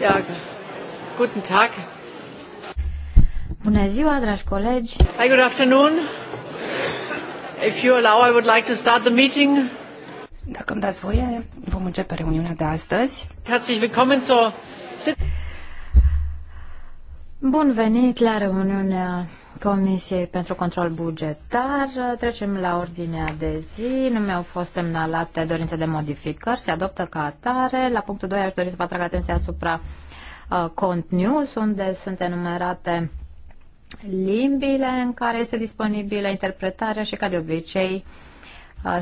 Ja, guten Tag. Bună ziua, dragi colegi. Hi, good afternoon. If you allow, I would like to start the meeting. Dacă îmi dați voie, vom începe reuniunea de astăzi. Herzlich willkommen zur Bun venit la reuniunea Comisiei pentru Control Bugetar. Trecem la ordinea de zi. Nu mi-au fost semnalate dorințe de modificări. Se adoptă ca atare. La punctul 2 aș dori să vă atrag atenția asupra uh, Cont News, unde sunt enumerate limbile în care este disponibilă interpretarea și, ca de obicei, uh,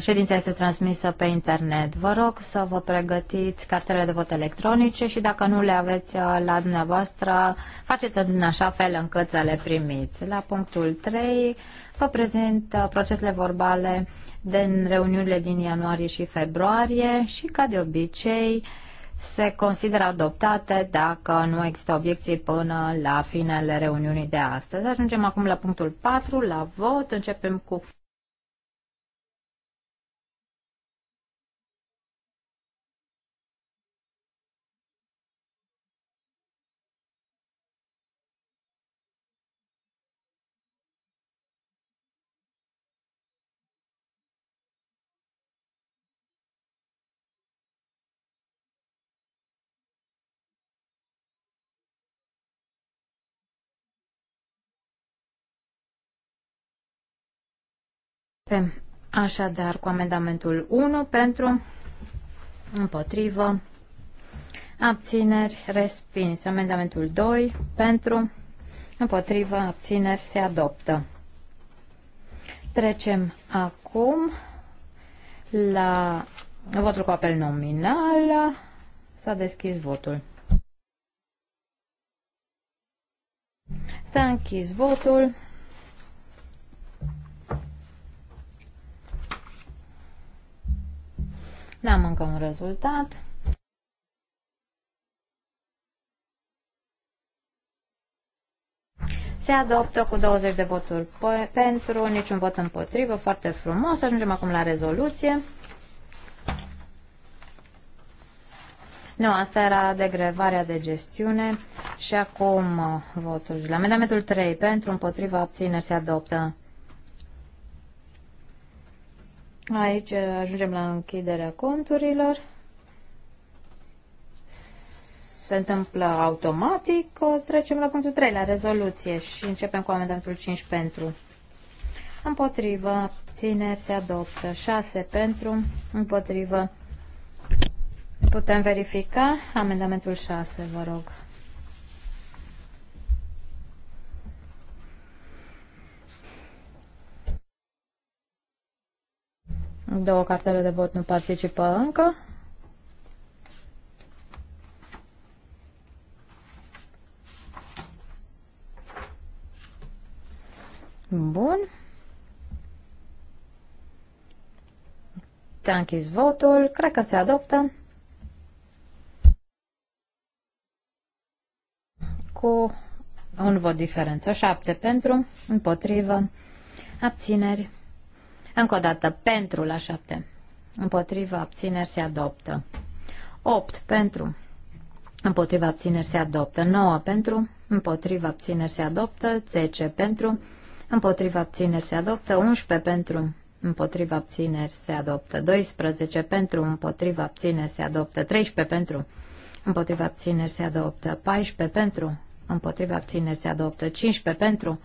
Ședința este transmisă pe internet. Vă rog să vă pregătiți cartele de vot electronice și dacă nu le aveți uh, la dumneavoastră, faceți în așa fel încât să le primiți. La punctul 3 vă prezint uh, procesele verbale din reuniunile din ianuarie și februarie și, ca de obicei, se consideră adoptate dacă nu există obiecții până la finele reuniunii de astăzi. Ajungem acum la punctul 4, la vot. Începem cu Începem așadar cu amendamentul 1 pentru împotrivă abțineri respins. Amendamentul 2 pentru împotrivă abțineri se adoptă. Trecem acum la votul cu apel nominal. S-a deschis votul. S-a închis votul. N-am încă un rezultat. Se adoptă cu 20 de voturi pentru, niciun vot împotrivă, foarte frumos. Ajungem acum la rezoluție. Nu, asta era degrevarea de gestiune și acum uh, votul. La amendamentul 3, pentru, împotriva, abțineri, se adoptă. Aici uh, ajungem la închiderea conturilor. Se întâmplă automatic. Trecem la punctul 3, la rezoluție și începem cu amendamentul 5 pentru. Împotrivă, țineri se adoptă. 6 pentru, împotrivă. Putem verifica amendamentul 6, vă rog. Două cartele de vot nu participă încă. Bun. Ți-a închis votul. Cred că se adoptă. Cu un vot diferență. șapte pentru, împotrivă, abțineri. Încă o dată, pentru la 7. Împotriva abțineri se adoptă. 8 pentru. Împotriva abțineri se adoptă. 9 pentru. Împotriva abțineri se adoptă. 10 pentru. Împotriva abțineri se adoptă. 11 pentru. Împotriva abțineri se adoptă. 12 pentru. Împotriva abțineri se adoptă. 13 pentru. Împotriva abțineri se adoptă. 14 pentru. Împotriva abțineri se adoptă. 15 pentru.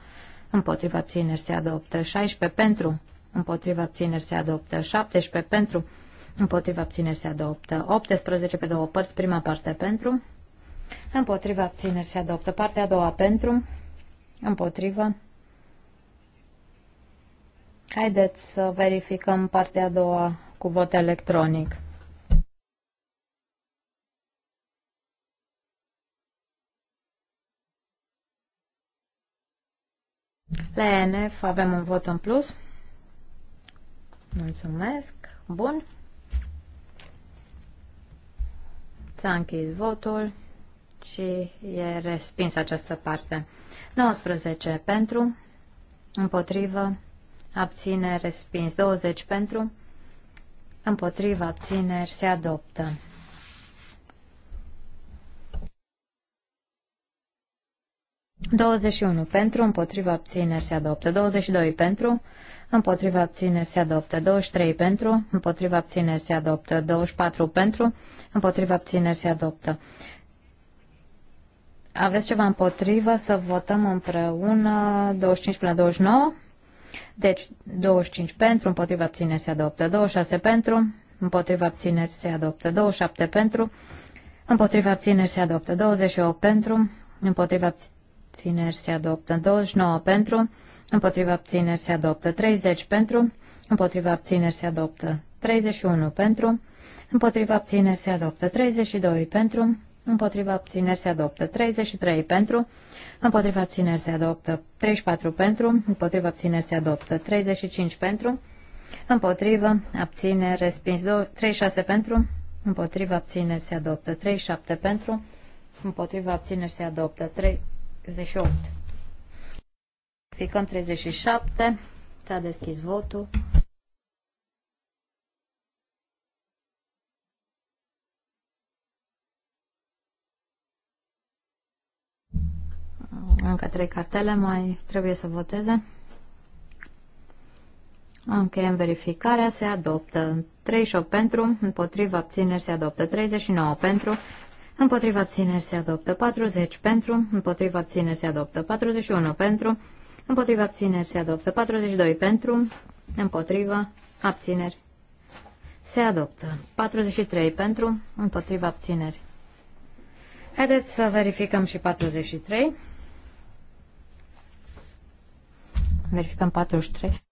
Împotriva abțineri se adoptă. 16 pentru împotriva abțineri se adoptă 17 pentru, împotriva abțineri se adoptă 18 pe două părți, prima parte pentru, împotriva abțineri se adoptă partea a doua pentru, împotriva. Haideți să verificăm partea a doua cu vot electronic. La ENF avem un vot în plus. Mulțumesc. Bun. S-a închis votul și e respins această parte. 19 pentru, împotrivă, abține, respins. 20 pentru, împotrivă, abțineri, se adoptă. 21 pentru, împotriva abțineri se adoptă. 22 pentru, împotriva abțineri se adoptă. 23 pentru, împotriva abțineri se adoptă. 24 pentru, împotriva abțineri se adoptă. Aveți ceva împotrivă să votăm împreună 25 până la 29? Deci 25 pentru, împotriva abțineri se adoptă. 26 pentru, împotriva abțineri se adoptă. 27 pentru, împotriva abțineri se adoptă. 28 pentru, împotriva abțineri abțineri se adoptă. 29 pentru, împotriva abțineri se adoptă. 30 pentru, împotriva abțineri se adoptă. 31 pentru, împotriva abțineri se adoptă. 32 pentru, împotriva abțineri se adoptă. 33 pentru, împotriva abțineri se adoptă. 34 pentru, împotriva abțineri se adoptă. 35 pentru, împotriva abțineri respins. 36 pentru, împotriva abțineri se adoptă. 37 pentru, Împotriva abțineri se adoptă. 3, 38. Ficăm 37. S-a deschis votul. Încă trei cartele mai trebuie să voteze. Încheiem verificarea, se adoptă 38 pentru, împotriva abțineri se adoptă 39 pentru, împotriva abțineri se adoptă 40 pentru, împotriva abțineri se adoptă 41 pentru, împotriva abțineri se adoptă 42 pentru, împotriva abțineri se adoptă 43 pentru, împotriva abțineri. Haideți să verificăm și 43. Verificăm 43.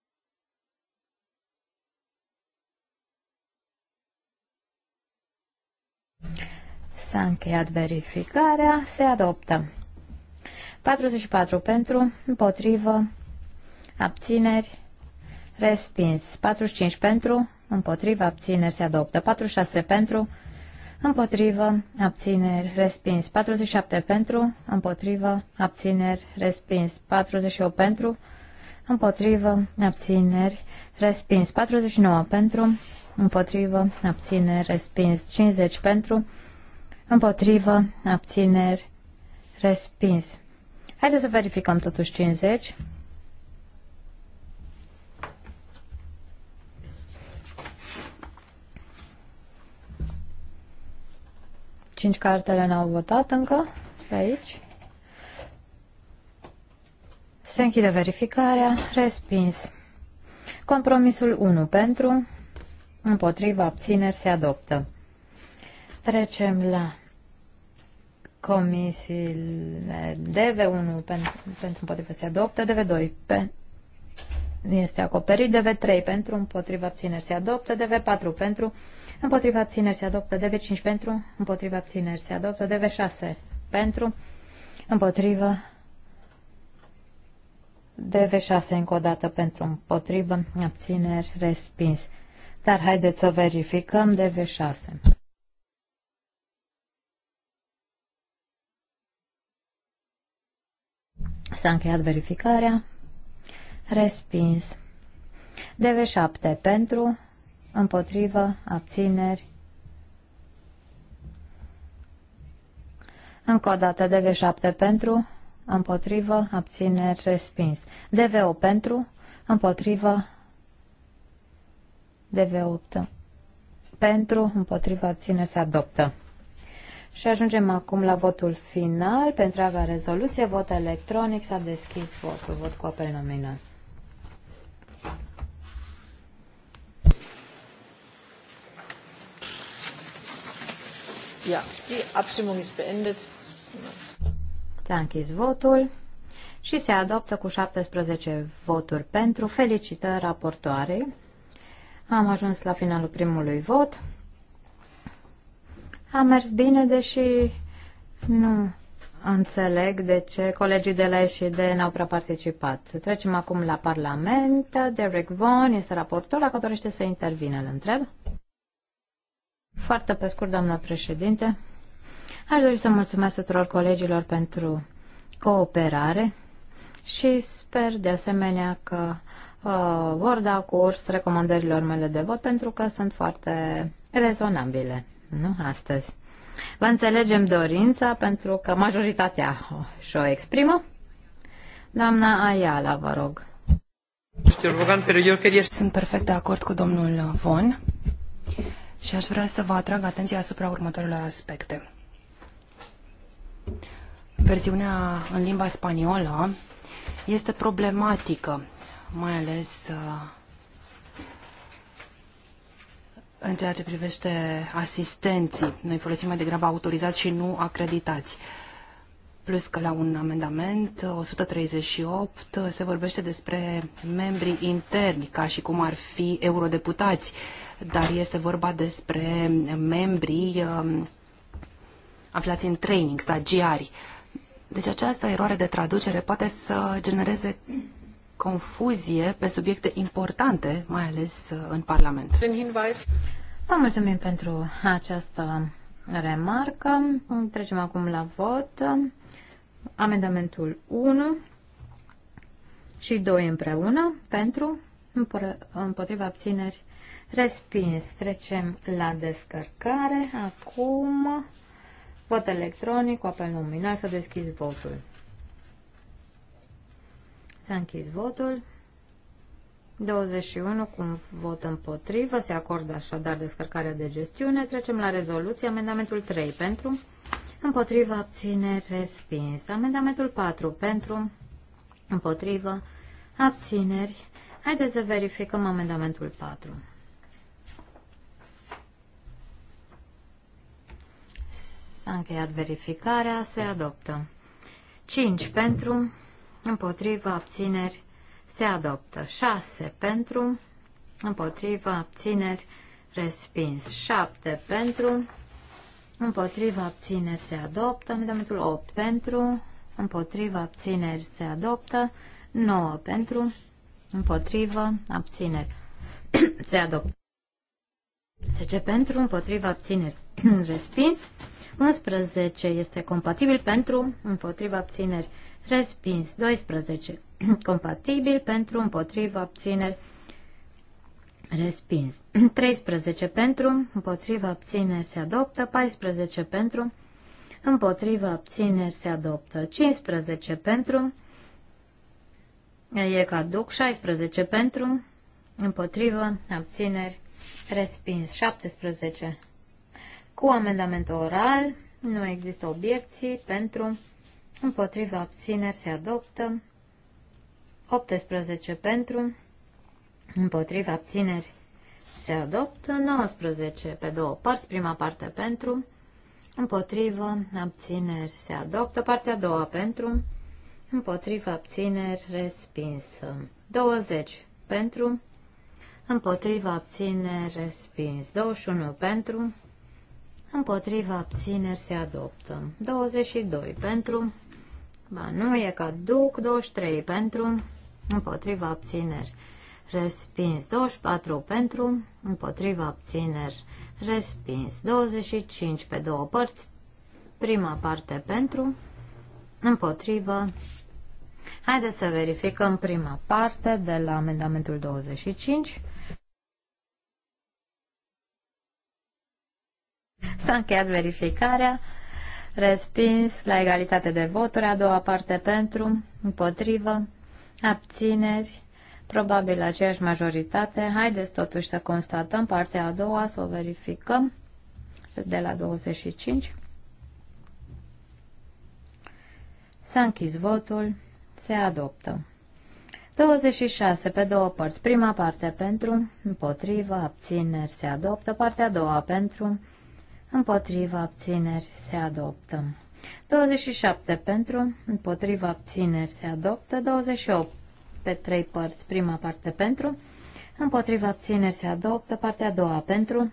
S-a încheiat verificarea. Se adoptă. 44 pentru, împotrivă, abțineri, respins. 45 pentru, împotrivă, abțineri, se adoptă. 46 pentru, împotrivă, abțineri, respins. 47 pentru, împotrivă, abțineri, respins. 48 pentru, împotrivă, abțineri, respins. 49 pentru, împotrivă, abțineri, respins. 50 pentru, împotrivă, abțineri, respins. Haideți să verificăm totuși 50. Cinci cartele n-au votat încă pe aici. Se închide verificarea. Respins. Compromisul 1 pentru, împotriva abțineri se adoptă. Trecem la comisiile DV1 pentru, pentru împotrivă se adoptă, DV2 pe, este acoperit, DV3 pentru împotriva abțineri se adoptă, DV4 pentru împotriva abțineri se adoptă, DV5 pentru împotriva abțineri se adoptă, DV6 pentru împotriva DV6 încă o dată pentru împotriva abțineri, respins. Dar haideți să verificăm DV6. S-a încheiat verificarea. Respins. DV7 pentru, împotrivă, abțineri. Încă o dată DV7 pentru, împotrivă, abțineri, respins. DV8 pentru, împotrivă, DV8 pentru, împotrivă, abțineri, se adoptă. Și ajungem acum la votul final. Pentru a avea rezoluție, vot electronic, s-a deschis votul, vot cu apel nominal. Ja, die Abstimmung ist beendet. S-a închis votul și se adoptă cu 17 voturi pentru. Felicitări raportoare. Am ajuns la finalul primului vot a mers bine, deși nu înțeleg de ce colegii de la SID n-au prea participat. Trecem acum la Parlament. Derek Vaughan este raportor, dacă dorește să intervine, îl întreb. Foarte pe scurt, doamnă președinte. Aș dori să mulțumesc tuturor colegilor pentru cooperare și sper de asemenea că uh, vor da curs recomandărilor mele de vot pentru că sunt foarte rezonabile nu astăzi. Vă înțelegem dorința pentru că majoritatea și-o exprimă. Doamna Ayala, vă rog. Sunt perfect de acord cu domnul Von și aș vrea să vă atrag atenția asupra următorilor aspecte. Versiunea în limba spaniolă este problematică, mai ales uh, în ceea ce privește asistenții. Noi folosim mai degrabă autorizați și nu acreditați. Plus că la un amendament 138 uh, uh, se vorbește despre membrii interni, ca și cum ar fi eurodeputați, dar este vorba despre membrii um, aflați în training, stagiari. Deci această eroare de traducere poate să genereze confuzie pe subiecte importante, mai ales uh, în Parlament. Vă mulțumim pentru această remarcă. Trecem acum la vot. Amendamentul 1 și 2 împreună pentru împotriva abțineri respins. Trecem la descărcare. Acum vot electronic cu apel nominal să deschizi votul. S-a închis votul. 21 cu un vot împotrivă. Se acordă așadar descărcarea de gestiune. Trecem la rezoluție. Amendamentul 3 pentru. Împotrivă abține respins. Amendamentul 4 pentru. Împotrivă abțineri. Haideți să verificăm amendamentul 4. S-a încheiat verificarea. Se adoptă. 5 pentru împotrivă, abțineri, se adoptă. 6 pentru, împotrivă, abțineri, respins. 7 pentru, împotrivă, abțineri, se adoptă. Amendamentul 8 pentru, împotrivă, abțineri, se adoptă. 9 pentru, împotrivă, abțineri, se adoptă. 10 pentru, împotriva abțineri, respins. 11 este compatibil pentru, împotriva abțineri, respins. 12. Compatibil pentru împotriva abțineri respins. 13 pentru, împotriva abțineri se adoptă, 14 pentru, împotriva abțineri se adoptă, 15 pentru, e caduc, 16 pentru, împotriva abțineri respins, 17 cu amendament oral, nu există obiecții pentru, împotriva abțineri se adoptă, 18 pentru, împotriva abțineri se adoptă, 19 pe două părți, prima parte pentru, împotriva abțineri se adoptă, partea a doua pentru, împotriva abțineri respinsă, 20 pentru, împotriva abțineri respins, 21 pentru, împotriva abțineri se adoptă, 22 pentru, Ba nu, e duc 23 pentru, împotriva abțineri. Respins 24 pentru, împotriva abțineri. Respins 25 pe două părți. Prima parte pentru, împotriva. Haideți să verificăm prima parte de la amendamentul 25. S-a încheiat verificarea. Respins la egalitate de voturi. A doua parte pentru, împotrivă, abțineri, probabil aceeași majoritate. Haideți totuși să constatăm partea a doua, să o verificăm de la 25. S-a închis votul, se adoptă. 26 pe două părți. Prima parte pentru, împotrivă, abțineri se adoptă. Partea a doua pentru, împotriva abțineri se adoptă. 27 pentru, împotriva abțineri se adoptă. 28 pe trei părți, prima parte pentru, împotriva abțineri se adoptă. Partea a doua pentru,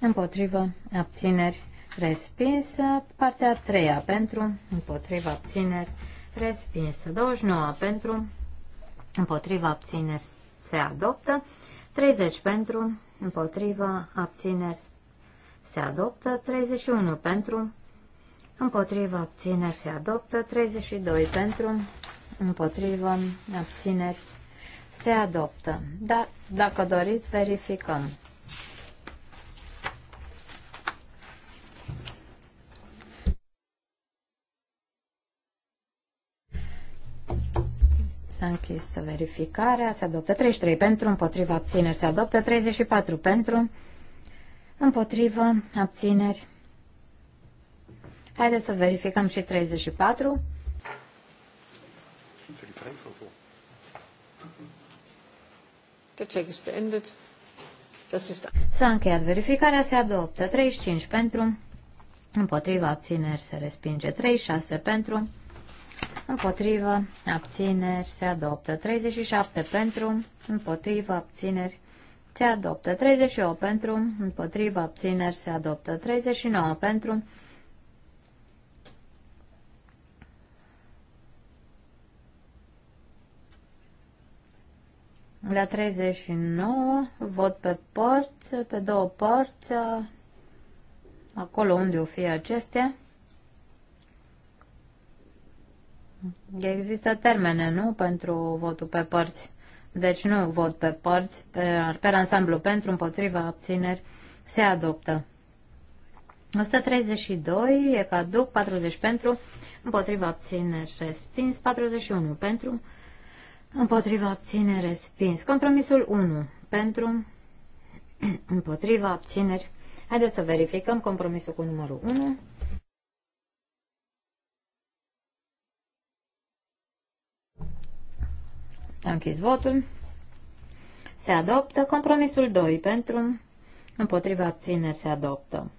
împotriva abțineri respinsă. Partea a treia pentru, împotriva abțineri respinsă. 29 pentru, împotriva abțineri se adoptă. 30 pentru, împotriva abțineri se adoptă, 31 pentru, împotriva abțineri se adoptă, 32 pentru, împotriva abțineri se adoptă. Dar dacă doriți, verificăm. S-a închis verificarea, se adoptă 33 pentru, împotriva abțineri se adoptă, 34 pentru, Împotrivă, abțineri. Haideți să verificăm și 34. S-a încheiat verificarea, se adoptă 35 pentru, împotriva abțineri se respinge 36 pentru, împotriva abțineri se adoptă 37 pentru, împotriva abțineri se adoptă. 38 pentru, împotriva abțineri se adoptă. 39 pentru, La 39, vot pe porți, pe două părți, acolo unde o fie acestea. Există termene, nu, pentru votul pe părți. Deci nu vot pe părți, pe, pe ansamblu pentru, împotriva, abțineri, se adoptă. 132 e caduc, 40 pentru, împotriva abțineri respins, 41 pentru, împotriva abțineri respins. Compromisul 1 pentru, împotriva abțineri. Haideți să verificăm compromisul cu numărul 1. Am închis votul. Se adoptă. Compromisul 2 pentru. Împotriva abțineri se adoptă.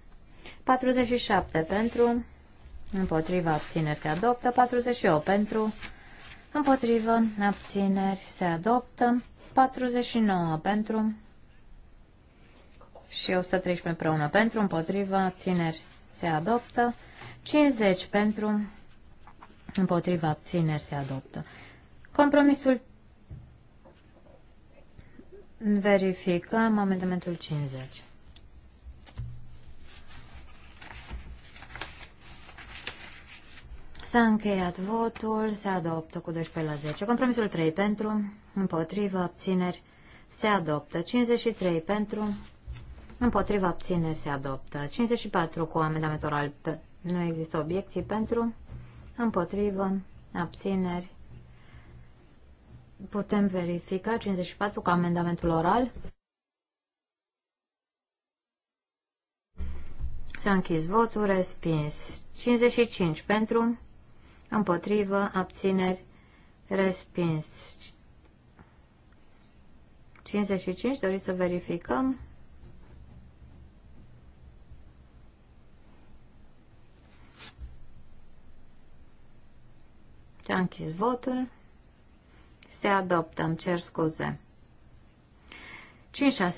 47 pentru. Împotriva abțineri se adoptă. 48 pentru. împotriva abțineri se adoptă. 49 pentru. Și 113 împreună pentru. Împotriva abțineri se adoptă. 50 pentru. Împotriva abțineri se adoptă. Compromisul Verificăm amendamentul 50. S-a încheiat votul, se adoptă cu 12 la 10. Compromisul 3 pentru, împotrivă, abțineri, se adoptă. 53 pentru, împotrivă, abțineri, se adoptă. 54 cu amendamentul alt, nu există obiecții pentru, împotrivă, abțineri, Putem verifica 54 cu amendamentul oral. S-a închis votul, respins. 55 pentru, împotrivă, abțineri, respins. 55, doriți să verificăm. S-a închis votul se adoptă, îmi cer scuze.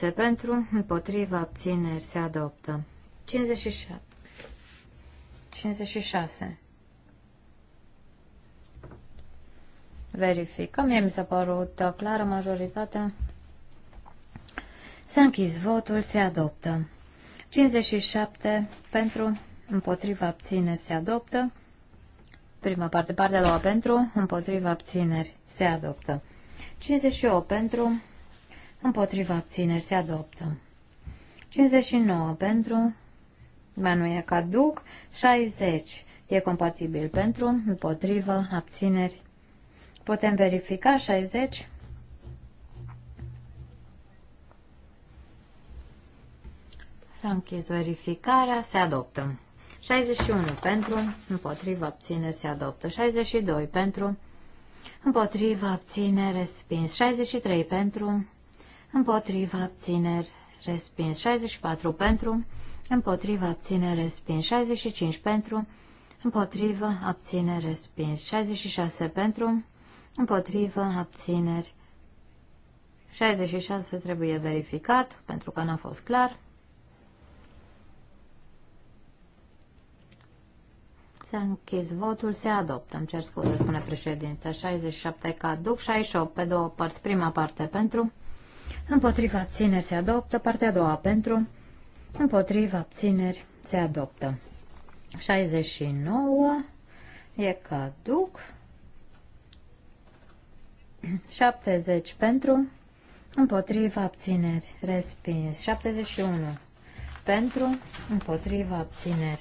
5-6 pentru, împotriva, abțineri, se adoptă. 56. 56. Verificăm, mie mi s-a părut clară majoritatea. S-a închis votul, se adoptă. 57 pentru, împotriva, abțineri, se adoptă. Prima parte, partea a doua pentru, împotriva abțineri se adoptă. 58 pentru, împotriva abțineri se adoptă. 59 pentru, mai nu e caduc, 60 e compatibil pentru, împotriva abțineri. Putem verifica 60. S-a închis verificarea, se adoptă. 61 pentru, împotrivă, abțineri, se adoptă. 62 pentru, împotrivă, abțineri, respins. 63 pentru, împotrivă, abțineri, respins. 64 pentru, împotrivă, abțineri, respins. 65 pentru, împotrivă, abțineri, respins. 66 pentru, împotrivă, abțineri. 66 trebuie verificat, pentru că n-a fost clar. S-a închis votul, se adoptă. Îmi cer scuze, spune președința. 67 caduc, 68 pe două părți. Prima parte pentru, împotriva abțineri se adoptă, partea a doua pentru, împotriva abțineri se adoptă. 69 e caduc, 70 pentru, împotriva abțineri, respins. 71 pentru, împotriva abțineri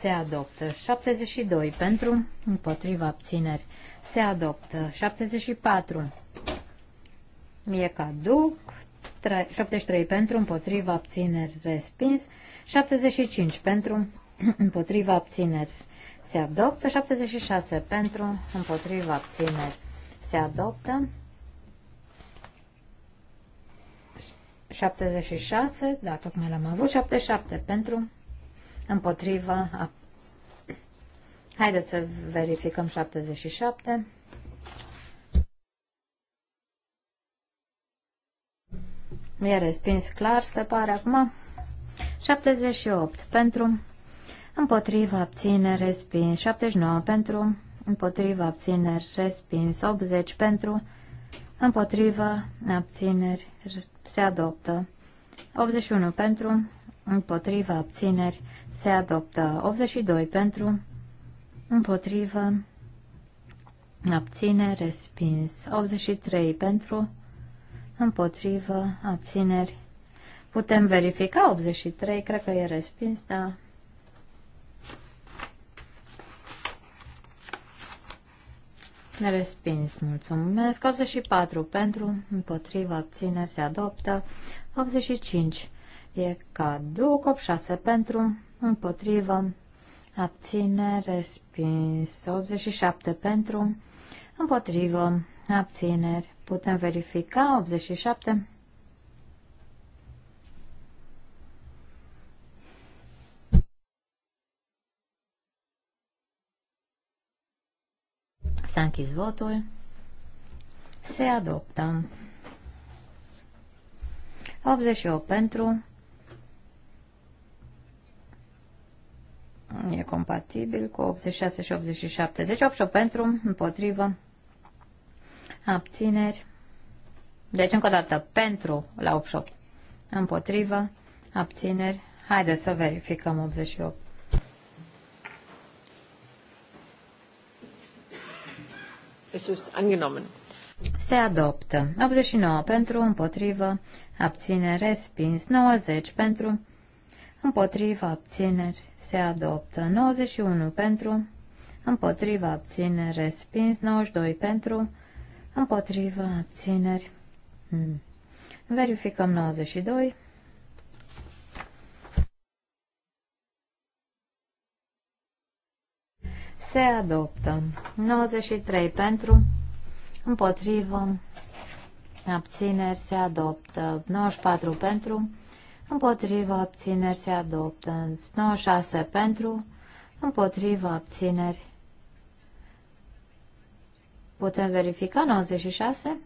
se adoptă. 72 pentru, împotriva abțineri, se adoptă. 74 mie caduc. 73 pentru, împotriva abțineri, respins. 75 pentru, împotriva abțineri, se adoptă. 76 pentru, împotriva abțineri, se adoptă. 76, da, tocmai l-am avut, 77 pentru, împotrivă. A... Haideți să verificăm 77. Mi-a respins clar, se pare acum. 78 pentru, împotrivă, abține, respins. 79 pentru, împotrivă, abțineri, respins. 80 pentru, împotrivă, abțineri, se adoptă. 81 pentru, împotrivă, abțineri, respins se adoptă. 82 pentru, împotrivă, abține, respins. 83 pentru, împotrivă, abțineri. Putem verifica 83, cred că e respins, da. Respins, mulțumesc. 84 pentru, împotrivă, abțineri, se adoptă. 85 e caduc, 86 pentru, împotrivă, abține, respins. 87 pentru, împotrivă, abțineri. Putem verifica 87. S-a închis votul. Se adoptă. 88 pentru, compatibil cu 86 și 87. Deci 88 pentru, împotrivă, abțineri. Deci încă o dată, pentru la 88, împotrivă, abțineri. Haideți să verificăm 88. Es ist angenommen. Se adoptă. 89 pentru, împotrivă, abține, respins. 90 pentru, împotriva abțineri se adoptă. 91 pentru, împotriva abțineri respins. 92 pentru, împotriva abțineri. Hmm. Verificăm 92. Se adoptă. 93 pentru, împotriva abțineri, se adoptă. 94 pentru, împotrivă abțineri se adoptă. 96 pentru, împotrivă abțineri. Putem verifica 96?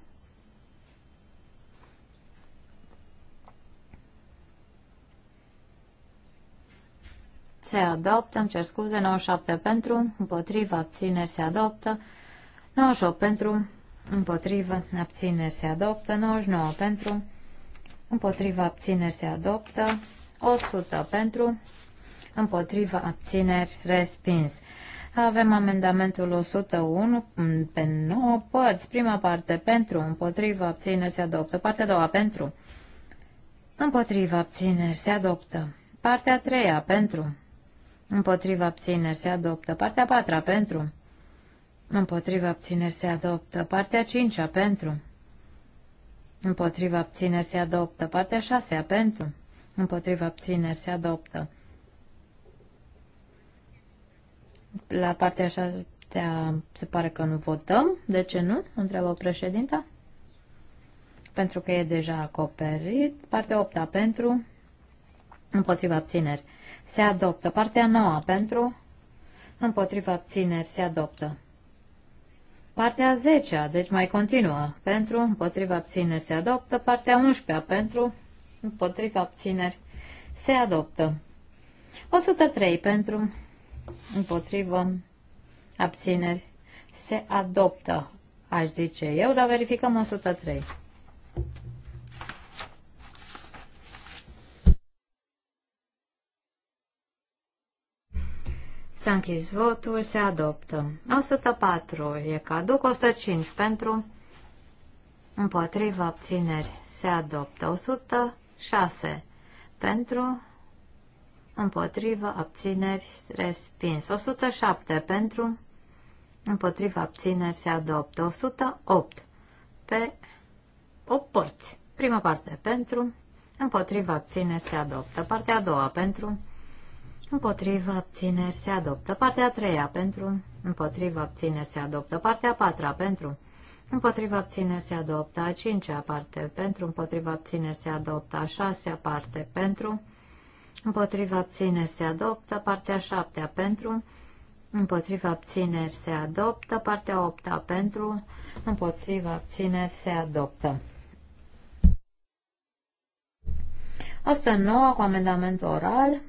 Se adoptă, îmi cer scuze, 97 pentru, împotrivă abțineri se adoptă, 98 pentru, împotrivă abțineri se adoptă, 99 pentru, împotriva abțineri se adoptă, 100 pentru, împotriva abțineri respins. Avem amendamentul 101 pe 9 părți. Prima parte pentru, împotriva abțineri se adoptă. Partea a doua pentru, împotriva abțineri se adoptă. Partea a treia pentru, împotriva abțineri se adoptă. Partea a patra pentru, împotriva abțineri se adoptă. Partea a cincea pentru, Împotriva abțineri se adoptă. Partea 6 pentru. Împotriva abțineri se adoptă. La partea 6 se pare că nu votăm. De ce nu? Întreabă președinta. Pentru că e deja acoperit. Partea 8 pentru. Împotriva abțineri se adoptă. Partea 9 pentru. Împotriva abțineri se adoptă. Partea 10, deci mai continuă, pentru, împotriva abțineri se adoptă. Partea 11, pentru, împotriva abțineri se adoptă. 103 pentru, împotriva abțineri se adoptă, aș zice eu, dar verificăm 103. S-a închis votul, se adoptă. 104 e caduc, 105 pentru, împotriva abțineri se adoptă. 106 pentru, împotriva abțineri respins. 107 pentru, împotriva abțineri se adoptă. 108 pe 8 părți. Prima parte pentru, împotriva abțineri se adoptă. Partea a doua pentru, Împotrivă abțineri se adoptă. Partea a treia pentru. Împotrivă abțineri se adoptă. Partea a patra pentru. Împotriva abțineri se adoptă a cincea parte pentru, împotriva abțineri se adoptă a șasea parte pentru, împotriva abțineri se adoptă partea a șaptea pentru, împotriva abțineri se adoptă partea a opta pentru, împotriva abțineri se adoptă. 109 cu amendament oral.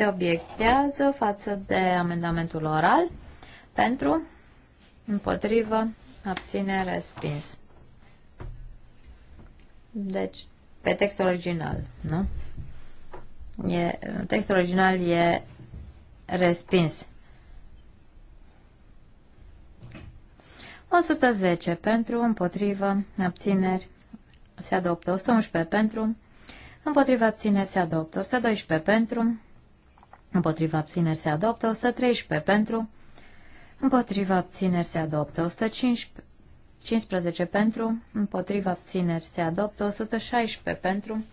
se obiectează față de amendamentul oral pentru, împotrivă, abține, respins. Deci, pe text original, nu? E, textul original e respins. 110 pentru, împotrivă, abțineri, se adoptă. 111 pentru, împotrivă, abțineri, se adoptă. 112 pentru, Împotriva abțineri se adoptă 113 pentru. Împotriva abțineri se adoptă 115 pentru. Împotriva abțineri se adoptă 116 pentru.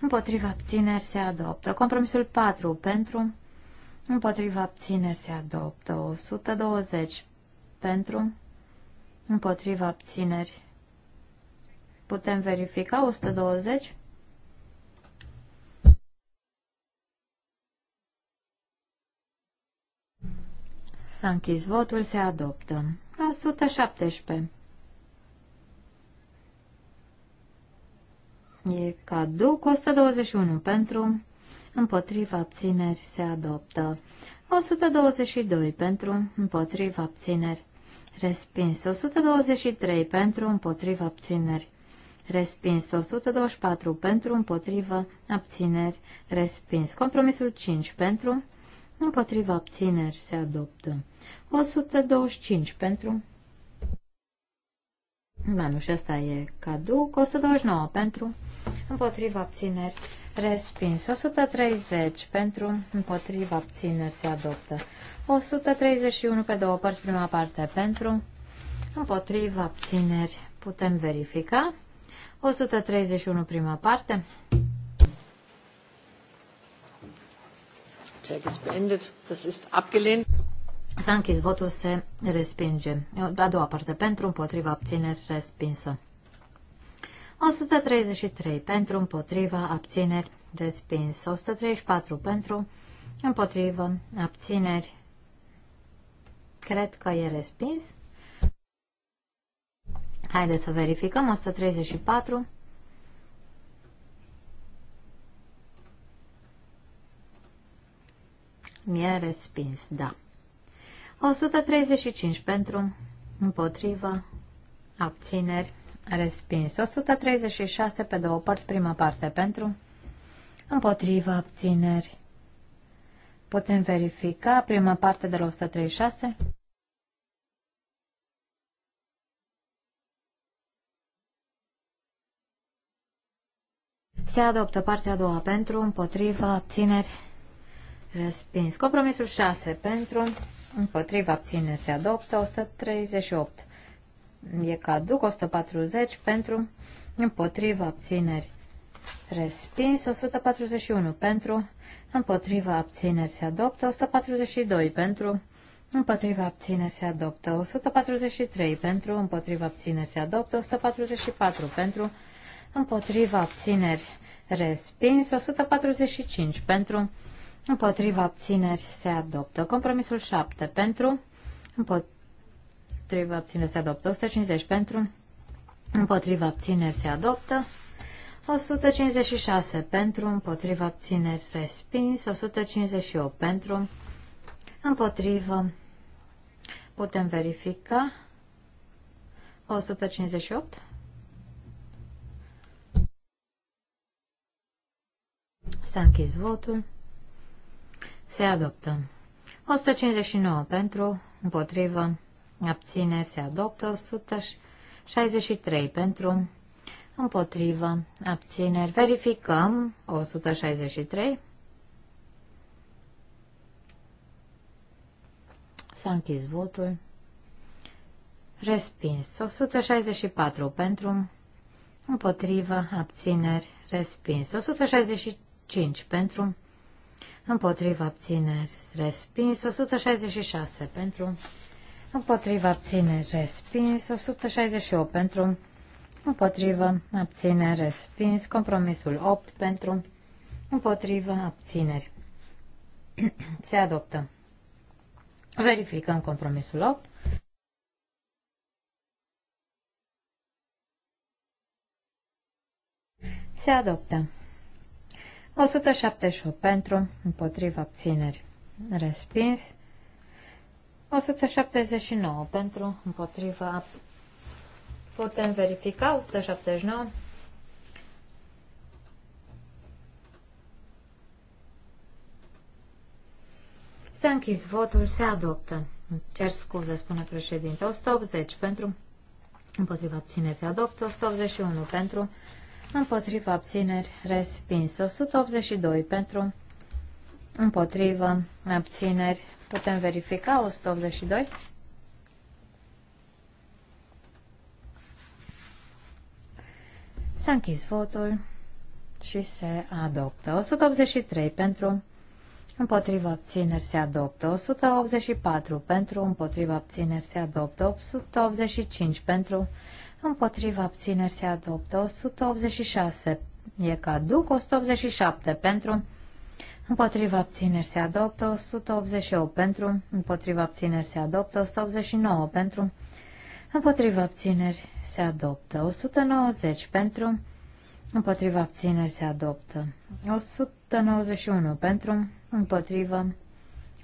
Împotriva abțineri se adoptă. Compromisul 4 pentru. Împotriva abțineri se adoptă 120 pentru. Împotriva abțineri. Putem verifica 120? S-a închis votul, se adoptă. 117. E caduc 121 pentru, împotriva abțineri se adoptă. 122 pentru, împotriva abțineri. Respins 123 pentru, împotriva abțineri. Respins 124 pentru, împotriva abțineri. Respins. Compromisul 5 pentru, Împotriva abțineri se adoptă. 125 pentru. Da, nu, și asta e caduc. 129 pentru. Împotriva abțineri respins. 130 pentru. Împotriva abțineri se adoptă. 131 pe două părți, prima parte pentru. Împotriva abțineri putem verifica. 131 prima parte. Antrag ist beendet. Das ist abgelehnt. S-a închis votul, se respinge. A doua parte, pentru, împotriva, abțineri, respinsă. 133, pentru, împotriva, abțineri, respins. 134, pentru, împotriva, abțineri, cred că e respins. Haideți să verificăm, 134. mi a respins, da. 135 pentru, împotrivă, abțineri, respins. 136 pe două părți, prima parte pentru, împotrivă, abțineri. Putem verifica prima parte de la 136. Se adoptă partea a doua pentru, împotrivă, abțineri, Respins. Compromisul 6 pentru, împotriva abține se adoptă, 138 e caduc, 140 pentru, împotriva abțineri respins, 141 pentru, împotriva abțineri se adoptă, 142 pentru, Împotriva abțineri se adoptă 143 pentru, împotriva abțineri se adoptă 144 pentru, împotriva abțineri respins 145 pentru, Împotriva abțineri se adoptă. Compromisul 7 pentru. Împotriva abțineri se adoptă. 150 pentru. Împotriva abțineri se adoptă. 156 pentru. Împotriva abțineri respins. 158 pentru. Împotrivă. Putem verifica. 158. S-a închis votul se adoptă. 159 pentru, împotrivă, abține, se adoptă. 163 pentru, împotrivă, abțineri. Verificăm 163. S-a închis votul. Respins. 164 pentru, împotrivă, abțineri, respins. 165 pentru, împotriva abțineri respins, 166 pentru, împotriva abțineri respins, 168 pentru, împotriva abțineri respins, compromisul 8 pentru, împotriva abțineri. Se adoptă. Verificăm compromisul 8. Se adoptă. 178 pentru, împotriva abțineri respins. 179 pentru, împotriva putem verifica 179 S-a închis votul, se adoptă. Cer scuze, spune președinte. 180 pentru, împotriva abține se adoptă, 181 pentru, împotriva abțineri respins. 182 pentru împotriva abțineri. Putem verifica 182. S-a închis votul și se adoptă. 183 pentru împotriva abțineri se adoptă. 184 pentru împotriva abțineri se adoptă. 185 pentru împotriva abțineri se adoptă. 186 e caduc, 187 pentru, împotriva abțineri se adoptă, 188 pentru, împotriva abțineri se adoptă, 189 pentru, împotriva abțineri se adoptă, 190 pentru, împotriva abțineri se adoptă, 191 pentru, împotriva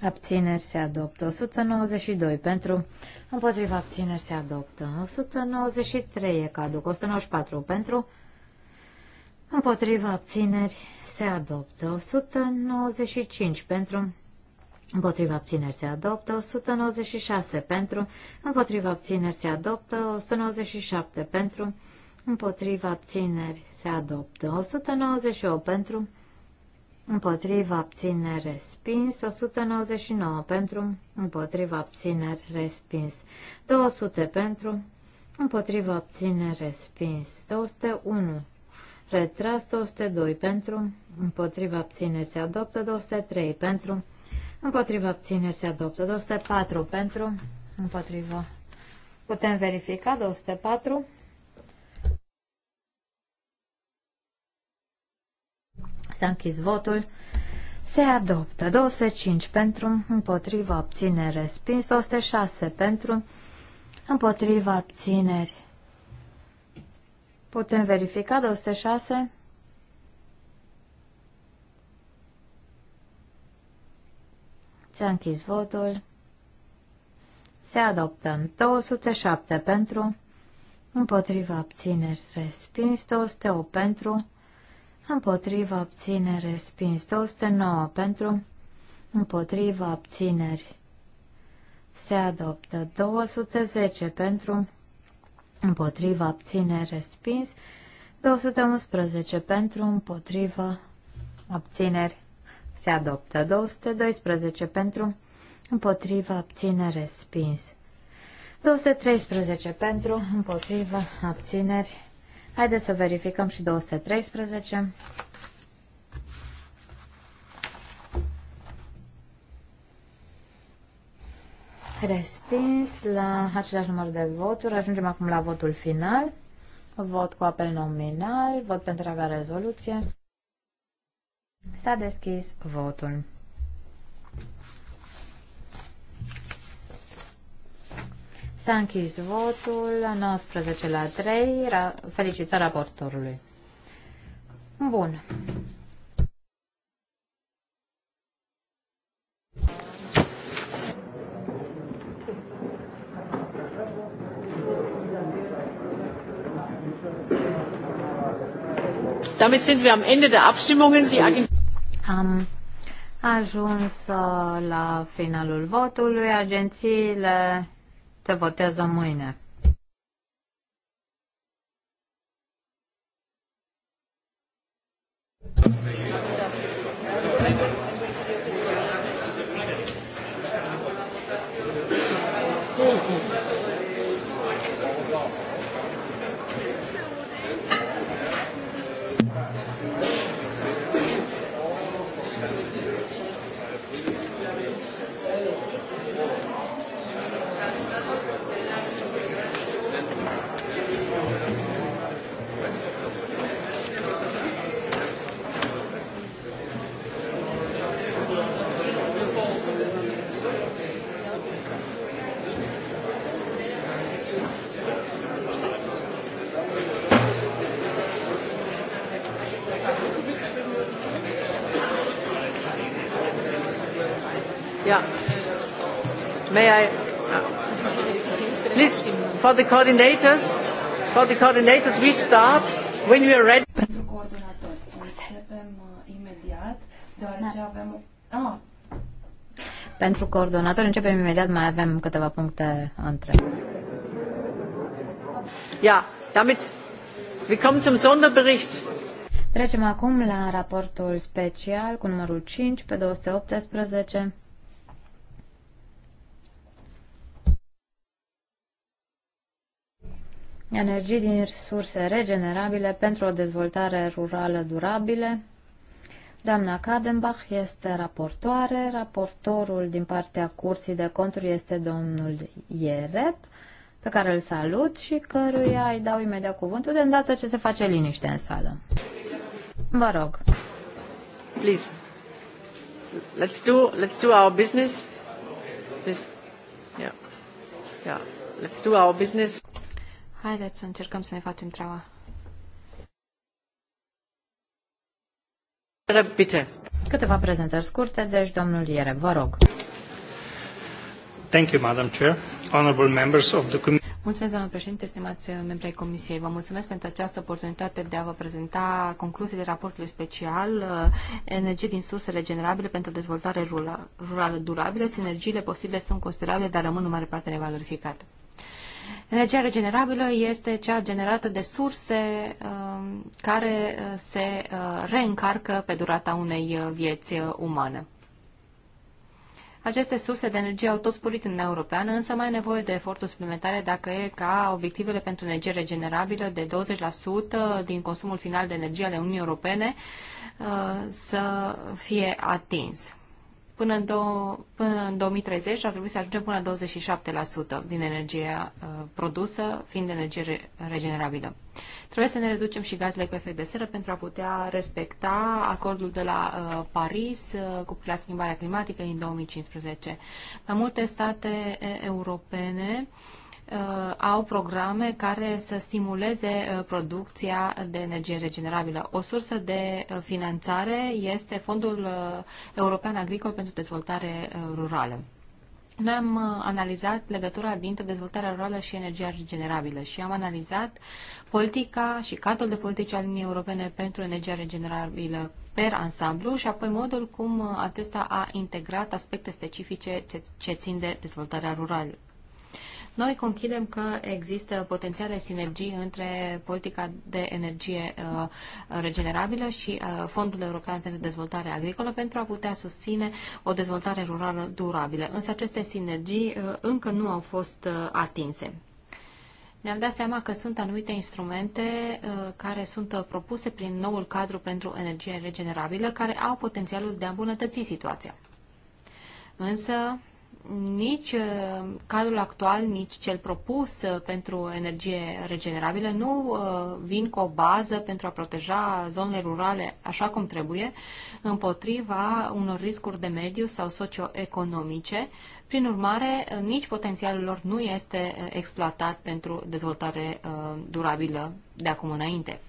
Abțineri se adoptă. 192 pentru. Împotriva abțineri se adoptă. 193 e caduc. 194 pentru. Împotriva abțineri se adoptă. 195 pentru. Împotriva abțineri se adoptă 196 pentru, împotriva abțineri se adoptă 197 pentru, împotriva abțineri se adoptă 198 pentru, împotriva abțineri respins, 199 pentru, împotriva abțineri respins, 200 pentru, împotriva abțineri respins, 201 retras, 202 pentru, împotriva abțineri se adoptă, 203 pentru, împotriva abțineri se adoptă, 204 pentru, împotriva. Putem verifica 204. S-a închis votul. Se adoptă 205 pentru, împotriva abțineri respins, 206 pentru, împotriva abțineri. Putem verifica 206? S-a închis votul. Se adoptă 207 pentru, împotriva abțineri respins, 208 pentru, împotriva abțineri respins. 209 pentru, împotriva abțineri se adoptă. 210 pentru, împotriva abțineri respins. 211 pentru, împotriva abțineri se adoptă. 212 pentru, împotriva abțineri respins. 213 pentru, împotriva abțineri Haideți să verificăm și 213. Respins la același număr de voturi. Ajungem acum la votul final. Vot cu apel nominal, vot pentru a avea rezoluție. S-a deschis votul. S-a închis votul, la 19 la 3, ra felicitări raportorului. Bun. Damit sind wir am Ende der Abstimmungen. Die Am ajuns uh, la finalul votului. Agențiile se votează mâine. Thank you. For the coordinators, for the coordinators we start when we are ready. Pentru coordonatori, începem uh, imediat, deoarece da. avem... Ah. Pentru coordonatori începem imediat, mai avem câteva puncte între. Ja, damit wir kommen zum Sonderbericht. Trecem acum la raportul special cu numărul 5 pe 218 energii din resurse regenerabile pentru o dezvoltare rurală durabile. Doamna Kadenbach este raportoare, raportorul din partea Curții de Conturi este domnul Ierep, pe care îl salut și căruia îi dau imediat cuvântul de îndată ce se face liniște în sală. Vă rog. Please. Let's do, let's do our business. Please. Yeah. Yeah. Let's do our business. Haideți să încercăm să ne facem treaba. Repite. Câteva prezentări scurte, deci domnul Iere, vă rog. Thank you, Madam Chair. Honorable members of the committee. Mulțumesc, doamnă președinte, stimați uh, membri ai Comisiei. Vă mulțumesc pentru această oportunitate de a vă prezenta concluziile raportului special uh, Energie din surse regenerabile pentru dezvoltare rurală durabilă. Sinergiile posibile sunt considerabile, dar rămân în mare parte nevalorificate. Energia regenerabilă este cea generată de surse um, care uh, se uh, reîncarcă pe durata unei uh, vieți umane. Aceste surse de energie au tot sporit în Europeană, însă mai e nevoie de eforturi suplimentare dacă e ca obiectivele pentru energie regenerabilă de 20% din consumul final de energie ale Uniunii Europene să fie atins. Până în, do- până în 2030 ar trebui să ajungem până la 27% din energia uh, produsă fiind energie re- regenerabilă. Trebuie să ne reducem și gazele cu efect de seră pentru a putea respecta acordul de la uh, Paris uh, cu la schimbarea climatică în 2015. Mai multe state europene uh, Uh, au programe care să stimuleze uh, producția de energie regenerabilă. O sursă de uh, finanțare este Fondul European Agricol pentru Dezvoltare Rurală. Noi am analizat legătura dintre dezvoltarea rurală și energia regenerabilă și am analizat politica și cadrul de politici al Uniunii Europene pentru energia regenerabilă per ansamblu și apoi modul cum acesta a integrat aspecte specifice ce, ce țin de dezvoltarea rurală. Noi conchidem că există potențiale sinergii între politica de energie uh, regenerabilă și uh, Fondul European pentru Dezvoltare Agricolă pentru a putea susține o dezvoltare rurală durabilă. Însă aceste sinergii uh, încă nu au fost atinse ne-am dat seama că sunt anumite instrumente care sunt propuse prin noul cadru pentru energie regenerabilă, care au potențialul de a îmbunătăți situația. Însă, nici uh, cadrul actual, nici cel propus uh, pentru energie regenerabilă nu uh, vin cu o bază pentru a proteja zonele rurale așa cum trebuie, împotriva unor riscuri de mediu sau socioeconomice. Prin urmare, nici potențialul lor nu este exploatat pentru dezvoltare durabilă de acum înainte.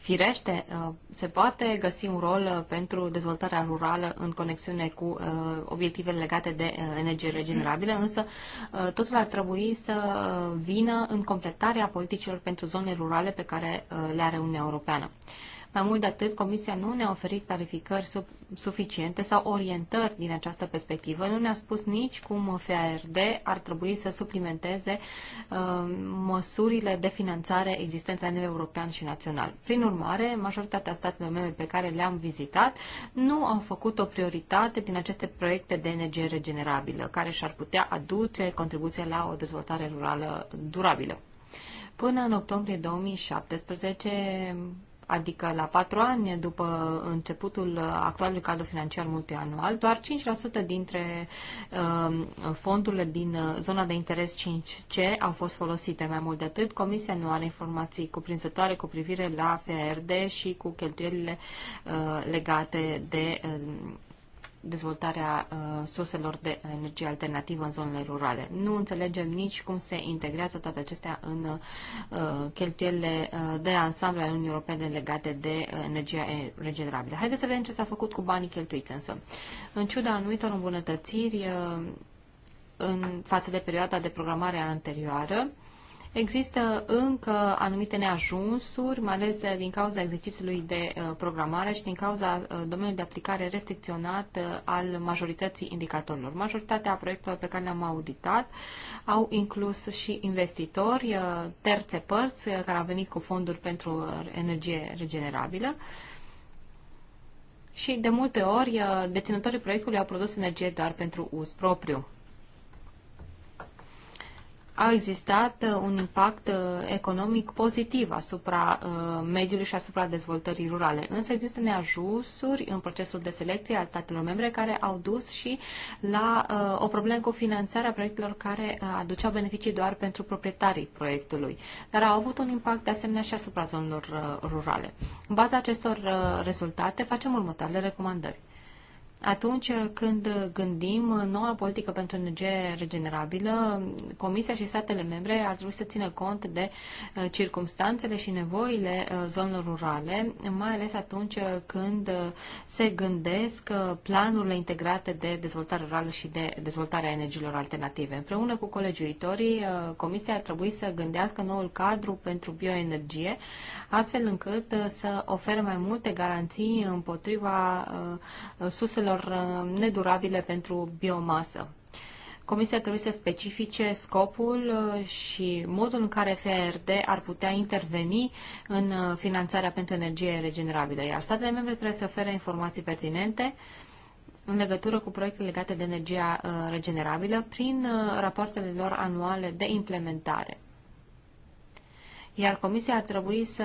Firește, uh, se poate găsi un rol uh, pentru dezvoltarea rurală în conexiune cu uh, obiectivele legate de energie regenerabilă, însă totul ar trebui să vină în completarea politicilor pentru zone rurale pe care le are Uniunea Europeană. Mai mult de atât, Comisia nu ne-a oferit clarificări sub, suficiente sau orientări din această perspectivă. Nu ne-a spus nici cum FARD ar trebui să suplimenteze uh, măsurile de finanțare existente la nivel european și național. Prin urmare, majoritatea statelor membre pe care le-am vizitat nu au făcut o prioritate prin aceste proiecte de energie regenerabilă, care și-ar putea aduce contribuție la o dezvoltare rurală durabilă. Până în octombrie 2017, adică la patru ani după începutul actualului cadru financiar multianual, doar 5% dintre um, fondurile din uh, zona de interes 5C au fost folosite. Mai mult de atât, Comisia nu are informații cuprinzătoare cu privire la FRD și cu cheltuielile uh, legate de um, dezvoltarea uh, surselor de energie alternativă în zonele rurale. Nu înțelegem nici cum se integrează toate acestea în uh, cheltuielile uh, de ansamblu ale Uniunii Europene legate de uh, energia regenerabilă. Haideți să vedem ce s-a făcut cu banii cheltuiți însă. În ciuda anumitor îmbunătățiri uh, în față de perioada de programare anterioară, Există încă anumite neajunsuri, mai ales din cauza exercițiului de uh, programare și din cauza uh, domeniului de aplicare restricționat uh, al majorității indicatorilor. Majoritatea proiectelor pe care le-am auditat au inclus și investitori, terțe părți care au venit cu fonduri pentru energie regenerabilă. Și de multe ori, deținătorii proiectului au produs energie doar pentru uz propriu a existat uh, un impact uh, economic pozitiv asupra uh, mediului și asupra dezvoltării rurale. Însă există neajunsuri în procesul de selecție al statelor membre care au dus și la o problemă cu finanțarea proiectelor care aduceau beneficii doar pentru proprietarii proiectului, dar au avut un impact de asemenea și asupra zonelor rurale. În baza acestor rezultate facem următoarele recomandări atunci când gândim noua politică pentru energie regenerabilă, Comisia și statele membre ar trebui să țină cont de uh, circumstanțele și nevoile uh, zonelor rurale, mai ales atunci când uh, se gândesc planurile integrate de dezvoltare rurală și de dezvoltare a energiilor alternative. Împreună cu colegiuitorii, Comisia ar trebui să gândească noul cadru pentru bioenergie, astfel încât să ofere mai multe garanții împotriva suselor surselor uh, nedurabile pentru biomasă. Comisia trebuie să specifice scopul uh, și modul în care FRD ar putea interveni în uh, finanțarea pentru energie regenerabilă, iar statele membre trebuie să ofere informații pertinente în legătură cu proiecte legate de energia regenerabilă prin rapoartele lor anuale de implementare iar Comisia ar trebui să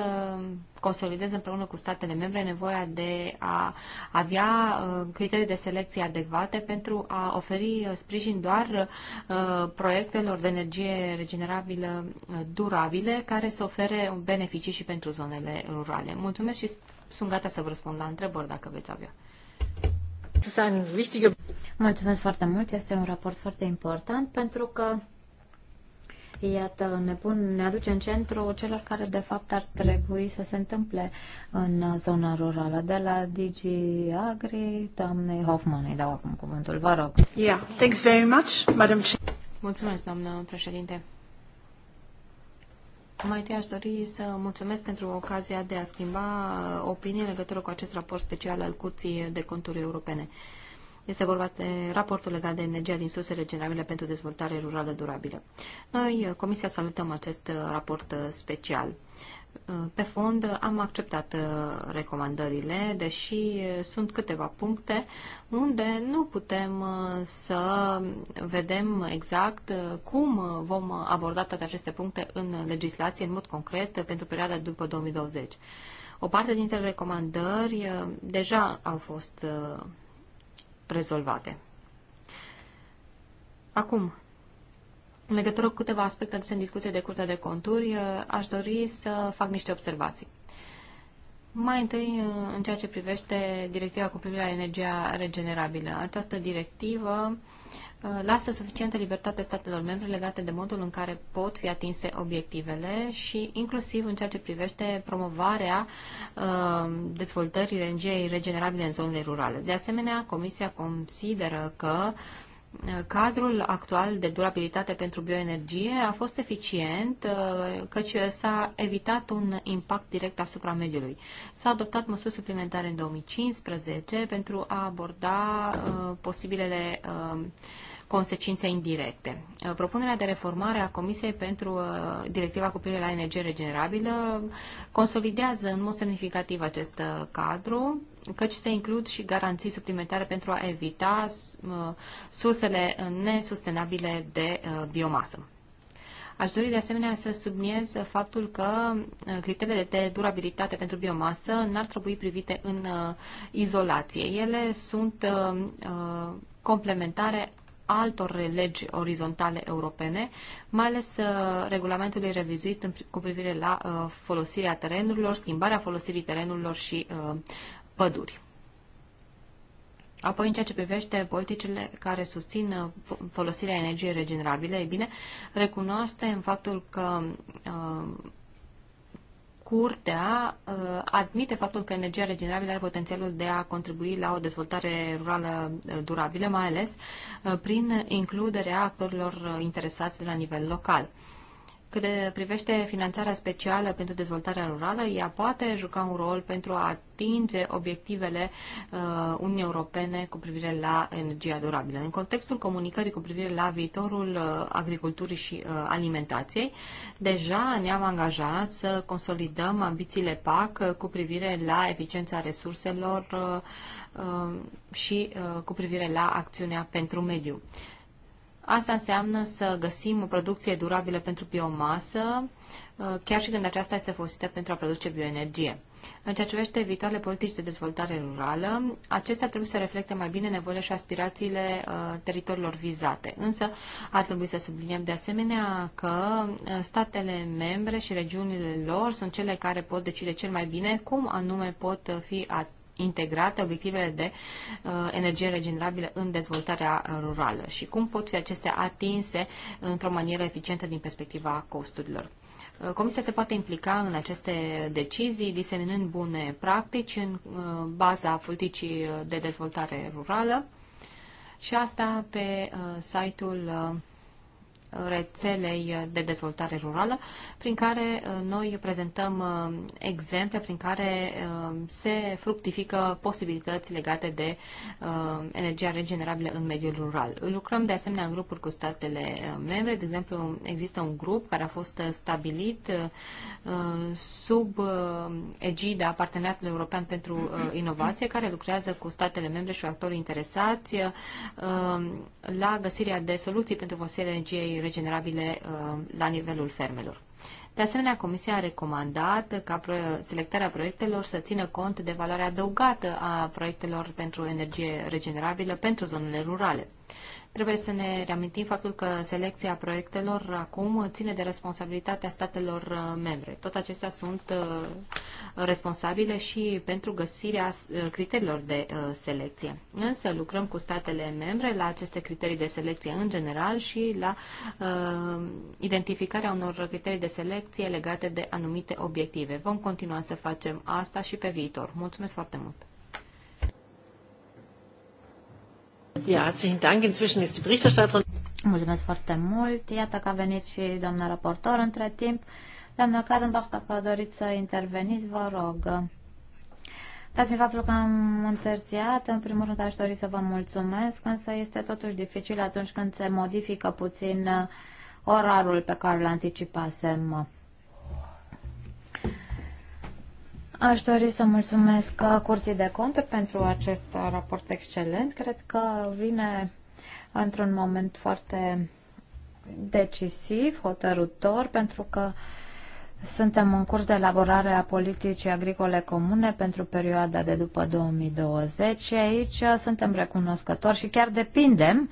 consolideze împreună cu statele membre nevoia de a avea uh, criterii de selecție adecvate pentru a oferi uh, sprijin doar uh, proiectelor de energie regenerabilă durabile care să ofere beneficii și pentru zonele rurale. Mulțumesc și sunt gata să vă răspund la întrebări dacă veți avea. Mulțumesc foarte mult. Este un raport foarte important pentru că iată, ne, pun, ne aduce în centru celor care de fapt ar trebui să se întâmple în zona rurală. De la Digi Agri, doamnei Hoffman, îi dau acum cuvântul, vă rog. Yeah, thanks very much, Madam Mulțumesc, doamnă președinte. Mai întâi aș dori să mulțumesc pentru ocazia de a schimba opinie în legătură cu acest raport special al Curții de Conturi Europene. Uh, este vorba de raportul legat de energia din surse regenerabile pentru dezvoltare rurală durabilă. Noi, uh, Comisia, salutăm acest uh, raport uh, special. Pe fond am acceptat recomandările, deși sunt câteva puncte unde nu putem să vedem exact cum vom aborda toate aceste puncte în legislație, în mod concret, pentru perioada după 2020. O parte dintre recomandări deja au fost rezolvate. Acum, în legătură cu câteva aspecte aduse în discuție de Curtea de Conturi, eh, aș dori să fac niște observații. Mai întâi, eh, în ceea ce privește directiva cu privire la energia regenerabilă. Această directivă uh, Uh, lasă suficientă libertate statelor membre legate de modul în care pot fi atinse obiectivele și inclusiv în ceea ce privește promovarea uh, dezvoltării energiei regenerabile în zonele rurale. De asemenea, Comisia consideră că uh, Cadrul actual de durabilitate pentru bioenergie a fost eficient, căci s-a evitat un impact direct asupra mediului. S-au adoptat măsuri suplimentare în 2015 pentru a aborda uh, posibilele uh, consecințe indirecte. Uh, propunerea de reformare a Comisiei pentru uh, Directiva cu privire la energie regenerabilă consolidează în mod semnificativ acest uh, cadru, căci se includ și garanții suplimentare pentru a evita sursele nesustenabile de biomasă. Aș dori de asemenea să subliniez faptul că criteriile de durabilitate pentru biomasă n-ar trebui privite în izolație. Ele sunt complementare altor legi orizontale europene, mai ales uh, regulamentului revizuit cu privire la uh, folosirea terenurilor, schimbarea folosirii terenurilor și uh, păduri. Apoi, în ceea ce privește politicile care susțin folosirea energiei regenerabile, e bine, în faptul că Curtea uh, admite faptul că energia regenerabilă are potențialul de a contribui la o dezvoltare rurală uh, durabilă, mai ales uh, prin includerea actorilor interesați de la nivel local. Cât de privește finanțarea specială pentru dezvoltarea rurală, ea poate juca un rol pentru a atinge obiectivele uh, Uniunii Europene cu privire la energia durabilă. În contextul comunicării cu privire la viitorul uh, agriculturii și uh, alimentației, deja ne-am angajat să consolidăm ambițiile PAC uh, cu privire la eficiența resurselor uh, uh, și uh, cu privire la acțiunea pentru mediu. Uh, Asta înseamnă să găsim o producție durabilă pentru biomasă, uh, chiar și când aceasta este folosită pentru a produce bioenergie. În ceea ce privește viitoarele politici de dezvoltare rurală, acestea trebuie să reflecte mai bine nevoile și aspirațiile uh, teritoriilor vizate. Însă ar trebui să subliniem de asemenea că uh, statele membre și regiunile lor sunt cele care pot decide cel mai bine cum anume pot fi integrate obiectivele de uh, energie regenerabilă în dezvoltarea rurală și cum pot fi acestea atinse într-o manieră eficientă din perspectiva costurilor. Uh, Comisia se poate implica în aceste decizii, diseminând bune practici în uh, baza politicii de dezvoltare rurală și asta pe uh, site-ul rețelei de dezvoltare rurală, prin care uh, noi prezentăm uh, exemple prin care uh, se fructifică posibilități legate de energia regenerabilă în mediul rural. Lucrăm de asemenea în grupuri cu statele membre. De exemplu, există un grup care a fost stabilit sub egida Parteneriatului European pentru Inovație, care lucrează cu statele membre și cu actorii interesați la găsirea de soluții pentru folosirea energiei regenerabile uh, la nivelul fermelor. De asemenea, Comisia a recomandat ca selectarea proiectelor să țină cont de valoarea adăugată a proiectelor pentru energie regenerabilă pentru zonele rurale. Trebuie să ne reamintim faptul că selecția proiectelor acum ține de responsabilitatea statelor uh, membre. Tot acestea sunt uh, responsabile și pentru găsirea uh, criteriilor de selecție. Însă lucrăm cu statele membre la aceste criterii de selecție în general și la identificarea unor criterii de selecție legate de anumite obiective. Vom continua să facem asta și pe viitor. Mulțumesc foarte mult! Ja, herzlichen Dank. Inzwischen ist die Berichterstatterin. Mulțumesc foarte mult. Iată că a venit și doamna raportor între timp. Doamna Cadenbach, dacă doriți să interveniți, vă rog. Dați mi faptul că am întârziat, în primul rând aș dori să vă mulțumesc, însă este totuși dificil atunci când se modifică puțin uh, orarul pe care îl anticipasem. Aș dori să mulțumesc Curții de Conte pentru acest raport excelent. Cred că vine într-un moment foarte decisiv, hotărător, pentru că suntem în curs de elaborare a politicii agricole comune pentru perioada de după 2020 și aici suntem recunoscători și chiar depindem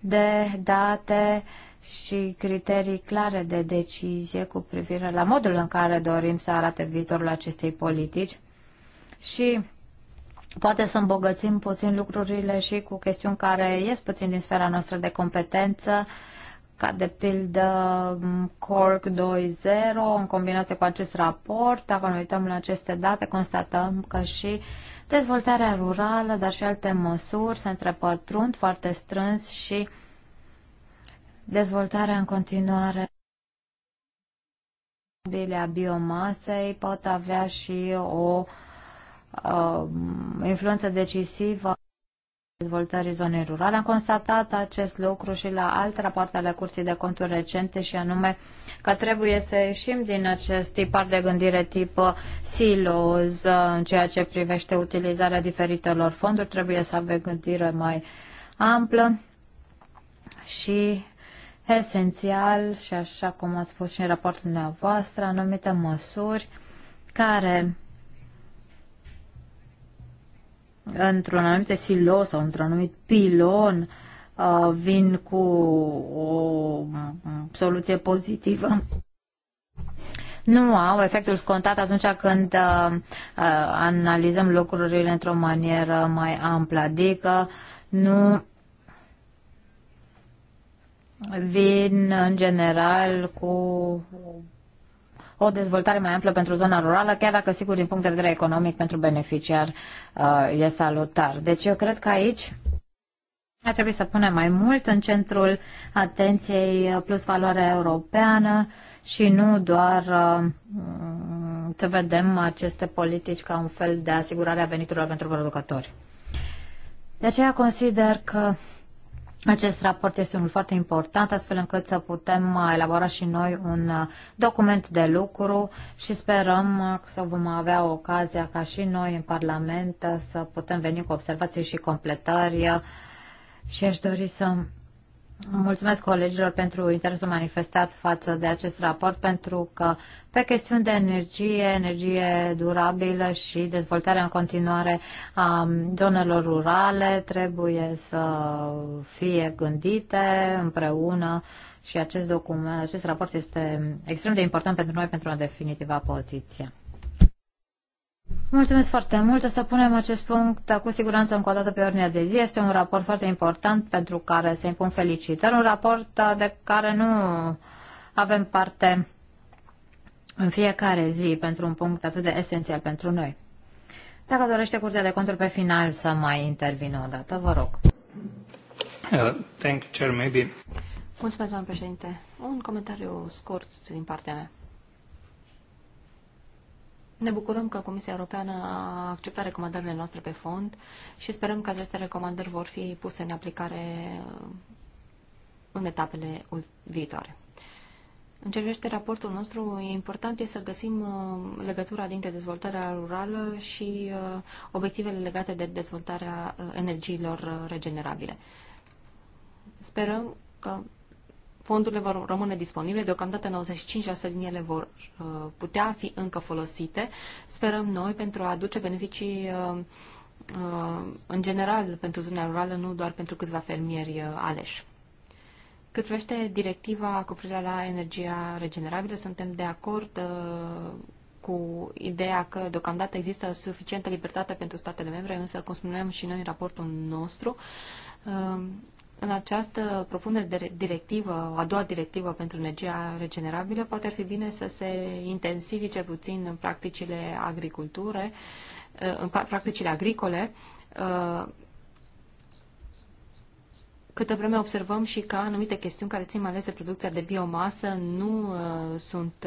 de date și criterii clare de decizie cu privire la modul în care dorim să arate viitorul acestei politici și poate să îmbogățim puțin lucrurile și cu chestiuni care ies puțin din sfera noastră de competență, ca de pildă mm, Cork 2.0, în combinație cu acest raport, dacă ne uităm la aceste date, constatăm că și dezvoltarea rurală, dar și alte măsuri se întrepătrund foarte strâns și uh, dezvoltarea în continuare a biomasei pot avea și o uh, influență decisivă dezvoltării zonei rurale. Am constatat acest lucru și la alte rapoarte ale Curții de Conturi recente și anume că trebuie să ieșim din acest tipar de gândire tip silos în ceea ce privește utilizarea diferitelor fonduri. Trebuie să avem gândire mai amplă și esențial și așa cum ați spus și în raportul dumneavoastră, anumite măsuri care într-un anumit silo sau într-un anumit pilon uh, vin cu o soluție pozitivă nu au efectul scontat atunci când uh, uh analizăm lucrurile într-o manieră mai amplă, adică nu vin în general cu o dezvoltare mai amplă pentru zona rurală, chiar dacă, sigur, din punct de vedere economic, pentru beneficiar uh, e salutar. Deci eu cred că aici ar trebui să punem mai mult în centrul atenției uh, plus valoarea europeană și nu doar uh, mm, să vedem aceste politici ca un fel de asigurare a veniturilor pentru producători. De aceea consider că acest raport este unul foarte important, astfel încât să putem uh, elabora și noi un uh, document de lucru și sperăm uh, să vom avea ocazia ca și noi în Parlament să putem veni cu observații și completări și aș dori să Mulțumesc colegilor pentru interesul manifestat față de acest raport, pentru că pe chestiuni de energie, energie durabilă și dezvoltarea în continuare a zonelor rurale trebuie să fie gândite împreună și acest document, acest raport este extrem de important pentru noi pentru a definitiva poziția. Mulțumesc foarte mult. O să punem acest punct cu siguranță încă o dată pe ordinea de zi. Este un raport foarte important pentru care se impun felicitări, un raport uh, de care nu avem parte în fiecare zi pentru un punct atât de esențial pentru noi. Dacă dorește Curtea de Conturi pe final să mai intervină o dată, vă rog. Uh, thank you, Chair. Maybe. Mulțumesc, doamnă președinte. Un comentariu scurt din partea mea. Ne bucurăm că Comisia Europeană a acceptat recomandările noastre pe fond și sperăm că aceste recomandări vor fi puse în aplicare în etapele viitoare. În ce privește raportul nostru, e important e să găsim uh, legătura dintre dezvoltarea rurală și uh, obiectivele legate de dezvoltarea uh, energiilor regenerabile. Sperăm că fondurile vor rămâne disponibile, deocamdată 95% din ele vor uh, putea fi încă folosite, sperăm noi, pentru a aduce beneficii uh, uh, în general pentru zona rurală, nu doar pentru câțiva fermieri aleși. Cât privește directiva cu privire la energia regenerabilă, suntem de acord cu ideea că deocamdată există suficientă libertate pentru statele membre, însă, cum spuneam și noi în raportul nostru, în această propunere de directivă, a doua directivă pentru energia regenerabilă, poate ar fi bine să se intensifice puțin practicile agriculture, uh, practicile agricole, uh, câtă vreme observăm și că anumite chestiuni care țin mai ales de producția de biomasă nu uh, sunt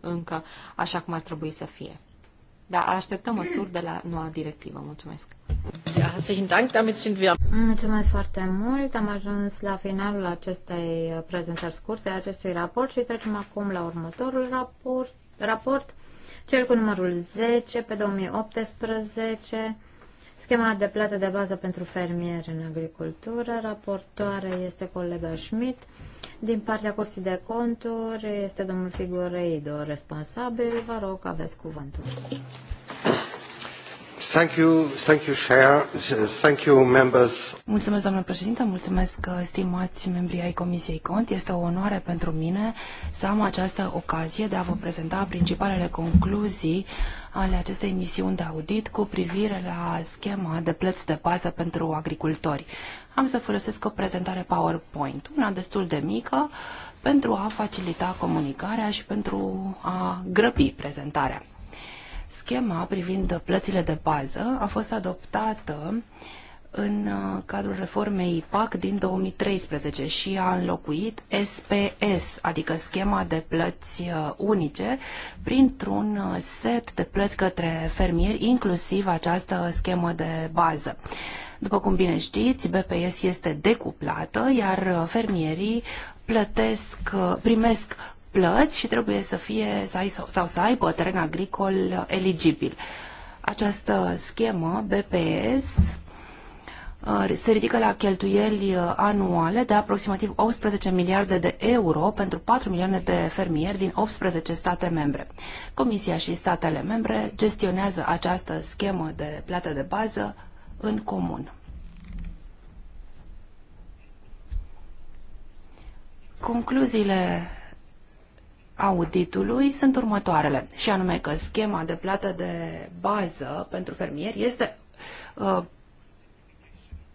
încă așa cum ar trebui să fie. Da, așteptăm măsuri de la noua directivă. Mulțumesc! Mulțumesc foarte mult! Am ajuns la finalul acestei prezentări scurte a acestui raport și trecem acum la următorul raport, raport cel cu numărul 10 pe 2018, schema de plată de bază pentru fermieri în agricultură. Raportoare este colega Schmidt. Din partea Curții de Conturi este domnul Figureido responsabil. Vă rog, aveți cuvântul. Thank you, thank you, Chair. Thank you, members. Mulțumesc, doamnă președintă, mulțumesc, uh, stimați membrii ai Comisiei Cont. Este o onoare pentru mine să am această ocazie de a vă prezenta principalele concluzii ale acestei misiuni de audit cu privire la schema de plăți de bază pentru agricultori am să folosesc o prezentare PowerPoint, una destul de mică, pentru a facilita comunicarea și pentru a grăbi prezentarea. Schema privind plățile de bază a fost adoptată uh, în uh, cadrul reformei PAC din 2013 și a înlocuit SPS, adică schema de plăți uh, unice, printr-un uh, set de plăți către fermieri, inclusiv această schemă de bază. După cum bine știți, BPS este decuplată, iar fermierii plătesc, primesc plăți și trebuie să fie să ai, sau să aibă teren agricol eligibil. Această schemă BPS Uh, se ridică la cheltuieli uh, anuale de aproximativ 18 miliarde de euro pentru 4 milioane de fermieri din 18 state membre. Comisia și statele membre gestionează această schemă de plată de bază în comun. Concluziile auditului sunt următoarele, și anume că schema de plată de bază pentru fermieri este uh,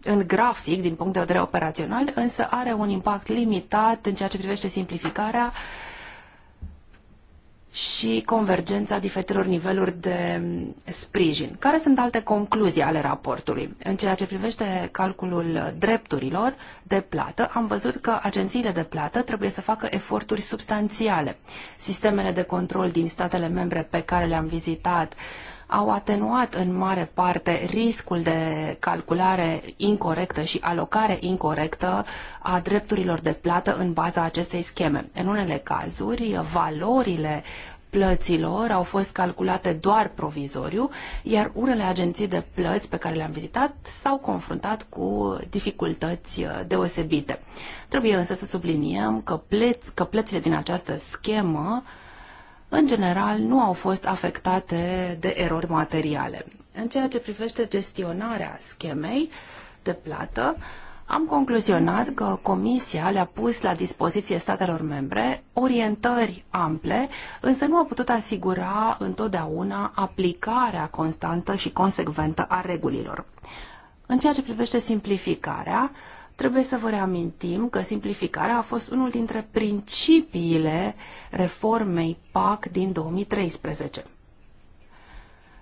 în grafic din punct de vedere operațional, însă are un impact limitat în ceea ce privește simplificarea și convergența diferitelor niveluri de sprijin. Care sunt alte concluzii ale raportului? În ceea ce privește calculul drepturilor de plată, am văzut că agențiile de plată trebuie să facă eforturi substanțiale. Sistemele de control din statele membre pe care le-am vizitat au atenuat în mare parte riscul de calculare incorrectă și alocare incorrectă a drepturilor de plată în baza acestei scheme. În unele cazuri, valorile plăților au fost calculate doar provizoriu, iar unele agenții de plăți pe care le-am vizitat s-au confruntat cu dificultăți deosebite. Trebuie însă să subliniem că, plăț, că plățile din această schemă uh, în general nu au fost afectate de erori materiale. În ceea ce privește gestionarea schemei de plată, am concluzionat că Comisia le-a pus la dispoziție statelor membre orientări ample, însă nu a putut asigura întotdeauna aplicarea constantă și consecventă a regulilor. În ceea ce privește simplificarea, Trebuie să vă reamintim că simplificarea a fost unul dintre principiile reformei PAC din 2013.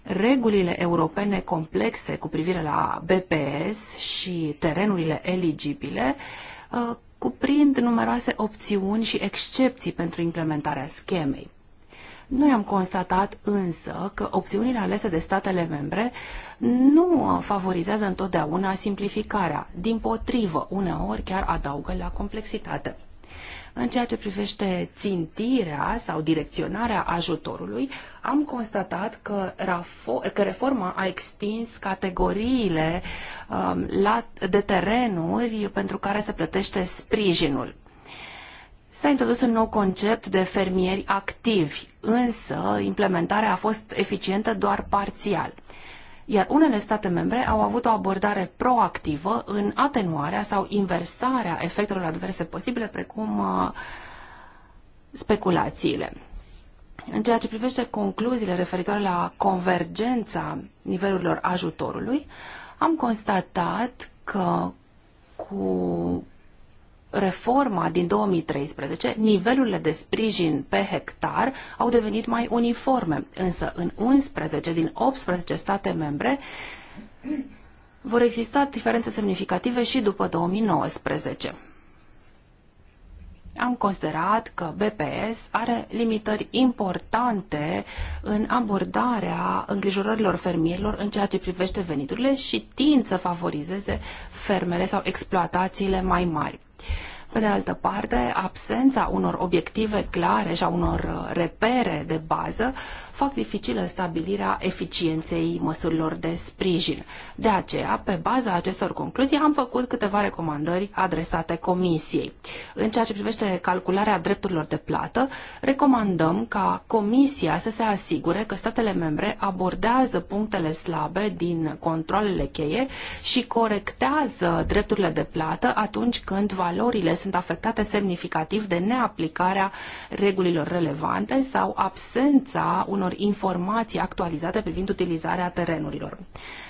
Regulile europene complexe cu privire la BPS și terenurile eligibile uh, cuprind numeroase opțiuni și excepții pentru implementarea schemei. Noi am constatat însă că opțiunile alese de statele membre nu favorizează întotdeauna simplificarea, din potrivă, uneori chiar adaugă la complexitate. În ceea ce privește țintirea sau direcționarea ajutorului, am constatat că, că reforma a extins categoriile um, la, de terenuri pentru care se plătește sprijinul. S-a introdus un nou concept de fermieri activi, însă implementarea a fost eficientă doar parțial. Iar unele state membre au avut o abordare proactivă în atenuarea sau inversarea efectelor adverse posibile, precum uh, speculațiile. În ceea ce privește concluziile referitoare la convergența nivelurilor ajutorului, am constatat că cu reforma din 2013, nivelurile de sprijin pe hectar au devenit mai uniforme, însă în 11 din 18 state membre vor exista diferențe semnificative și după 2019. Am considerat că BPS are limitări importante în abordarea îngrijorărilor fermierilor în ceea ce privește veniturile și tind să favorizeze fermele sau exploatațiile mai mari. Pe de altă parte, absența unor obiective clare și a unor repere de bază fac dificilă stabilirea eficienței măsurilor de sprijin. De aceea, pe baza acestor concluzii, am făcut câteva recomandări adresate Comisiei. În ceea ce privește calcularea drepturilor de plată, recomandăm ca Comisia să se asigure că statele membre abordează punctele slabe din controlele cheie și corectează drepturile de plată atunci când valorile sunt afectate semnificativ de neaplicarea regulilor relevante sau absența unor unor informații actualizate privind utilizarea terenurilor.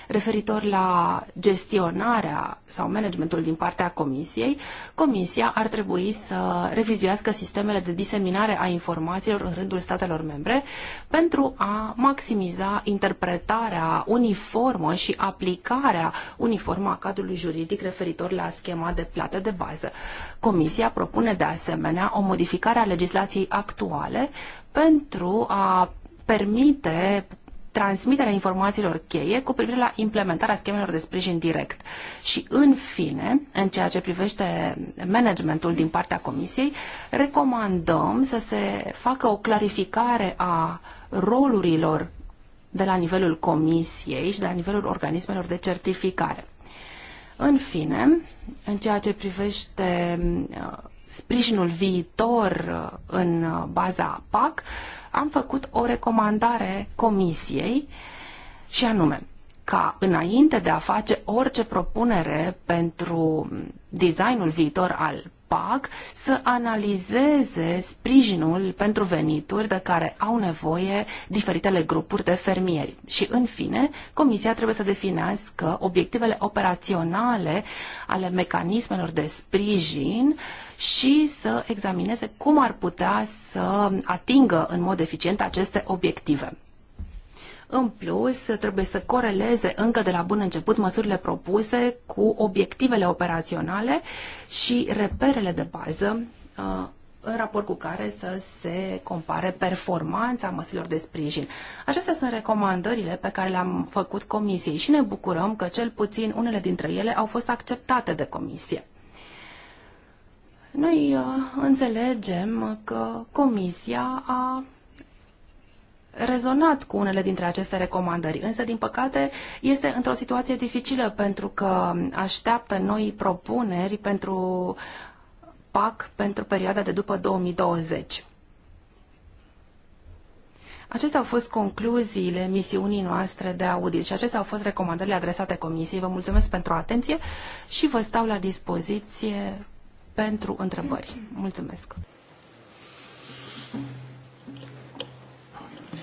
Referitor la gestionarea sau managementul din partea Comisiei, Comisia ar trebui să revizuiască sistemele de diseminare a informațiilor în rândul statelor membre pentru a maximiza interpretarea uniformă și aplicarea uniformă a cadrului juridic referitor la schema de plată de bază. Comisia propune de asemenea o modificare a legislației actuale pentru a permite transmiterea informațiilor cheie cu privire la implementarea schemelor de sprijin direct. Și, în fine, în ceea ce privește managementul din partea Comisiei, recomandăm să se facă o clarificare a rolurilor de la nivelul Comisiei și de la nivelul organismelor de certificare. În fine, în ceea ce privește uh, sprijinul viitor uh, în uh, baza PAC, am făcut o recomandare comisiei și anume ca înainte de a face orice propunere pentru designul viitor al PAC să analizeze sprijinul pentru venituri de care au nevoie diferitele grupuri de fermieri. Și, în fine, Comisia trebuie să definească obiectivele operaționale ale mecanismelor de sprijin și să examineze cum ar putea să atingă în mod eficient aceste obiective. În plus, trebuie să coreleze încă de la bun început măsurile propuse cu obiectivele operaționale și reperele de bază uh, în raport cu care să se compare performanța măsurilor de sprijin. Acestea sunt recomandările pe care le-am făcut comisiei și ne bucurăm că cel puțin unele dintre ele au fost acceptate de comisie. Noi uh, înțelegem că comisia a rezonat cu unele dintre aceste recomandări, însă, din păcate, este într-o situație dificilă pentru că așteaptă noi propuneri pentru PAC pentru perioada de după 2020. Acestea au fost concluziile misiunii noastre de audit și acestea au fost recomandările adresate Comisiei. Vă mulțumesc pentru atenție și vă stau la dispoziție pentru întrebări. Mulțumesc!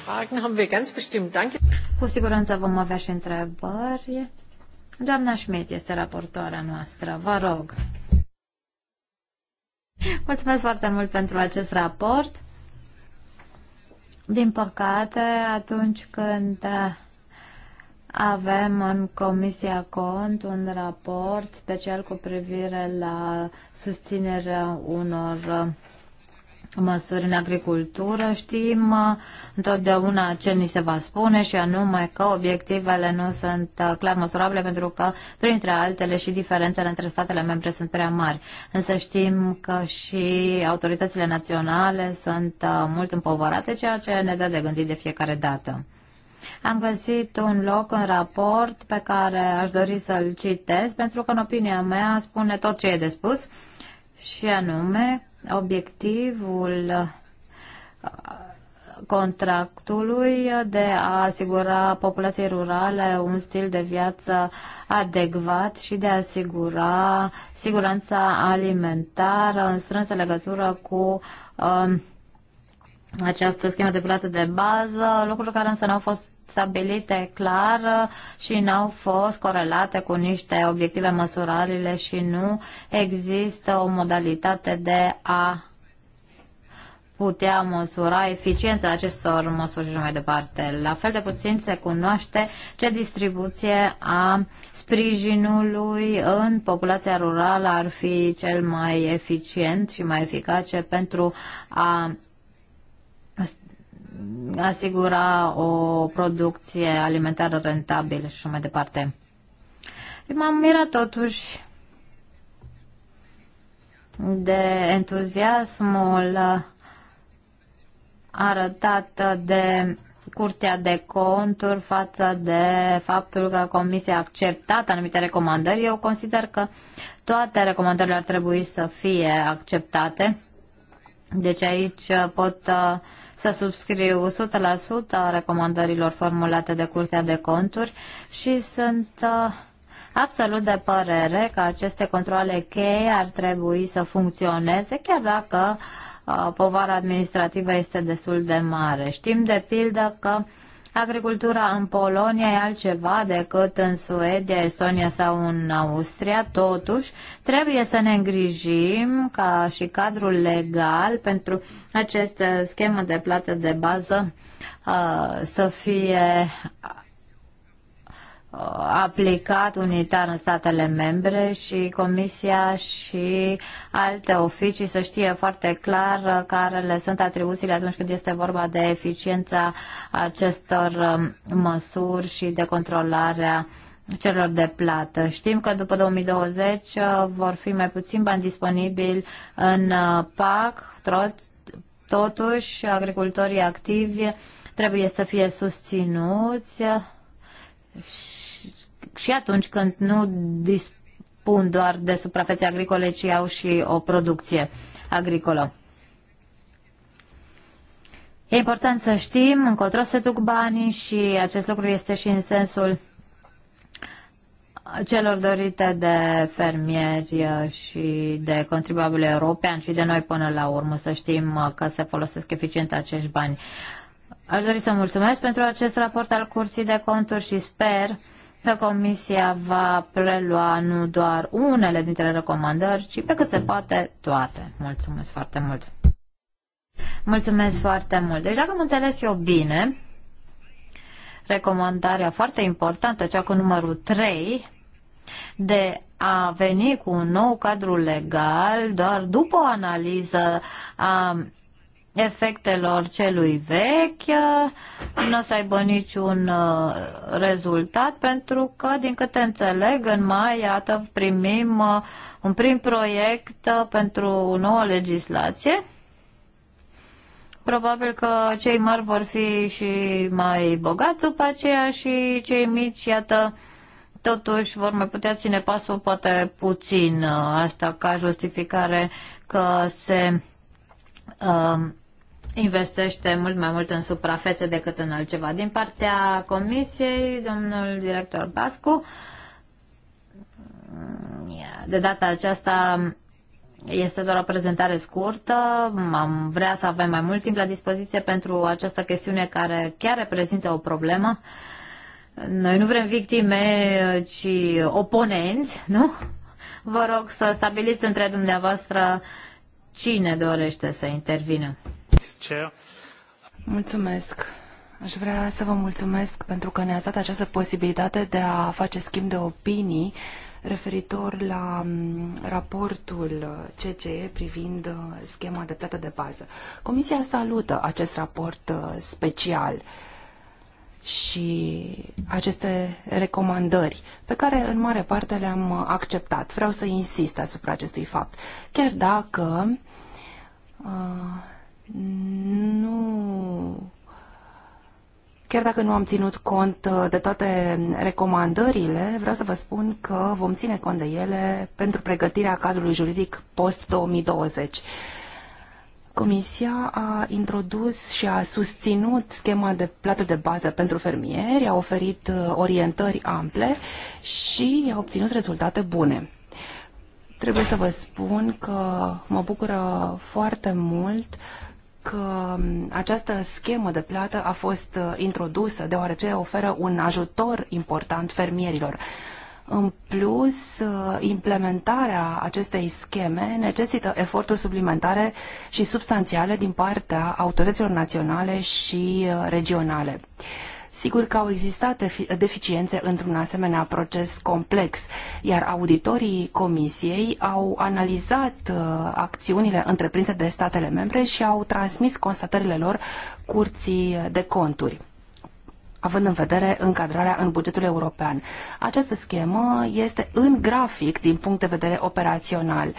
Fragen haben wir ganz bestimmt. Danke. Cu siguranță vom avea și întrebări. Doamna Schmidt este raportoarea noastră. Vă rog. Mulțumesc foarte mult pentru acest raport. Din păcate, atunci când avem în Comisia Cont un raport special cu privire la susținerea unor măsuri în agricultură, știm uh, întotdeauna ce ni se va spune și anume că obiectivele nu sunt uh, clar măsurabile pentru că, printre altele, și diferențele între statele membre sunt prea mari. Însă știm că și autoritățile naționale sunt uh, mult împovărate, ceea ce ne dă de gândit de fiecare dată. Am găsit un loc în raport pe care aș dori să-l citesc pentru că, în opinia mea, spune tot ce e de spus și anume obiectivul contractului de a asigura populației rurale un stil de viață adecvat și de a asigura siguranța alimentară în strânsă legătură cu um, această schemă de plată de bază, lucruri care însă nu au fost stabilite clar și n-au fost corelate cu niște obiective măsurabile și nu există o modalitate de a putea măsura eficiența acestor măsuri și mai departe. La fel de puțin se cunoaște ce distribuție a sprijinului în populația rurală ar fi cel mai eficient și mai eficace pentru a asigura o producție alimentară rentabilă și așa mai departe. M-am mirat totuși de entuziasmul arătat de Curtea de Conturi față de faptul că Comisia a acceptat anumite recomandări. Eu consider că toate recomandările ar trebui să fie acceptate. Deci aici pot uh, să subscriu 100% recomandărilor formulate de Curtea de Conturi și sunt uh, absolut de părere că aceste controle cheie ar trebui să funcționeze, chiar dacă uh, povara administrativă este destul de mare. Știm de pildă că Agricultura în Polonia e altceva decât în Suedia, Estonia sau în Austria. Totuși, trebuie să ne îngrijim ca și cadrul legal pentru aceste schemă de plată de bază uh, să fie Uh, aplicat unitar în statele membre și Comisia și alte oficii să știe foarte clar uh, care le sunt atribuțiile atunci când este vorba de eficiența acestor um, măsuri și de controlarea celor de plată. Știm că după 2020 uh, vor fi mai puțin bani disponibili în PAC, totuși agricultorii activi trebuie să fie susținuți și atunci când nu dispun doar de suprafețe agricole, ci au și o producție agricolă. E important să știm încotro se duc banii și acest lucru este și în sensul celor dorite de fermieri și de contribuabil european și de noi până la urmă să știm că se folosesc eficient acești bani. Aș dori să mulțumesc pentru acest raport al Curții de Conturi și sper Comisia va prelua nu doar unele dintre recomandări, ci pe cât se poate toate. Mulțumesc foarte mult! Mulțumesc foarte mult! Deci dacă am înțeles eu bine, recomandarea foarte importantă, cea cu numărul 3, de a veni cu un nou cadru legal doar după o analiză a efectelor celui vechi, nu o să aibă niciun uh, rezultat, pentru că, din câte înțeleg, în mai, iată, primim uh, un prim proiect uh, pentru o nouă legislație. Probabil că cei mari vor fi și mai bogați după aceea și cei mici, iată, totuși vor mai putea ține pasul poate puțin asta ca justificare că se uh, investește mult mai mult în suprafețe decât în altceva. Din partea comisiei, domnul director Bascu, de data aceasta este doar o prezentare scurtă. Am vrea să avem mai mult timp la dispoziție pentru această chestiune care chiar reprezintă o problemă. Noi nu vrem victime, ci oponenți, nu? Vă rog să stabiliți între dumneavoastră cine dorește să intervină. Mulțumesc. Aș vrea să vă mulțumesc pentru că ne-ați dat această posibilitate de a face schimb de opinii referitor la mm, raportul CCE privind uh, schema de plată de bază. Comisia salută acest raport uh, special și aceste recomandări, pe care în mare parte le-am uh, acceptat. Vreau să insist asupra acestui fapt. Chiar dacă uh, nu Chiar dacă nu am ținut cont uh, de toate recomandările, vreau să vă spun că vom ține cont de ele pentru pregătirea cadrului juridic post-2020. Comisia a introdus și a susținut schema de plată de bază pentru fermieri, a oferit uh, orientări ample și a obținut rezultate bune. Trebuie să vă spun că mă bucură foarte mult uh, că um, această schemă de plată a fost uh, introdusă deoarece oferă un ajutor important fermierilor. În plus, uh, implementarea acestei scheme necesită eforturi suplimentare și substanțiale din partea autorităților naționale și uh, regionale. Sigur că au existat deficiențe într-un asemenea proces complex, iar auditorii Comisiei au analizat uh, acțiunile întreprinse de statele membre și au transmis constatările lor curții de conturi având în vedere încadrarea în bugetul european. Această schemă este în grafic din punct de vedere operațional. Uh,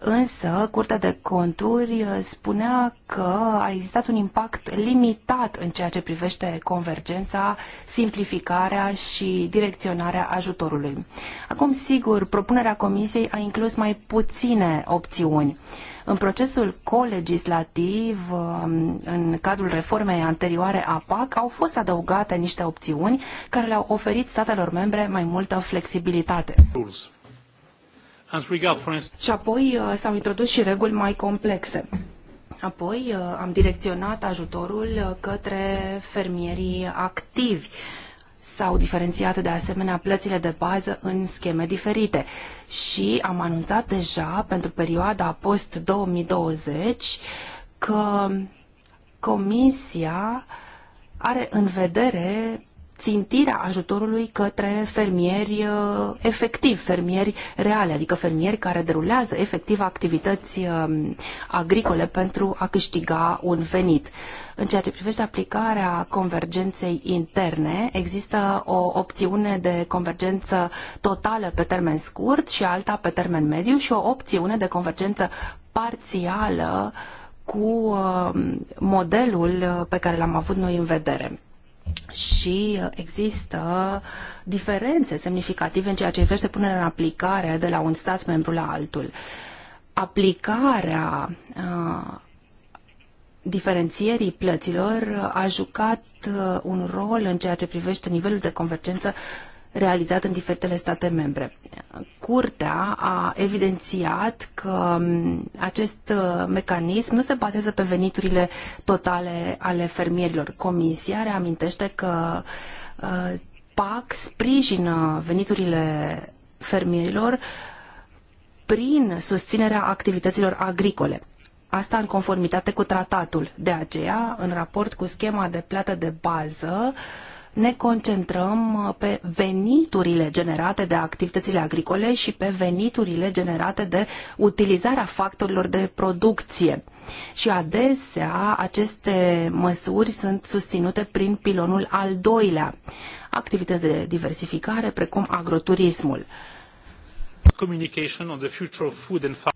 Însă, Curtea de Conturi uh, spunea că a existat un impact limitat în ceea ce privește convergența, simplificarea și direcționarea ajutorului. Acum, sigur, propunerea Comisiei a inclus mai puține opțiuni. În procesul colegislativ, um, în cadrul reformei anterioare a PAC, au fost adăugate niște opțiuni care le-au oferit statelor membre mai multă flexibilitate. Și apoi uh, s-au introdus și reguli mai complexe. Apoi uh, am direcționat ajutorul uh, către fermierii activi. S-au diferențiat de asemenea plățile de bază în scheme diferite și am anunțat deja pentru perioada post-2020 că Comisia are în vedere țintirea ajutorului către fermieri uh, efectiv, fermieri reale, adică fermieri care derulează efectiv activități um, agricole pentru a câștiga un venit. În ceea ce privește aplicarea convergenței interne, există o opțiune de convergență totală pe termen scurt și alta pe termen mediu și o opțiune de convergență parțială cu um, modelul pe care l-am avut noi în vedere și uh, există diferențe semnificative în ceea ce privește punerea în aplicare de la un stat membru la altul. Aplicarea uh, diferențierii plăților a jucat uh, un rol în ceea ce privește nivelul de convergență realizat în diferitele state membre. Curtea a evidențiat că mm, acest uh, mecanism nu se bazează pe veniturile totale ale fermierilor. Comisia reamintește că uh, PAC sprijină veniturile fermierilor prin susținerea activităților agricole. Asta în conformitate cu tratatul. De aceea, în raport cu schema de plată de bază, uh, ne concentrăm uh, pe veniturile generate de activitățile agricole și pe veniturile generate de utilizarea factorilor de producție. Și adesea aceste măsuri sunt susținute prin pilonul al doilea, activități de diversificare precum agroturismul.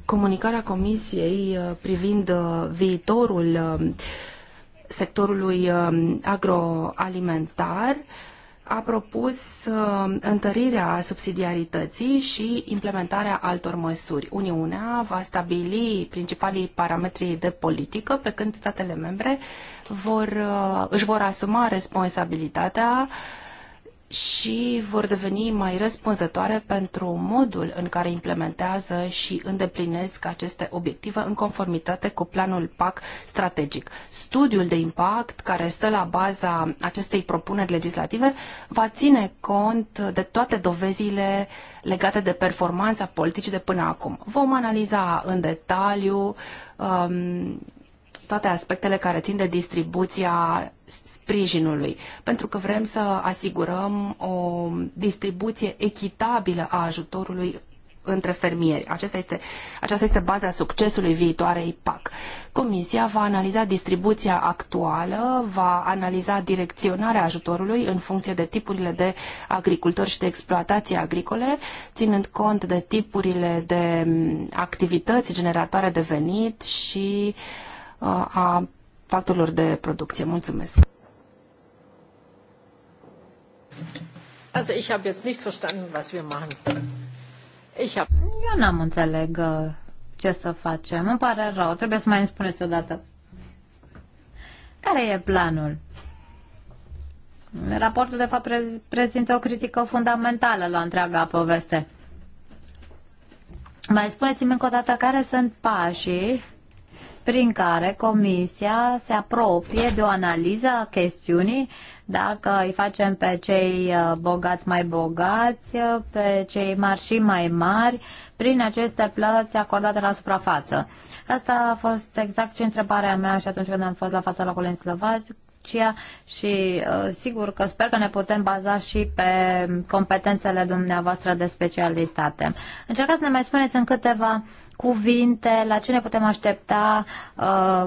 Comunicarea Comisiei uh, privind uh, viitorul sectorului um, agroalimentar a propus um, întărirea subsidiarității și implementarea altor măsuri. Uniunea va stabili principalii parametri de politică, pe când statele membre vor, uh, își vor asuma responsabilitatea uh, și vor deveni mai răspunzătoare pentru modul în care implementează și îndeplinesc aceste obiective în conformitate cu planul PAC strategic. Studiul de impact care stă la baza acestei propuneri legislative va ține cont de toate dovezile legate de performanța politicii de până acum. Vom analiza în detaliu um, toate aspectele care țin de distribuția sprijinului, pentru că vrem să asigurăm o distribuție echitabilă a ajutorului între fermieri. Aceasta este, aceasta este baza succesului viitoarei PAC. Comisia va analiza distribuția actuală, va analiza direcționarea ajutorului în funcție de tipurile de agricultori și de exploatații agricole, ținând cont de tipurile de activități generatoare de venit și uh, Uh, a factorilor de producție. Mulțumesc! Also ich habe jetzt nicht verstanden, was wir machen. Ich hab... Eu n-am înțeleg uh, ce să facem. Îmi pare rău. Trebuie să mai îmi spuneți dată. Care e planul? Raportul, de fapt, prezintă o critică fundamentală la întreaga poveste. Mai spuneți-mi încă o dată care sunt pașii prin care Comisia se apropie de o analiză a chestiunii dacă îi facem pe cei uh, bogați mai bogați, uh, pe cei mari și mai mari, prin aceste plăți acordate la suprafață. Asta a fost exact și întrebarea mea și atunci când am fost la fața locului în Slovac, Turcia și uh, sigur că sper că ne putem baza și pe competențele dumneavoastră de specialitate. Încercați să ne mai spuneți în câteva cuvinte la ce ne putem aștepta uh,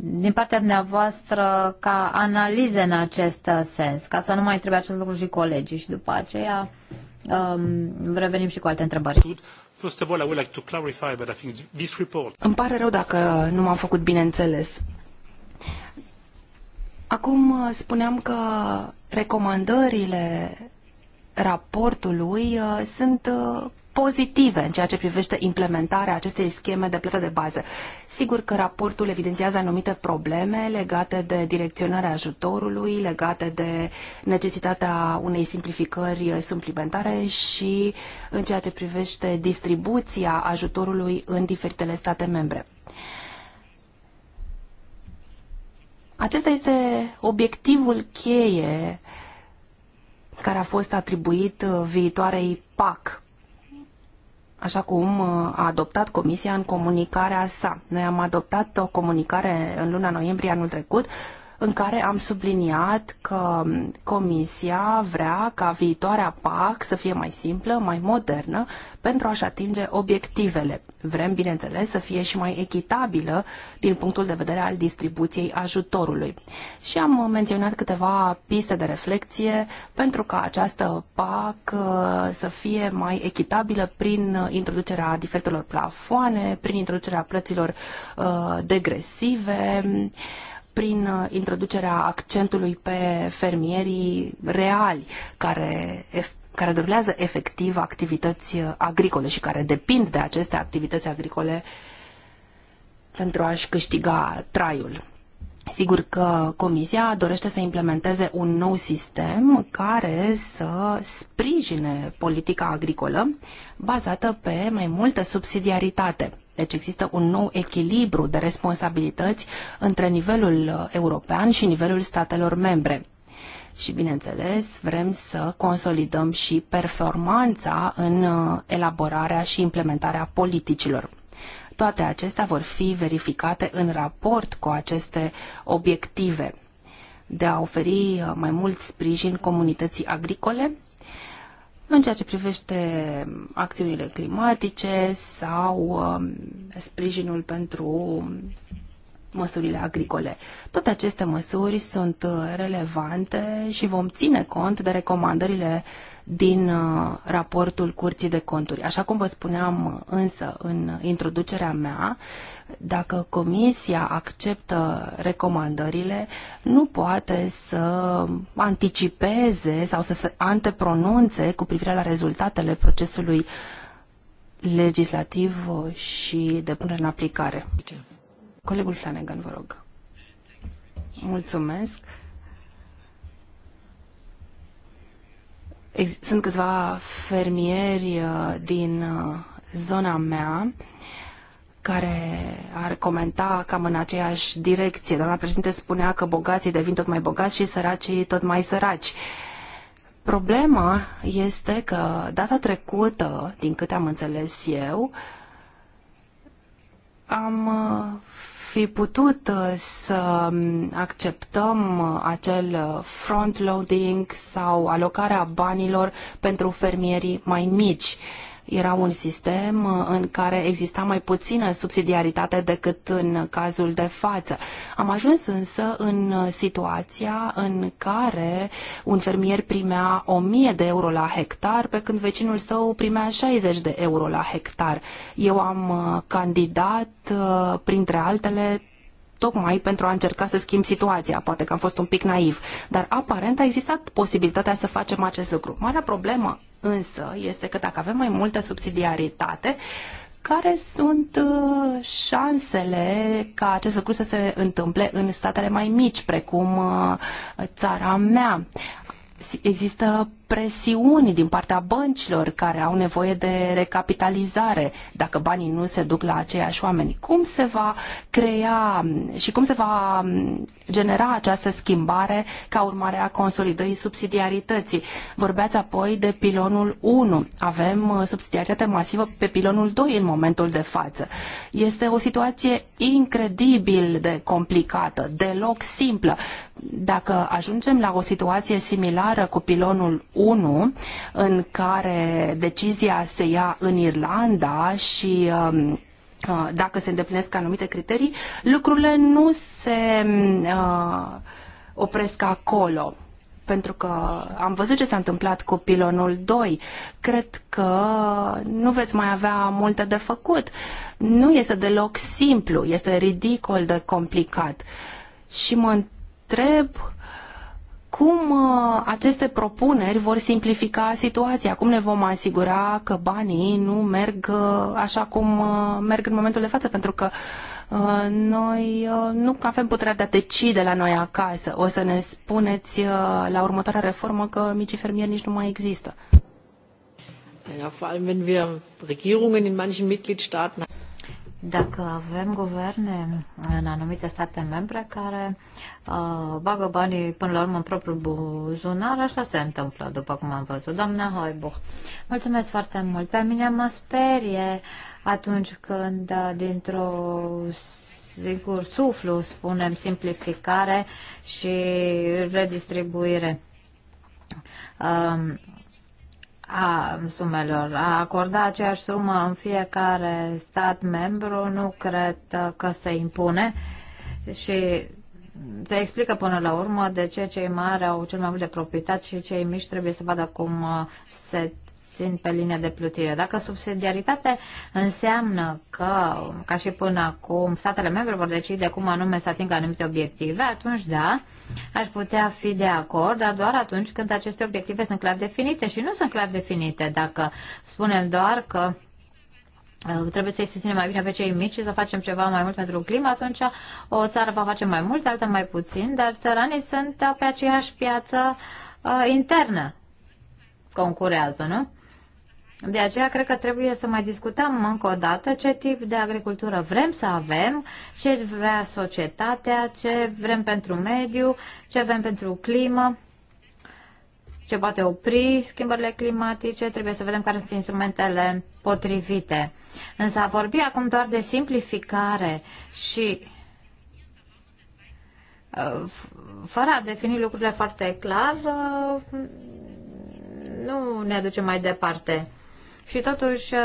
din partea dumneavoastră ca analize în acest uh, sens, ca să nu mai trebuie acest lucru și colegii și după aceea um, revenim și cu alte întrebări. First of all, I would like to clarify, but I think this report... Îmi pare rău dacă nu m-am făcut bine înțeles. Acum uh, spuneam că recomandările raportului uh, sunt uh, pozitive în ceea ce privește implementarea acestei scheme de plată de bază. Sigur că raportul evidențiază anumite probleme legate de direcționarea ajutorului, legate de necesitatea unei simplificări suplimentare și în ceea ce privește distribuția ajutorului în diferitele state membre. Acesta este obiectivul cheie care a fost atribuit uh, viitoarei PAC, așa cum uh, a adoptat Comisia în comunicarea sa. Noi am adoptat o comunicare în luna noiembrie anul trecut în care am subliniat că Comisia vrea ca viitoarea PAC să fie mai simplă, mai modernă, pentru a-și atinge obiectivele. Vrem, bineînțeles, să fie și mai echitabilă din punctul de vedere al distribuției ajutorului. Și am menționat câteva piste de reflexie pentru ca această PAC uh, să fie mai echitabilă prin introducerea diferitelor plafoane, prin introducerea plăților uh, degresive, uh, prin uh, introducerea accentului pe fermierii reali care care durează efectiv activități uh, agricole și care depind de aceste activități agricole pentru a-și câștiga traiul. Sigur că Comisia dorește să implementeze un nou sistem care să sprijine politica agricolă bazată pe mai multă subsidiaritate deci există un nou echilibru de responsabilități între nivelul uh, european și nivelul statelor membre. Și, bineînțeles, vrem să consolidăm și performanța în uh, elaborarea și implementarea politicilor. Toate acestea vor fi verificate în raport cu aceste obiective de a oferi uh, mai mult sprijin comunității agricole în ceea ce privește acțiunile climatice sau um, sprijinul pentru măsurile agricole. Toate aceste măsuri sunt uh, relevante și vom ține cont de recomandările din uh, raportul Curții de Conturi. Așa cum vă spuneam uh, însă în introducerea mea, dacă Comisia acceptă recomandările, nu poate să anticipeze sau să se antepronunțe cu privire la rezultatele procesului legislativ uh, și de punere în aplicare. Colegul Flanagan, vă rog. Mulțumesc. Sunt câțiva fermieri uh, din uh, zona mea care ar comenta cam în aceeași direcție. Doamna președinte spunea că bogații devin tot mai bogați și săracii tot mai săraci. Problema este că data trecută, din câte am înțeles eu, am uh, fi putut uh, să um, acceptăm uh, acel uh, front-loading sau alocarea banilor pentru fermierii mai mici. Era un sistem uh, în care exista mai puțină subsidiaritate decât în cazul de față. Am ajuns însă în uh, situația în care un fermier primea 1000 de euro la hectar, pe când vecinul său primea 60 de euro la hectar. Eu am uh, candidat, printre altele, tocmai pentru a încerca să schimb situația. Poate că am fost un pic naiv, dar aparent a existat posibilitatea să facem acest lucru. Marea problemă însă este că dacă avem mai multă subsidiaritate, care sunt uh, șansele ca acest lucru să se întâmple în statele mai mici, precum uh, țara mea? Există presiuni din partea băncilor care au nevoie de recapitalizare dacă banii nu se duc la aceiași oameni. Cum se va crea și cum se va genera această schimbare ca urmare a consolidării subsidiarității? Vorbeați apoi de pilonul 1. Avem uh, subsidiaritate masivă pe pilonul 2 în momentul de față. Este o situație incredibil de complicată, deloc simplă. Dacă ajungem la o situație similară cu pilonul 1, în care decizia se ia în Irlanda și um, uh, dacă se îndeplinesc anumite criterii, lucrurile nu se uh, opresc acolo pentru că am văzut ce s-a întâmplat cu pilonul 2. Cred că nu veți mai avea multe de făcut. Nu este deloc simplu, este ridicol de complicat. Și mă întreb cum uh, aceste propuneri vor simplifica situația, cum ne vom asigura că banii nu merg uh, așa cum uh, merg în momentul de față, pentru că noi nu avem puterea de a decide la noi acasă. O să ne spuneți la următoarea reformă că micii fermieri nici nu mai există. Ja, vor allem, wenn wir Regierungen in manchen Mitgliedstaaten dacă avem guverne în anumite state membre care uh, bagă banii până la urmă în propriul buzunar, așa se întâmplă, după cum am văzut. Doamna Hoibuch, mulțumesc foarte mult. Pe mine mă sperie atunci când uh, dintr-o sigur suflu spunem simplificare și redistribuire. Uh, a sumelor. A acorda aceeași sumă în fiecare stat membru nu cred că se impune și se explică până la urmă de ce cei mari au cel mai mult de profitat și cei mici trebuie să vadă cum se țin pe linia de plutire. Dacă subsidiaritate înseamnă că, ca și până acum, statele membre vor decide cum anume să atingă anumite obiective, atunci da, aș putea fi de acord, dar doar atunci când aceste obiective sunt clar definite și nu sunt clar definite. Dacă spunem doar că uh, trebuie să-i susținem mai bine pe cei mici și să facem ceva mai mult pentru climă, atunci o țară va face mai mult, alta mai puțin, dar țăranii sunt pe aceeași piață uh, internă. Concurează, nu? De aceea cred că trebuie să mai discutăm încă o dată ce tip de agricultură vrem să avem, ce vrea societatea, ce vrem pentru mediu, ce vrem pentru climă, ce poate opri schimbările climatice, trebuie să vedem care sunt instrumentele potrivite. Însă a vorbi acum doar de simplificare și uh, fără a defini lucrurile foarte clar, uh, nu ne aduce mai departe și totuși uh,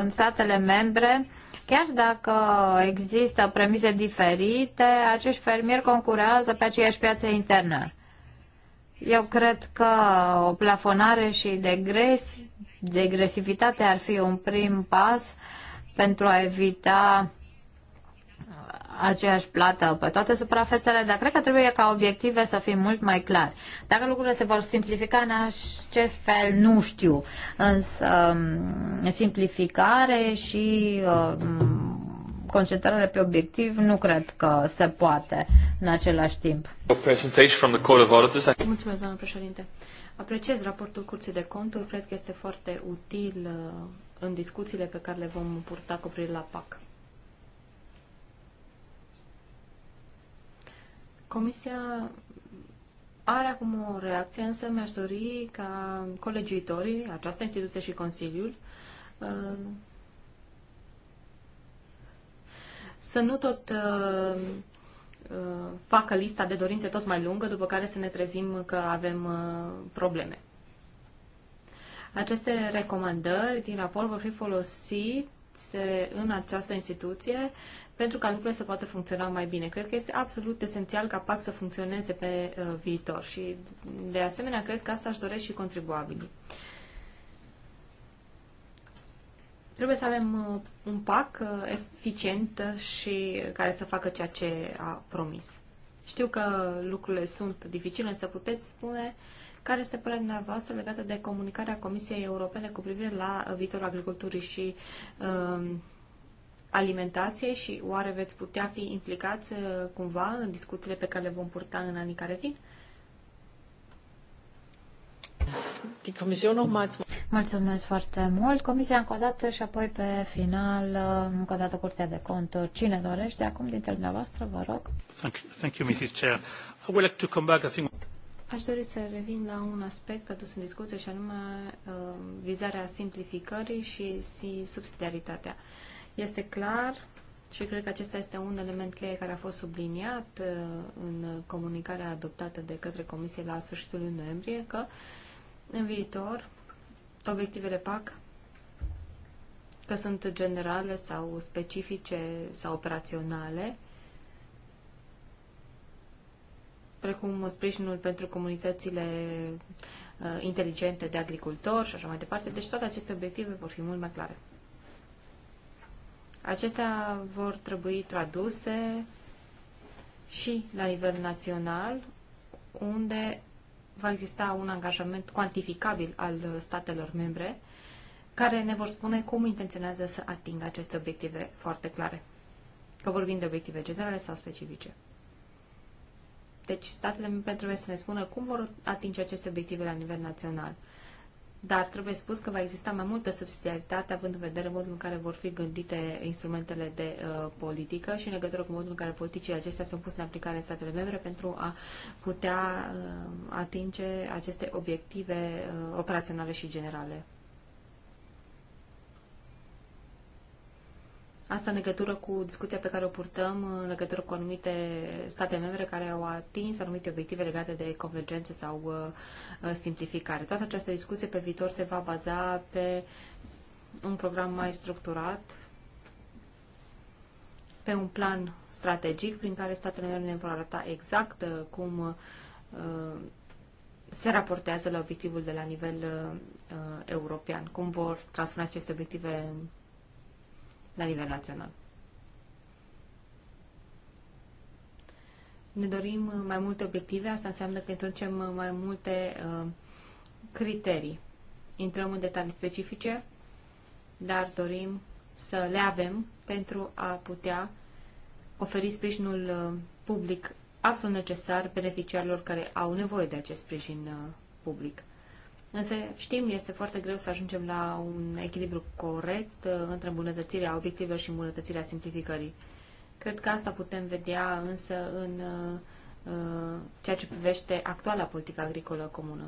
în statele membre Chiar dacă există premise diferite, acești fermieri concurează pe aceeași piață internă. Eu cred că o plafonare și degres, degresivitate ar fi un prim pas pentru a evita aceeași plată pe toate suprafețele, dar cred că trebuie ca obiective să fim mult mai clari. Dacă lucrurile se vor simplifica în acest fel, nu știu. Însă um, simplificare și um, concentrare pe obiectiv nu cred că se poate în același timp. Mulțumesc, doamnă președinte. Apreciez raportul Curții de Conturi, cred că este foarte util uh, în discuțiile pe care le vom purta cu privire la PAC. Comisia are acum o reacție, însă mi-aș dori ca colegiuitorii, această instituție și Consiliul, uh, să nu tot uh, uh, facă lista de dorințe tot mai lungă, după care să ne trezim că avem probleme. Aceste recomandări din raport vor fi folosite în această instituție pentru ca lucrurile să poată funcționa mai bine. Cred că este absolut esențial ca PAC să funcționeze pe uh, viitor și, de asemenea, cred că asta își doresc și contribuabilii. Trebuie să avem uh, un PAC uh, eficient și care să facă ceea ce a promis. Știu că lucrurile sunt dificile, însă puteți spune care este părerea dumneavoastră legată de comunicarea Comisiei Europene cu privire la uh, viitorul agriculturii și uh, Alimentație și oare veți putea fi implicați uh, cumva în discuțiile pe care le vom purta în anii care vin? Mulțumesc foarte mult. Comisia încă o dată și apoi pe final uh, încă o dată Curtea de Conturi. Cine dorește acum dintre dumneavoastră, vă rog. Thank you, thank you Mrs. Chair. I would like to come back, I think... Aș dori să revin la un aspect adus în discuție și anume uh, vizarea simplificării și subsidiaritatea. Uh, este clar și cred că acesta este un element cheie care a fost subliniat uh, în comunicarea adoptată de către Comisie la sfârșitul lui noiembrie, că în viitor obiectivele PAC, că sunt generale sau specifice sau operaționale, precum sprijinul pentru comunitățile uh, inteligente de agricultori și așa mai departe. Deci toate aceste obiective vor fi mult mai clare. Acestea vor trebui traduse și la nivel național, unde va exista un angajament cuantificabil al statelor membre, care ne vor spune cum intenționează să atingă aceste obiective foarte clare. Că vorbim de obiective generale sau specifice. Deci statele membre trebuie să ne spună cum vor atinge aceste obiective la nivel național. Dar trebuie spus că va exista mai multă subsidiaritate având în vedere modul în care vor fi gândite instrumentele de uh, politică și în legătură cu modul în care politicile acestea sunt puse în aplicare în statele membre pentru a putea uh, atinge aceste obiective uh, operaționale și generale. Asta în legătură cu discuția pe care o purtăm în legătură cu anumite state membre care au atins anumite obiective legate de convergență sau uh, uh, simplificare. Toată această discuție pe viitor se va baza pe un program mai structurat, pe un plan strategic prin care statele membre ne vor arăta exact uh, cum se raportează la obiectivul de la nivel uh, european, cum vor transforma aceste obiective în la nivel național. Ne dorim mai multe obiective, asta înseamnă că introducem mai multe uh, criterii. Intrăm în detalii specifice, dar dorim să le avem pentru a putea oferi sprijinul uh, public absolut necesar beneficiarilor care au nevoie de acest sprijin uh, public. Însă știm, este foarte greu să ajungem la un echilibru corect uh, între îmbunătățirea obiectivelor și îmbunătățirea simplificării. Cred că asta putem vedea însă în uh, uh, ceea ce privește actuala politică agricolă comună.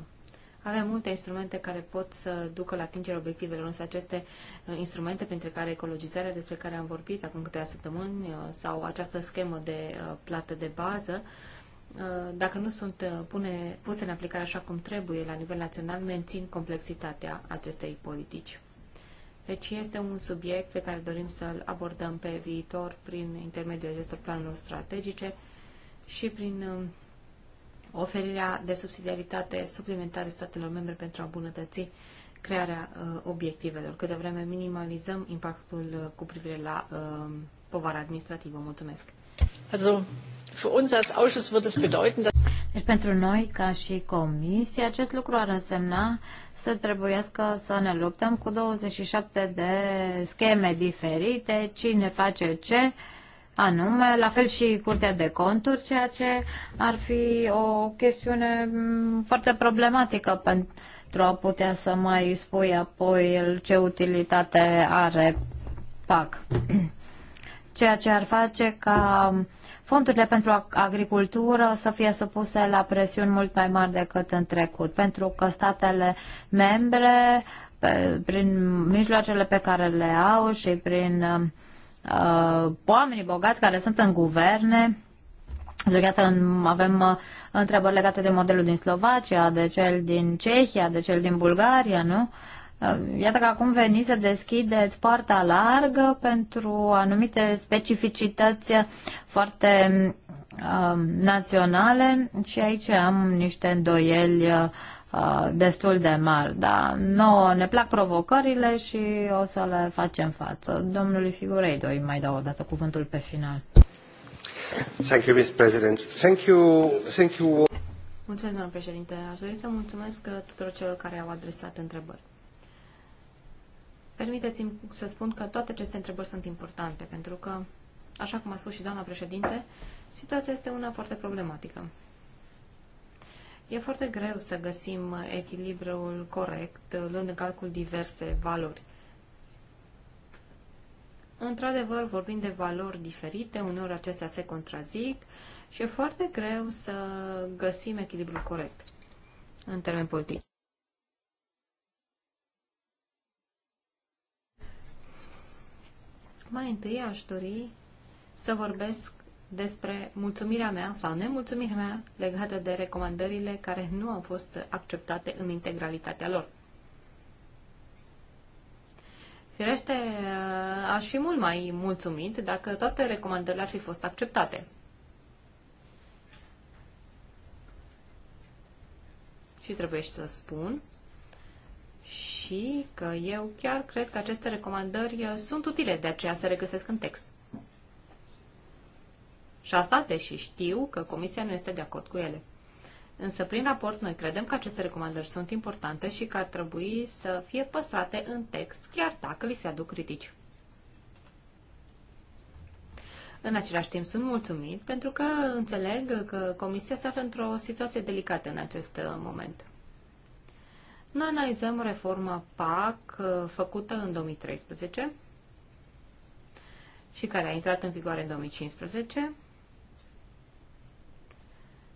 Avem multe instrumente care pot să ducă la atingerea obiectivelor, însă aceste instrumente, printre care ecologizarea despre care am vorbit acum câteva săptămâni, sau această schemă de plată de bază, uh, Uh, dacă nu sunt uh, pune, puse în aplicare așa cum trebuie la nivel național, mențin complexitatea acestei politici. Deci este un subiect pe care dorim să-l abordăm pe viitor prin intermediul acestor planuri strategice și prin um, oferirea de subsidiaritate suplimentare statelor membre pentru a îmbunătăți crearea uh, obiectivelor, cât de vreme minimalizăm impactul uh, cu privire la uh, povara administrativă. Mulțumesc! Also, Für uns als Ausschuss wird es bedeuten, dass deci pentru noi, ca și comisie, acest lucru ar însemna să trebuiască să ne luptăm cu 27 de scheme diferite, cine face ce, anume, la fel și Curtea de Conturi, ceea ce ar fi o chestiune mm, foarte problematică pentru a putea să mai spui apoi ce utilitate are PAC. Ceea ce ar face ca fondurile pentru agricultură să fie supuse la presiuni mult mai mari decât în trecut, pentru că statele membre, pe, prin mijloacele pe care le au și prin uh, uh oamenii bogați care sunt în guverne, iată, avem uh, întrebări legate de modelul din Slovacia, de cel din Cehia, de cel din Bulgaria, nu? Ehm, iată că acum veniți să deschideți poarta largă pentru anumite specificități foarte ehm, naționale și aici am niște îndoieli ehm, destul de mari, dar nouă ne plac provocările și o să le facem față. Domnului Figureido îi mai dau o dată cuvântul pe final. Thank you, Mr. President. Thank you, thank you. Mulțumesc, domnule președinte. Aș dori să mulțumesc tuturor celor care au adresat întrebări. Permiteți-mi să spun că toate aceste întrebări sunt importante, pentru că, așa cum a spus și doamna președinte, situația este una foarte problematică. E foarte greu să găsim echilibrul corect, luând în calcul diverse valori. Într-adevăr, vorbim de valori diferite, uneori acestea se contrazic și e foarte greu să găsim echilibrul corect în termen politic. Mai întâi aș dori să vorbesc despre mulțumirea mea sau nemulțumirea mea legată de recomandările care nu au fost acceptate în integralitatea lor. Firește, aș fi mult mai mulțumit dacă toate recomandările ar fi fost acceptate. Și trebuie să spun și că eu chiar cred că aceste recomandări uh, sunt utile, de aceea se regăsesc în text. Și asta deși știu că Comisia nu este de acord cu ele. Însă, prin raport, noi credem că aceste recomandări sunt importante și că ar trebui să fie păstrate în text, chiar dacă li se aduc critici. În același timp, sunt mulțumit pentru că înțeleg că Comisia se află într-o situație delicată în acest uh, moment. Noi analizăm reforma PAC uh, făcută în 2013 și care a intrat în vigoare în 2015.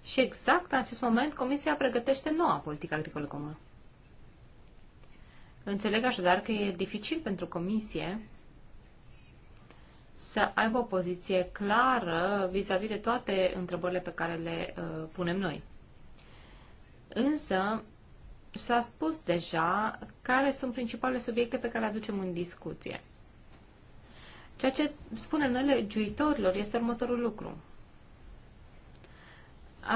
Și exact în acest moment Comisia pregătește noua politică agricolă comună. Înțeleg așadar că e dificil pentru Comisie să aibă o poziție clară vis-a-vis -vis de toate întrebările pe care le uh, punem noi. Însă, s-a spus deja care sunt principalele subiecte pe care le aducem în discuție. Ceea ce spunem noi legiuitorilor este următorul lucru.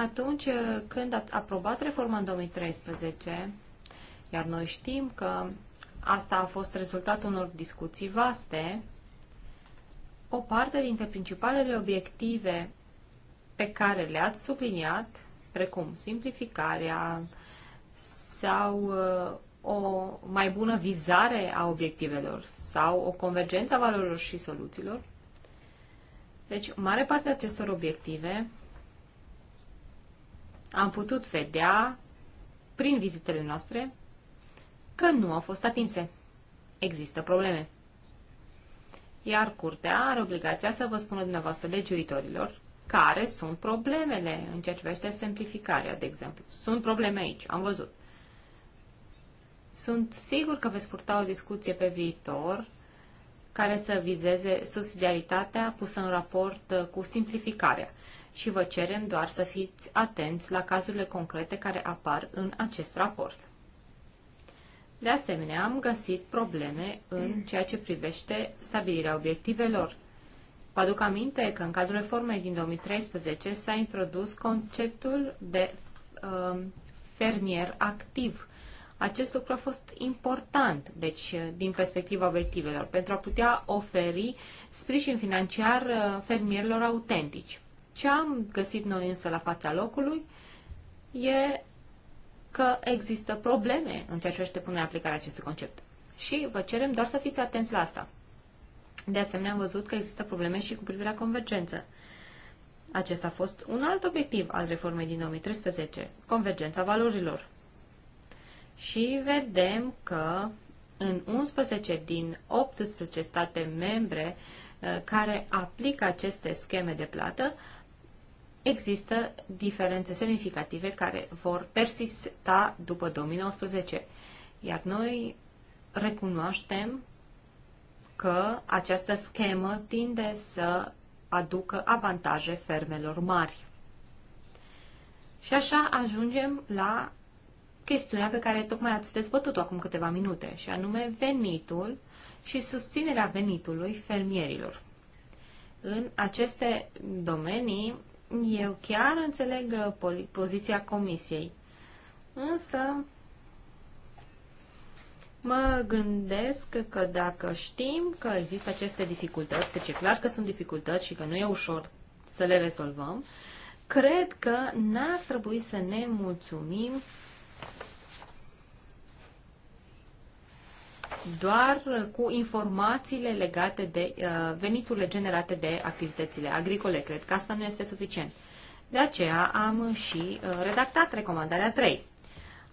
Atunci când ați aprobat reforma în 2013, iar noi știm că asta a fost rezultatul unor discuții vaste, o parte dintre principalele obiective pe care le-ați subliniat, precum simplificarea, sau uh, o mai bună vizare a obiectivelor sau o convergență a valorilor și soluțiilor. Deci, o mare parte a acestor obiective am putut vedea prin vizitele noastre că nu au fost atinse. Există probleme. Iar curtea are obligația să vă spună dumneavoastră juritorilor care sunt problemele în ceea ce privește simplificarea, de exemplu. Sunt probleme aici, am văzut. Sunt sigur că veți purta o discuție pe viitor care să vizeze subsidiaritatea pusă în raport uh, cu simplificarea și vă cerem doar să fiți atenți la cazurile concrete care apar în acest raport. De asemenea, am găsit probleme în ceea ce privește stabilirea obiectivelor. Vă aduc aminte că în cadrul reformei din 2013 s-a introdus conceptul de uh, fermier activ acest lucru a fost important, deci, eh, din perspectiva obiectivelor, pentru a putea oferi sprijin financiar eh, fermierilor autentici. Ce am găsit noi însă la fața locului e că există probleme în ceea ce privește punerea aplicarea acestui concept. Și vă cerem doar să fiți atenți la asta. De asemenea, am văzut că există probleme și cu privire la convergență. Acesta a fost un alt obiectiv al reformei din 2013, convergența valorilor și vedem că în 11 din 18 state membre uh, care aplică aceste scheme de plată, există diferențe semnificative care vor persista după 2019. Iar noi recunoaștem că această schemă tinde să aducă avantaje fermelor mari. Și așa ajungem la chestiunea pe care tocmai ați dezbătut-o acum câteva minute, și anume venitul și susținerea venitului fermierilor. În aceste domenii, eu chiar înțeleg uh, poziția Comisiei, însă mă gândesc că dacă știm că există aceste dificultăți, că e clar că sunt dificultăți și că nu e ușor să le rezolvăm, cred că n-ar trebui să ne mulțumim doar cu informațiile legate de uh, veniturile generate de activitățile agricole. Cred că asta nu este suficient. De aceea am și uh, redactat recomandarea 3.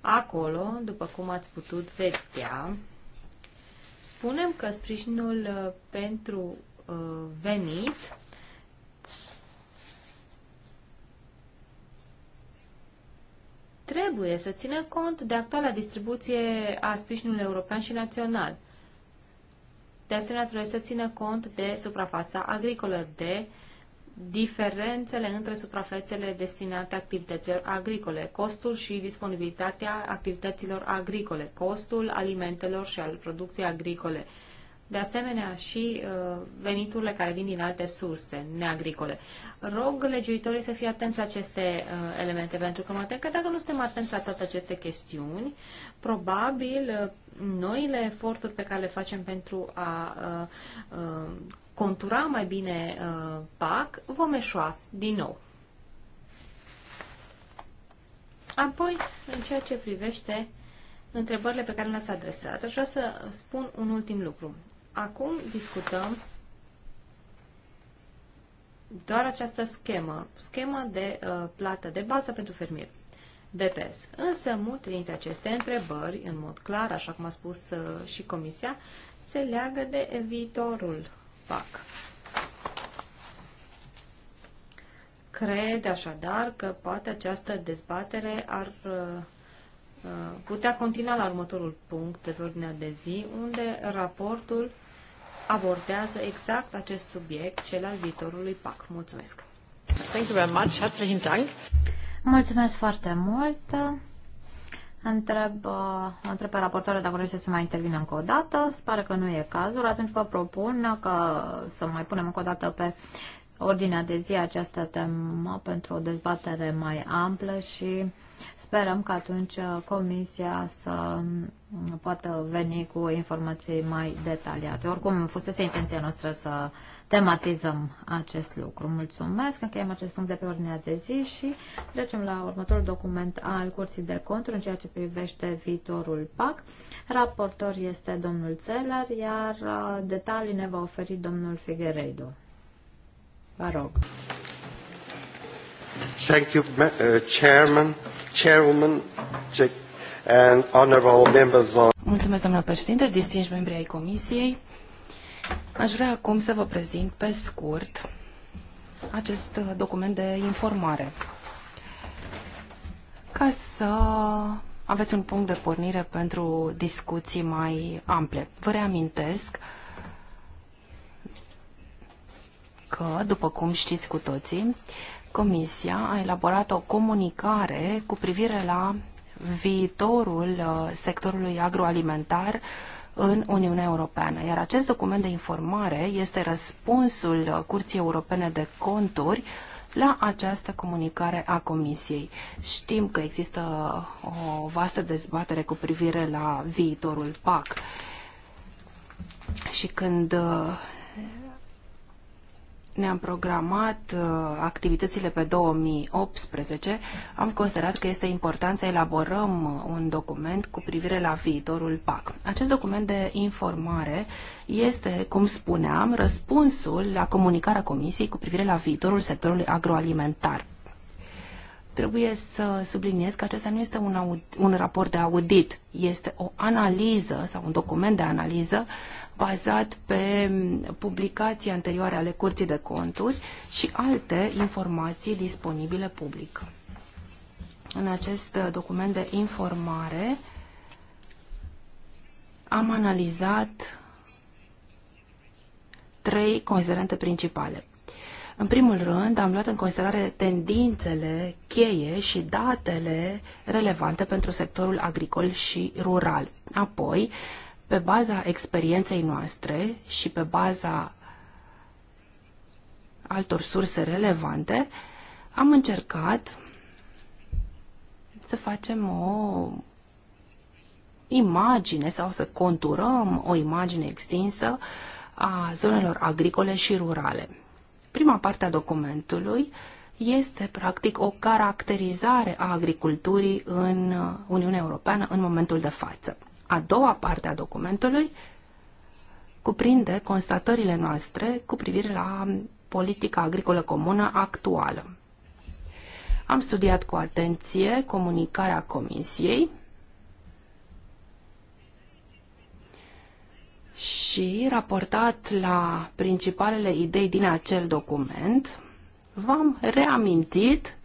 Acolo, după cum ați putut vedea, spunem că sprijinul uh, pentru uh, venit trebuie să țină cont de actuala distribuție a sprijinului european și național. De asemenea, trebuie să țină cont de suprafața agricolă, de diferențele între suprafețele destinate activităților agricole, costul și disponibilitatea activităților agricole, costul alimentelor și al producției agricole, de asemenea și uh, veniturile care vin din alte surse neagricole. Rog legiuitorii să fie atenți la aceste uh, elemente, pentru că mă tem că dacă nu suntem atenți la toate aceste chestiuni, probabil uh, noile eforturi pe care le facem pentru a contura mai bine PAC vom eșua din nou. Apoi, în ceea ce privește întrebările pe care le-ați adresat, aș vrea să spun un ultim lucru. Acum discutăm doar această schemă, schemă de uh, plată de bază pentru fermier. BPS. Însă multe dintre aceste întrebări, în mod clar, așa cum a spus uh, și Comisia, se leagă de viitorul PAC. Cred așadar că poate această dezbatere ar uh, Uh, putea continua la următorul punct de pe ordinea de zi, unde raportul abordează exact acest subiect, cel al viitorului PAC. Mulțumesc! Thank you very much. Herzlichen Dank. Mulțumesc foarte mult! Întreb, uh, întreb pe raportoare dacă vrește să mai intervină încă o dată. Se pare că nu e cazul. Atunci vă propun că să mai punem încă o dată pe ordinea de zi această temă pentru o dezbatere mai amplă și sperăm că atunci uh, Comisia să mm, poată veni cu informații mai detaliate. Oricum, fusese intenția noastră să tematizăm acest lucru. Mulțumesc, încheiem acest punct de pe ordinea de zi și trecem la următorul document al Curții de Conturi în ceea ce privește viitorul PAC. Raportor este domnul Țeler, iar uh, detalii ne va oferi domnul Figueiredo. Vă rog. Thank you, uh, Chairman, Chairwoman, and honorable members of... Mulțumesc, domnule președinte, distinși membri ai Comisiei. Aș vrea acum să vă prezint pe scurt acest uh, document de informare ca să aveți un punct de pornire pentru discuții mai ample. Vă reamintesc că, după cum știți cu toții, Comisia a elaborat o comunicare cu privire la viitorul uh, sectorului agroalimentar în Uniunea Europeană. Iar acest document de informare este răspunsul uh, Curții Europene de Conturi la această comunicare a Comisiei. Știm că există uh, o vastă dezbatere cu privire la viitorul PAC. Și când ne-am programat uh, activitățile pe 2018, am considerat că este important să elaborăm uh, un document cu privire la viitorul PAC. Acest document de informare este, cum spuneam, răspunsul la comunicarea Comisiei cu privire la viitorul sectorului agroalimentar. Trebuie să subliniez că acesta nu este un, aud, un raport de audit, este o analiză sau un document de analiză bazat pe publicații anterioare ale Curții de Conturi și alte informații disponibile public. În acest document de informare am analizat trei considerente principale. În primul rând, am luat în considerare tendințele cheie și datele relevante pentru sectorul agricol și rural. Apoi, pe baza experienței noastre și pe baza altor surse relevante, am încercat să facem o imagine sau să conturăm o imagine extinsă a zonelor agricole și rurale. Prima parte a documentului este practic o caracterizare a agriculturii în Uniunea Europeană în momentul de față. A doua parte a documentului cuprinde constatările noastre cu privire la politica agricolă comună actuală. Am studiat cu atenție comunicarea Comisiei și raportat la principalele idei din acel document, v-am reamintit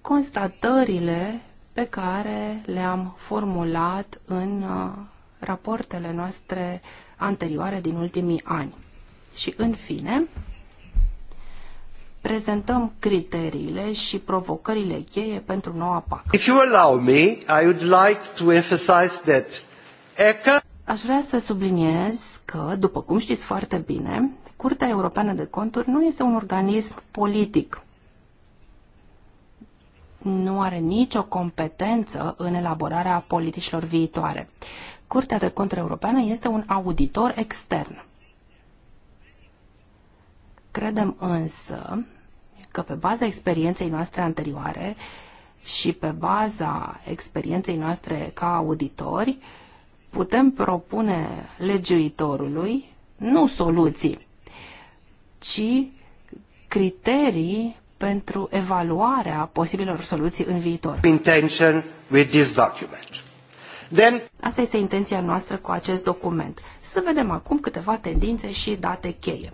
constatările pe care le-am formulat în uh, rapoartele noastre anterioare din ultimii ani. Și în fine, prezentăm criteriile și provocările cheie pentru noua PAC. If you allow me, I would like to emphasize that Aș vrea să subliniez că, după cum știți foarte bine, Curtea Europeană de Conturi nu este un organism politic. Nu are nicio competență în elaborarea politicilor viitoare. Curtea de Conturi Europeană este un auditor extern. Credem însă că pe baza experienței noastre anterioare și pe baza experienței noastre ca auditori, uh, putem propune legiuitorului nu soluții, ci criterii pentru evaluarea posibilor soluții în viitor. Intention with this document. Then... Asta este intenția noastră cu acest document. Să vedem acum câteva tendințe și date cheie.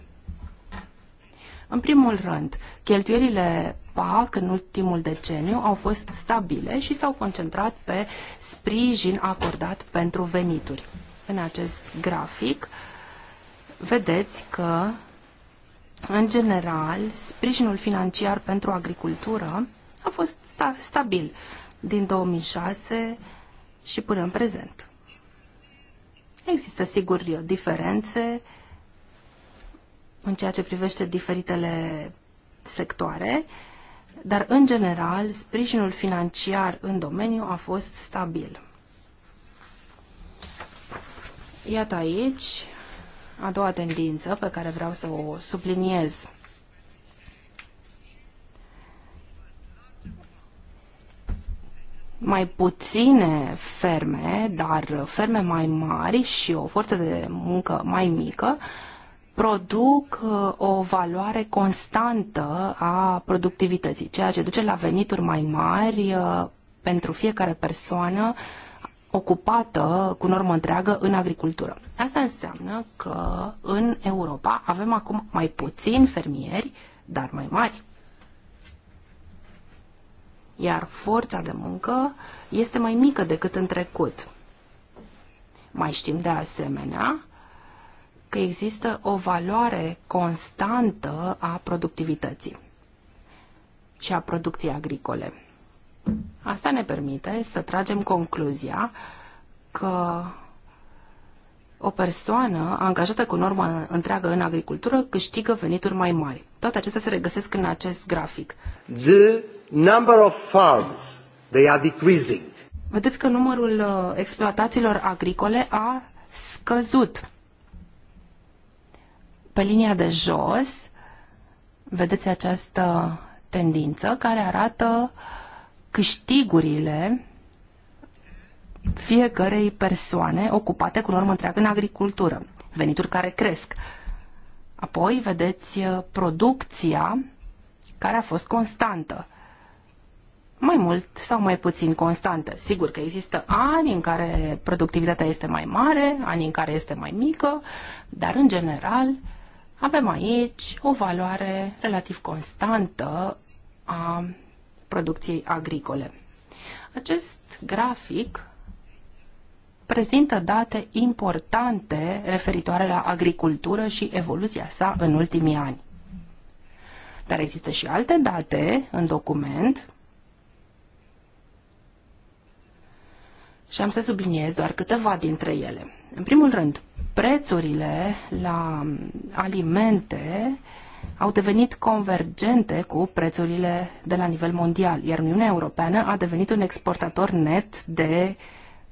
În primul rând, cheltuielile PAC în ultimul deceniu au fost stabile și s-au concentrat pe sprijin acordat pentru venituri. În acest grafic vedeți că, în general, sprijinul financiar pentru agricultură a fost sta stabil din 2006 și până în prezent. Există, sigur, diferențe în ceea ce privește diferitele sectoare, dar în general sprijinul financiar în domeniu a fost stabil. Iată aici a doua tendință pe care vreau să o subliniez. Mai puține ferme, dar ferme mai mari și o forță de muncă mai mică produc uh, o valoare constantă a productivității, ceea ce duce la venituri mai mari uh, pentru fiecare persoană ocupată cu normă întreagă în agricultură. Asta înseamnă că în Europa avem acum mai puțini fermieri, dar mai mari. Iar forța de muncă este mai mică decât în trecut. Mai știm de asemenea că există o valoare constantă a productivității și a producției agricole. Asta ne permite să tragem concluzia că o persoană angajată cu normă întreagă în agricultură câștigă venituri mai mari. Toate acestea se regăsesc în acest grafic. The number of farms, they are decreasing. Vedeți că numărul uh, exploatațiilor agricole a scăzut. Pe linia de jos vedeți această tendință care arată câștigurile fiecarei persoane ocupate cu normă întreagă în agricultură, venituri care cresc. Apoi vedeți uh, producția care a fost constantă, mai mult sau mai puțin constantă. Sigur că există ani în care productivitatea este mai mare, ani în care este mai mică, dar în general avem aici o valoare relativ constantă a producției agricole. Acest grafic prezintă date importante referitoare la agricultură și evoluția sa în ultimii ani. Dar există și alte date în document și am să subliniez doar câteva dintre ele. În primul rând, prețurile la alimente au devenit convergente cu prețurile de la nivel mondial, iar Uniunea Europeană a devenit un exportator net de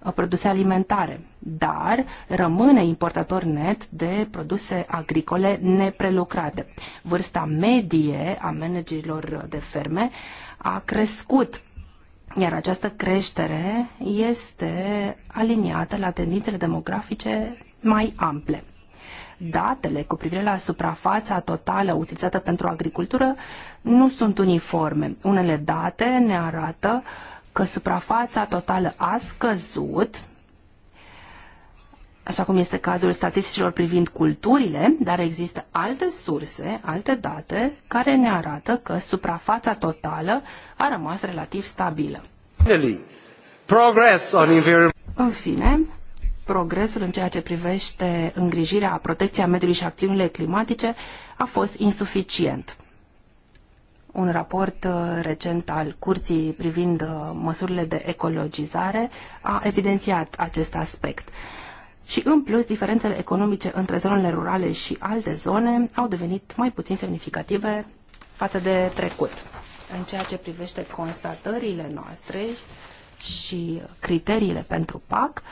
uh, produse alimentare, dar rămâne importator net de produse agricole neprelucrate. Vârsta medie a managerilor de ferme a crescut iar această creștere este aliniată la tendințele demografice mai ample. Datele cu privire la suprafața totală utilizată pentru agricultură nu sunt uniforme. Unele date ne arată că suprafața totală a scăzut, așa cum este cazul statisticilor privind culturile, dar există alte surse, alte date, care ne arată că suprafața totală a rămas relativ stabilă. În fine, progresul în ceea ce privește îngrijirea, protecția mediului și acțiunile climatice a fost insuficient. Un raport uh, recent al Curții privind uh, măsurile de ecologizare a evidențiat acest aspect. Și în plus, diferențele economice între zonele rurale și alte zone au devenit mai puțin semnificative față de trecut. În ceea ce privește constatările noastre și criteriile pentru PAC,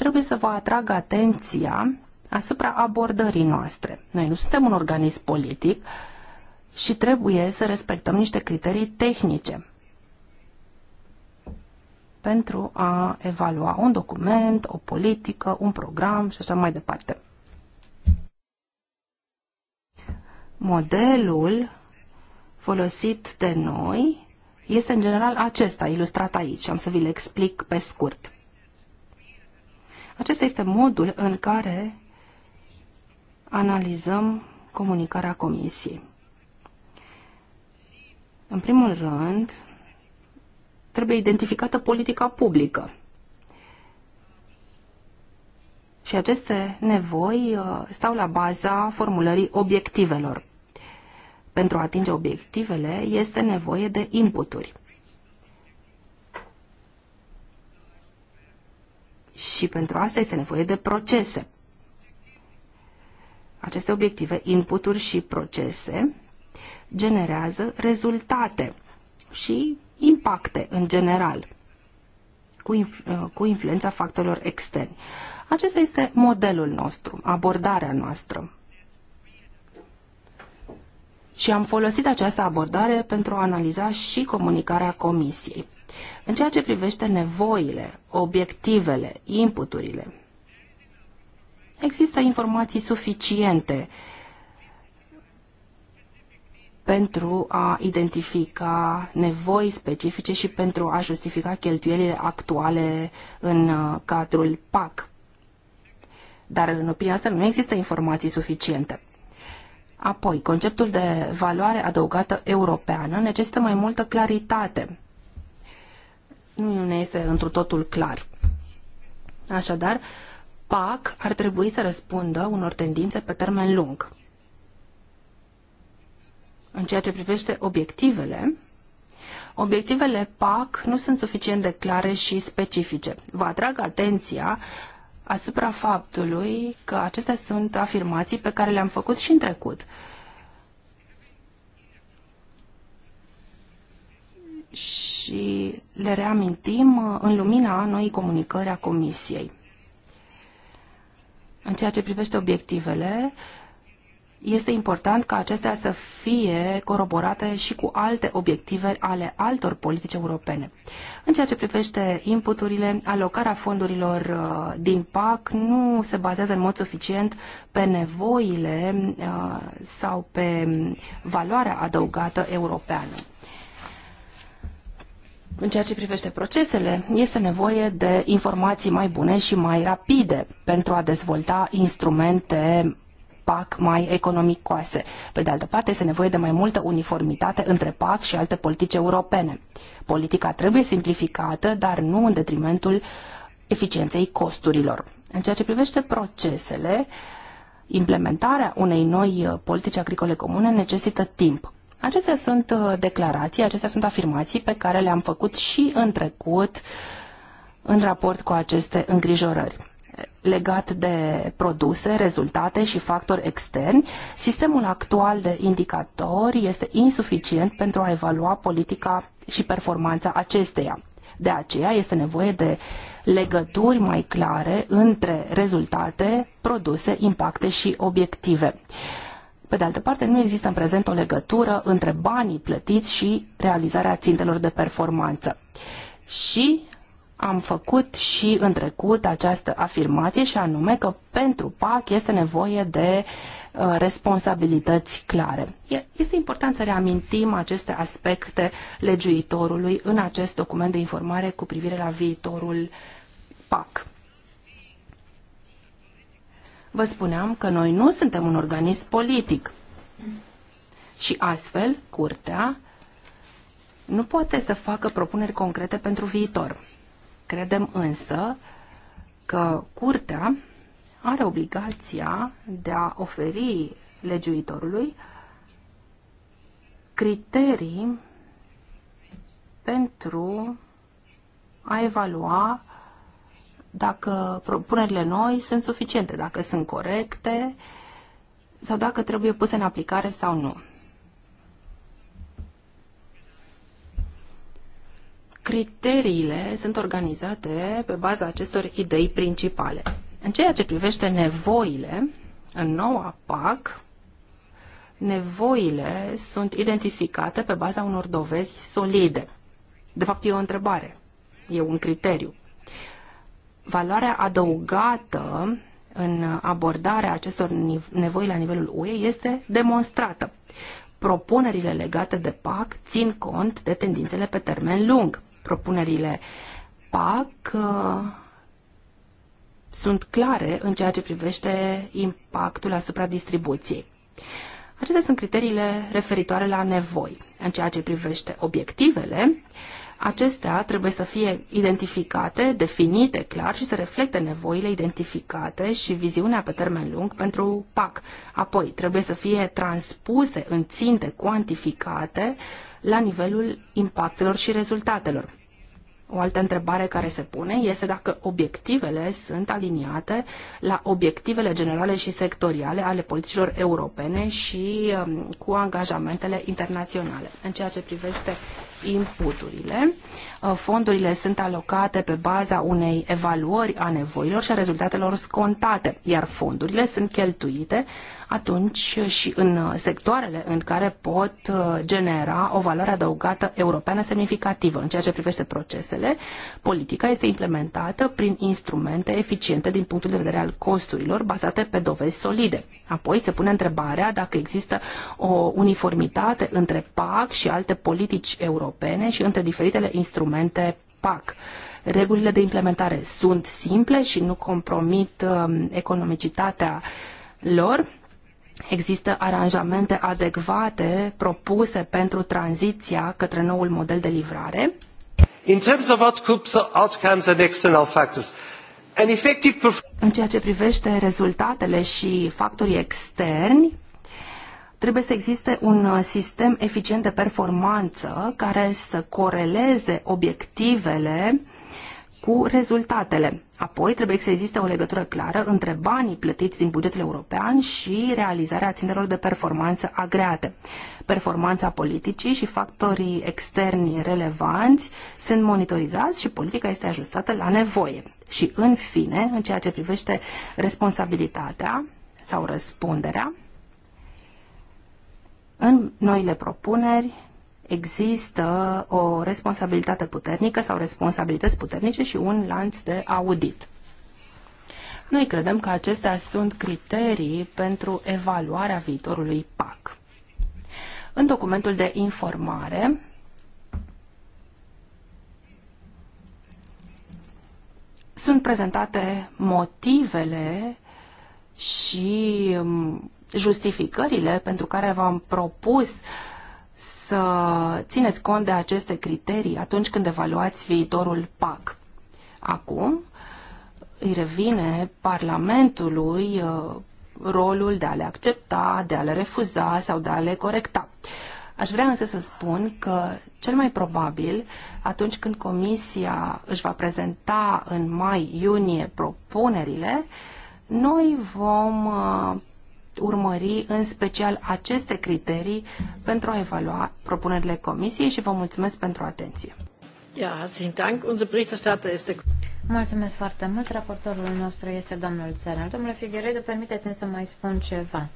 trebuie să vă atrag atenția asupra abordării noastre. Noi nu suntem un organism politic și trebuie să respectăm niște criterii tehnice pentru a evalua un document, o politică, un program și așa mai departe. Modelul folosit de noi este în general acesta, ilustrat aici. Am să vi-l explic pe scurt. Acesta este modul în care analizăm comunicarea Comisiei. În primul rând, trebuie identificată politica publică. Și aceste nevoi uh, stau la baza formulării obiectivelor. Pentru a atinge obiectivele este nevoie de inputuri. și pentru asta este nevoie de procese. Aceste obiective, inputuri și procese, generează rezultate și impacte în general cu, inf- uh, cu influența factorilor externi. Acesta este modelul nostru, abordarea noastră. Și am folosit această abordare pentru a analiza și comunicarea Comisiei. În ceea ce privește nevoile, obiectivele, inputurile, există informații suficiente pentru a identifica nevoi specifice și pentru a justifica cheltuielile actuale în uh, cadrul PAC. Dar, în opinia asta, nu există informații suficiente. Apoi, conceptul de valoare adăugată europeană necesită mai multă claritate nu ne este întru totul clar. Așadar, PAC ar trebui să răspundă unor tendințe pe termen lung. În ceea ce privește obiectivele, obiectivele PAC nu sunt suficient de clare și specifice. Vă atrag atenția asupra faptului că acestea sunt afirmații pe care le-am făcut și în trecut și le reamintim uh, în lumina noii comunicări a Comisiei. În ceea ce privește obiectivele, este important ca acestea să fie coroborate și cu alte obiective ale altor politici europene. În ceea ce privește inputurile, alocarea fondurilor uh, din PAC nu se bazează în mod suficient pe nevoile uh, sau pe valoarea adăugată europeană. În ceea ce privește procesele, este nevoie de informații mai bune și mai rapide pentru a dezvolta instrumente PAC mai economicoase. Pe de altă parte, este nevoie de mai multă uniformitate între PAC și alte politici europene. Politica trebuie simplificată, dar nu în detrimentul eficienței costurilor. În ceea ce privește procesele, implementarea unei noi uh, politici agricole comune necesită timp. Acestea sunt uh, declarații, acestea sunt afirmații pe care le-am făcut și în trecut în raport cu aceste îngrijorări legat de produse, rezultate și factori externi, sistemul actual de indicatori este insuficient pentru a evalua politica și performanța acesteia. De aceea este nevoie de legături mai clare între rezultate, produse, impacte și obiective. Pe de altă parte, nu există în prezent o legătură între banii plătiți și realizarea țintelor de performanță. Și am făcut și în trecut această afirmație și anume că pentru PAC este nevoie de uh, responsabilități clare. Este important să reamintim aceste aspecte legiuitorului în acest document de informare cu privire la viitorul PAC. Vă spuneam că noi nu suntem un organism politic și astfel curtea nu poate să facă propuneri concrete pentru viitor. Credem însă că curtea are obligația de a oferi legiuitorului criterii pentru a evalua dacă propunerile noi sunt suficiente, dacă sunt corecte sau dacă trebuie puse în aplicare sau nu. Criteriile sunt organizate pe baza acestor idei principale. În ceea ce privește nevoile, în noua PAC, nevoile sunt identificate pe baza unor dovezi solide. De fapt, e o întrebare, e un criteriu. Valoarea adăugată în abordarea acestor nevoi la nivelul UE este demonstrată. Propunerile legate de PAC țin cont de tendințele pe termen lung. Propunerile PAC uh, sunt clare în ceea ce privește impactul asupra distribuției. Acestea sunt criteriile referitoare la nevoi. În ceea ce privește obiectivele, uh, Acestea trebuie să fie identificate, definite clar și să reflecte nevoile identificate și viziunea pe termen lung pentru PAC. Apoi, trebuie să fie transpuse în ținte cuantificate la nivelul impactelor și rezultatelor. O altă întrebare care se pune este dacă obiectivele sunt aliniate la obiectivele generale și sectoriale ale politicilor europene și um, cu angajamentele internaționale. În ceea ce privește inputurile. Uh, fondurile sunt alocate pe baza unei evaluări a nevoilor și a rezultatelor scontate, iar fondurile sunt cheltuite atunci și în sectoarele în care pot uh, genera o valoare adăugată europeană semnificativă. În ceea ce privește procesele, politica este implementată prin instrumente eficiente din punctul de vedere al costurilor, bazate pe dovezi solide. Apoi se pune întrebarea dacă există o uniformitate între PAC și alte politici europene și între diferitele instrumente PAC. Regulile de implementare sunt simple și nu compromit um, economicitatea lor există aranjamente adecvate propuse pentru tranziția către noul model de livrare. In terms of outcomes and external factors, an effective... În ceea ce privește rezultatele și factorii externi, trebuie să existe un uh, sistem eficient de performanță care să coreleze obiectivele cu rezultatele. Apoi trebuie să existe o legătură clară între banii plătiți din bugetul european și realizarea ținerilor de performanță agreate. Performanța politicii și factorii externi relevanți sunt monitorizați și politica este ajustată la nevoie. Și în fine, în ceea ce privește responsabilitatea sau răspunderea, în noile propuneri există o responsabilitate puternică sau responsabilități puternice și un lanț de audit. Noi credem că acestea sunt criterii pentru evaluarea viitorului PAC. În documentul de informare sunt prezentate motivele și mm, justificările pentru care v-am propus uh, să țineți cont de aceste criterii atunci când evaluați viitorul PAC. Acum îi revine Parlamentului uh, rolul de a le accepta, de a le refuza sau de a le corecta. Aș vrea însă să spun că cel mai probabil atunci când Comisia își va prezenta în mai-iunie propunerile, noi vom uh, urmări în special aceste criterii pentru a evalua propunerile Comisiei și vă mulțumesc pentru atenție. Ja, Dank. Mulțumesc foarte mult. Raportorul nostru este domnul Țăran. Domnule Figueredo, permiteți-mi să mai spun ceva.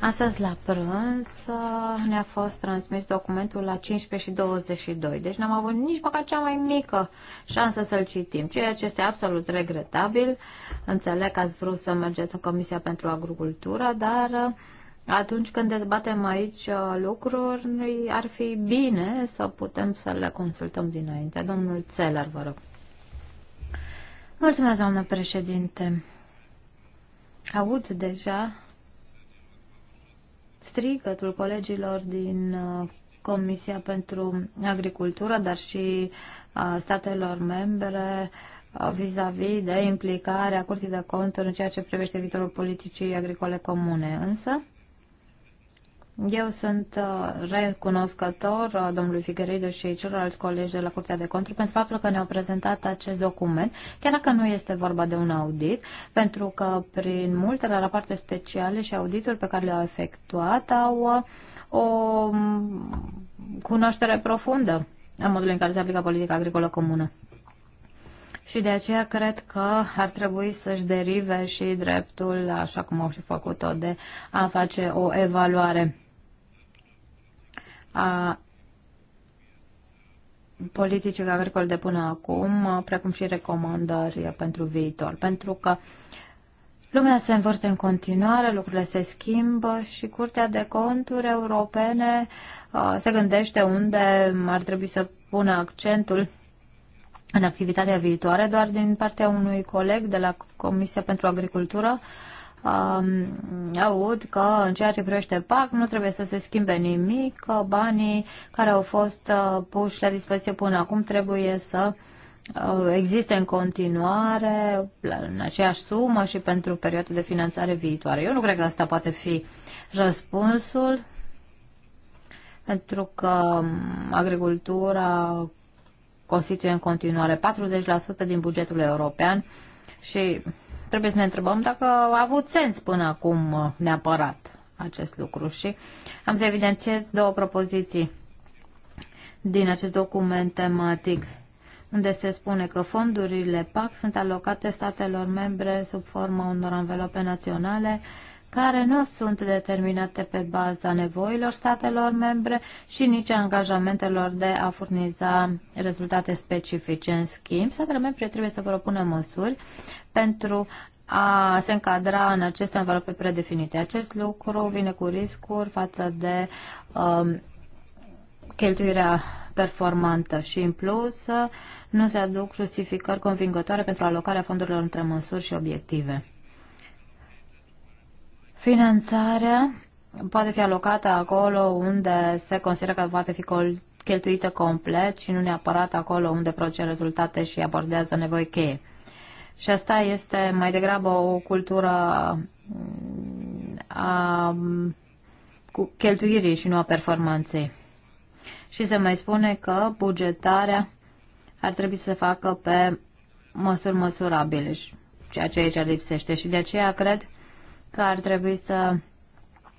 Astăzi la prânz uh, ne-a fost transmis documentul la 15 și 22, deci n-am avut nici măcar cea mai mică șansă să-l citim, ceea ce este absolut regretabil. Înțeleg că ați vrut să mergeți în Comisia pentru Agricultură, dar uh, atunci când dezbatem aici uh, lucruri, ar fi bine să putem să le consultăm dinainte. Domnul Țeler, vă rog. Mulțumesc, doamnă președinte. Aud deja strigătul colegilor din uh, Comisia pentru Agricultură, dar și a statelor membre uh, vis-a-vis -vis de implicarea Curții de Conturi în ceea ce privește viitorul politicii agricole comune. Însă, eu sunt uh, recunoscător uh, domnului Figueredo și celorlalți colegi de la Curtea de Conturi pentru faptul că ne-au prezentat acest document, chiar dacă nu este vorba de un audit, pentru că prin multe rapoarte speciale și audituri pe care le-au efectuat au uh, o mm, cunoaștere profundă a modului în care se aplică politica agricolă comună și de aceea cred că ar trebui să-și derive și dreptul, așa cum au și făcut-o, de a face o evaluare a politicii agricole de până acum, precum și recomandări pentru viitor. Pentru că lumea se învârte în continuare, lucrurile se schimbă și Curtea de Conturi Europene se gândește unde ar trebui să pună accentul în activitatea viitoare, doar din partea unui coleg de la Comisia pentru Agricultură, um, aud că în ceea ce privește PAC nu trebuie să se schimbe nimic, că banii care au fost uh, puși la dispoziție până acum trebuie să uh, existe în continuare la, în aceeași sumă și pentru perioada de finanțare viitoare. Eu nu cred că asta poate fi răspunsul pentru că um, agricultura constituie în continuare 40% din bugetul european și trebuie să ne întrebăm dacă a avut sens până acum uh, neapărat acest lucru. Și am să evidențiez două propoziții din acest document tematic unde se spune că fondurile PAC sunt alocate statelor membre sub formă unor anvelope naționale uh, care nu sunt determinate pe baza nevoilor statelor membre și nici a angajamentelor de a furniza rezultate specifice. În schimb, statele membre trebuie să propună măsuri pentru a se încadra în aceste învelope predefinite. Acest lucru vine cu riscuri față de um, cheltuirea performantă și, în plus, nu se aduc justificări convingătoare pentru alocarea fondurilor între măsuri și obiective. Finanțarea poate fi alocată acolo unde se consideră că poate fi cheltuită complet și nu neapărat acolo unde produce rezultate și abordează nevoi cheie. Și asta este mai degrabă o cultură mm, a cheltuirii și nu a performanței. Și se mai spune că bugetarea ar trebui să se facă pe măsuri măsurabile, ceea ce aici lipsește. Și de aceea cred că ar trebui să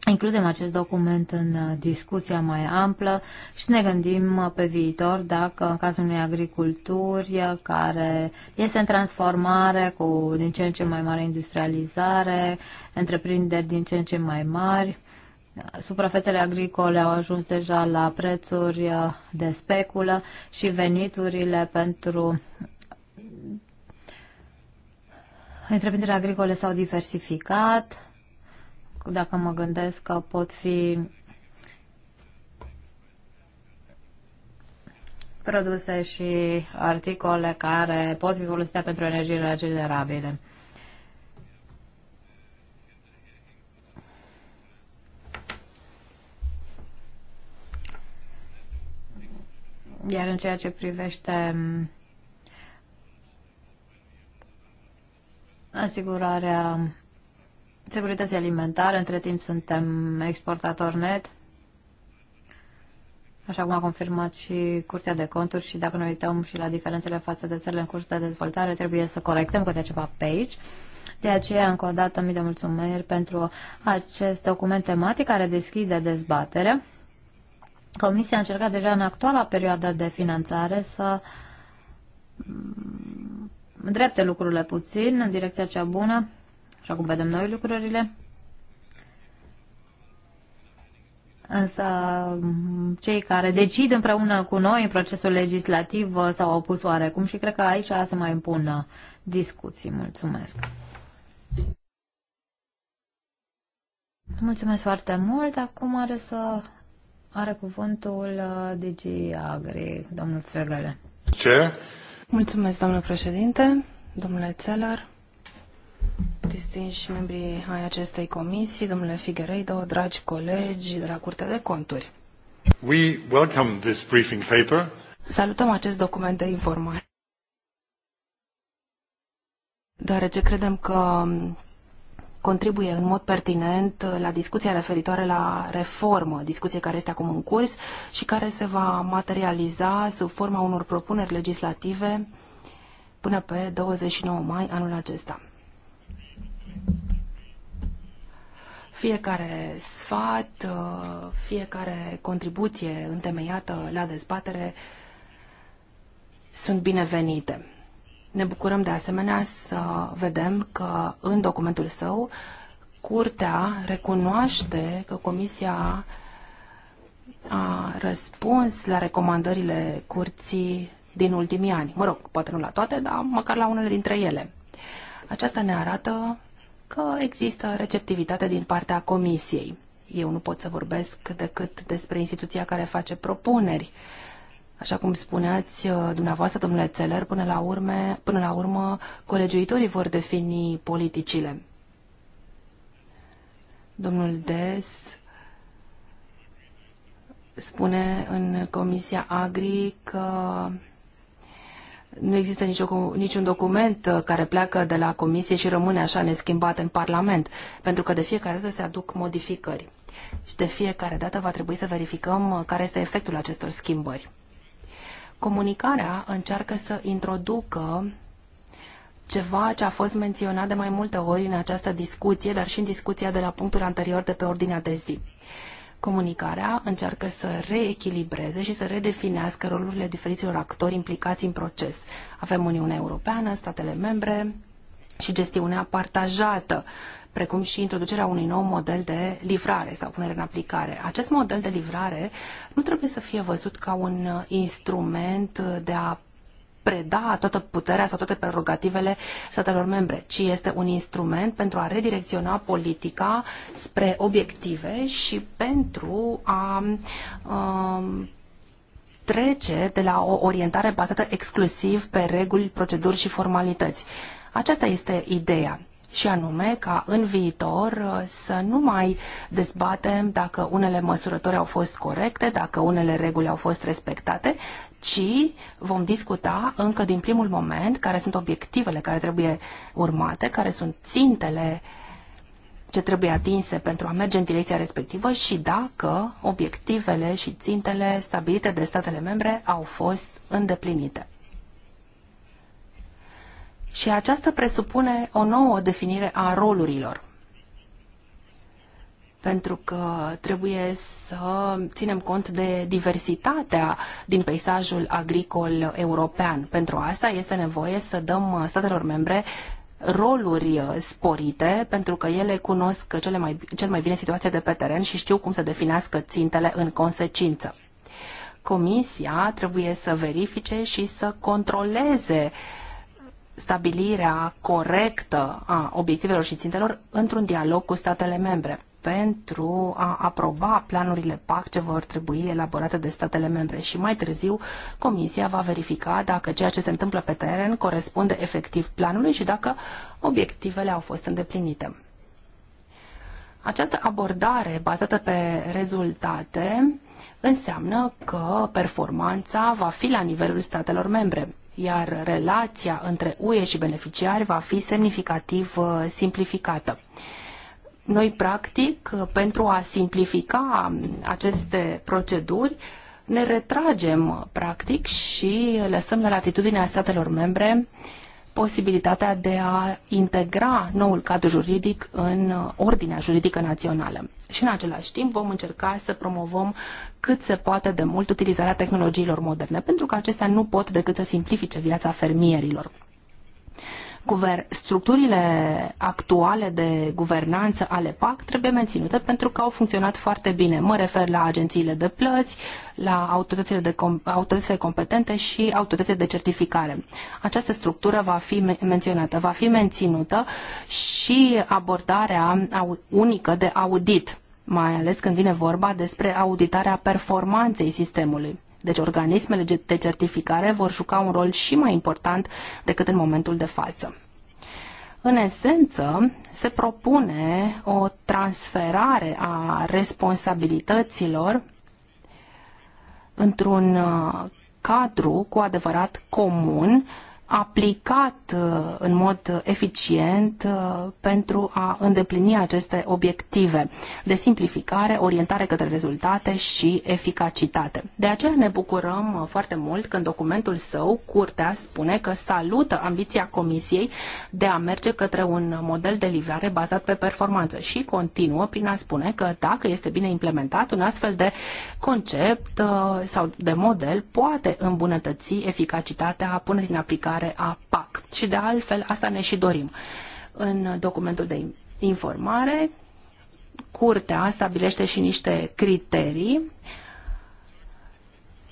includem acest document în uh, discuția mai amplă și ne gândim uh, pe viitor dacă în cazul unei agriculturi uh, care este în transformare cu din ce în ce mai mare industrializare, întreprinderi din ce în ce mai mari, suprafețele agricole au ajuns deja la prețuri de speculă și veniturile pentru întreprinderile agricole s-au diversificat dacă mă gândesc că pot fi produse și articole care pot fi folosite pentru energie regenerabile. Iar în ceea ce privește asigurarea Securitatea alimentară, Între timp suntem exportator net, așa cum a confirmat și Curtea de Conturi și dacă ne uităm și la diferențele față de țările în curs de dezvoltare, trebuie să corectăm câte ceva pe aici. De aceea, încă o dată, mii de mulțumiri pentru acest document tematic care deschide dezbatere. Comisia a încercat deja în actuala perioadă de finanțare să drepte lucrurile puțin în direcția cea bună, așa cum vedem noi lucrurile. Însă cei care decid împreună cu noi în procesul legislativ s-au opus oarecum și cred că aici se mai impun discuții. Mulțumesc! Mulțumesc foarte mult! Acum are să are cuvântul uh, DG Agri, domnul Fegele. Ce? Mulțumesc, domnule președinte, domnule Țelăr distinși membrii ai acestei comisii, domnule Figueiredo, dragi colegi de la Curtea de Conturi. We welcome this briefing paper. Salutăm acest document de informare, deoarece credem că contribuie în mod pertinent la discuția referitoare la reformă, discuție care este acum în curs și care se va materializa sub forma unor propuneri legislative până pe 29 mai anul acesta. Fiecare sfat, uh, fiecare contribuție întemeiată la dezbatere sunt binevenite. Ne bucurăm de asemenea să vedem că în documentul său Curtea recunoaște că Comisia a răspuns la recomandările Curții din ultimii ani. Mă rog, poate nu la toate, dar măcar la unele dintre ele. Aceasta ne arată că există receptivitate din partea Comisiei. Eu nu pot să vorbesc decât despre instituția care face propuneri. Așa cum spuneați uh, dumneavoastră, domnule Țeler, până la, urme, până la urmă colegiuitorii vor defini politicile. Domnul Des spune în Comisia Agri că nu există nicio, niciun document uh, care pleacă de la Comisie și rămâne așa neschimbat în Parlament, pentru că de fiecare dată se aduc modificări. Și de fiecare dată va trebui să verificăm uh, care este efectul acestor schimbări. Comunicarea încearcă să introducă ceva ce a fost menționat de mai multe ori în această discuție, dar și în discuția de la punctul anterior de pe ordinea de zi. Comunicarea încearcă să reechilibreze și să redefinească rolurile diferiților actori implicați în proces. Avem Uniunea Europeană, statele membre și gestiunea partajată precum și introducerea unui nou model de livrare sau punere în aplicare. Acest model de livrare nu trebuie să fie văzut ca un instrument de a preda toată puterea sau toate prerogativele statelor membre, ci este un instrument pentru a redirecționa politica spre obiective și pentru a um, trece de la o orientare bazată exclusiv pe reguli, proceduri și formalități. Aceasta este ideea și anume ca în viitor uh, să nu mai dezbatem dacă unele măsurători au fost corecte, dacă unele reguli au fost respectate, ci vom discuta încă din primul moment care sunt obiectivele care trebuie urmate, care sunt țintele ce trebuie atinse pentru a merge în direcția respectivă și dacă obiectivele și țintele stabilite de statele membre au fost îndeplinite. Și aceasta presupune o nouă definire a rolurilor pentru că trebuie să ținem cont de diversitatea din peisajul agricol european. Pentru asta este nevoie să dăm statelor membre roluri sporite, pentru că ele cunosc cele mai, cel mai bine situația de pe teren și știu cum să definească țintele în consecință. Comisia trebuie să verifice și să controleze stabilirea corectă a obiectivelor și țintelor într-un dialog cu statele membre pentru a aproba planurile PAC ce vor trebui elaborate de statele membre și mai târziu Comisia va verifica dacă ceea ce se întâmplă pe teren corespunde efectiv planului și dacă obiectivele au fost îndeplinite. Această abordare bazată pe rezultate înseamnă că performanța va fi la nivelul statelor membre, iar relația între UE și beneficiari va fi semnificativ uh, simplificată. Noi, practic, pentru a simplifica aceste proceduri, ne retragem, practic, și lăsăm la latitudinea statelor membre posibilitatea de a integra noul cadru juridic în ordinea juridică națională. Și în același timp vom încerca să promovăm cât se poate de mult utilizarea tehnologiilor moderne, pentru că acestea nu pot decât să simplifice viața fermierilor. Guver- structurile actuale de guvernanță ale PAC trebuie menținute pentru că au funcționat foarte bine. Mă refer la agențiile de plăți, la autoritățile, de com- autoritățile competente și autoritățile de certificare. Această structură va fi menționată, va fi menținută și abordarea unică de audit mai ales când vine vorba despre auditarea performanței sistemului. Deci organismele de certificare vor juca un rol și mai important decât în momentul de față. În esență, se propune o transferare a responsabilităților într-un uh, cadru cu adevărat comun aplicat uh, în mod eficient uh, pentru a îndeplini aceste obiective de simplificare, orientare către rezultate și eficacitate. De aceea ne bucurăm uh, foarte mult când documentul său, Curtea, spune că salută ambiția Comisiei de a merge către un model de livrare bazat pe performanță și continuă prin a spune că dacă este bine implementat, un astfel de concept sau de model poate îmbunătăți eficacitatea punerii în aplicare implementare a PAC. Și de altfel, asta ne și dorim. În documentul de informare, curtea stabilește și niște criterii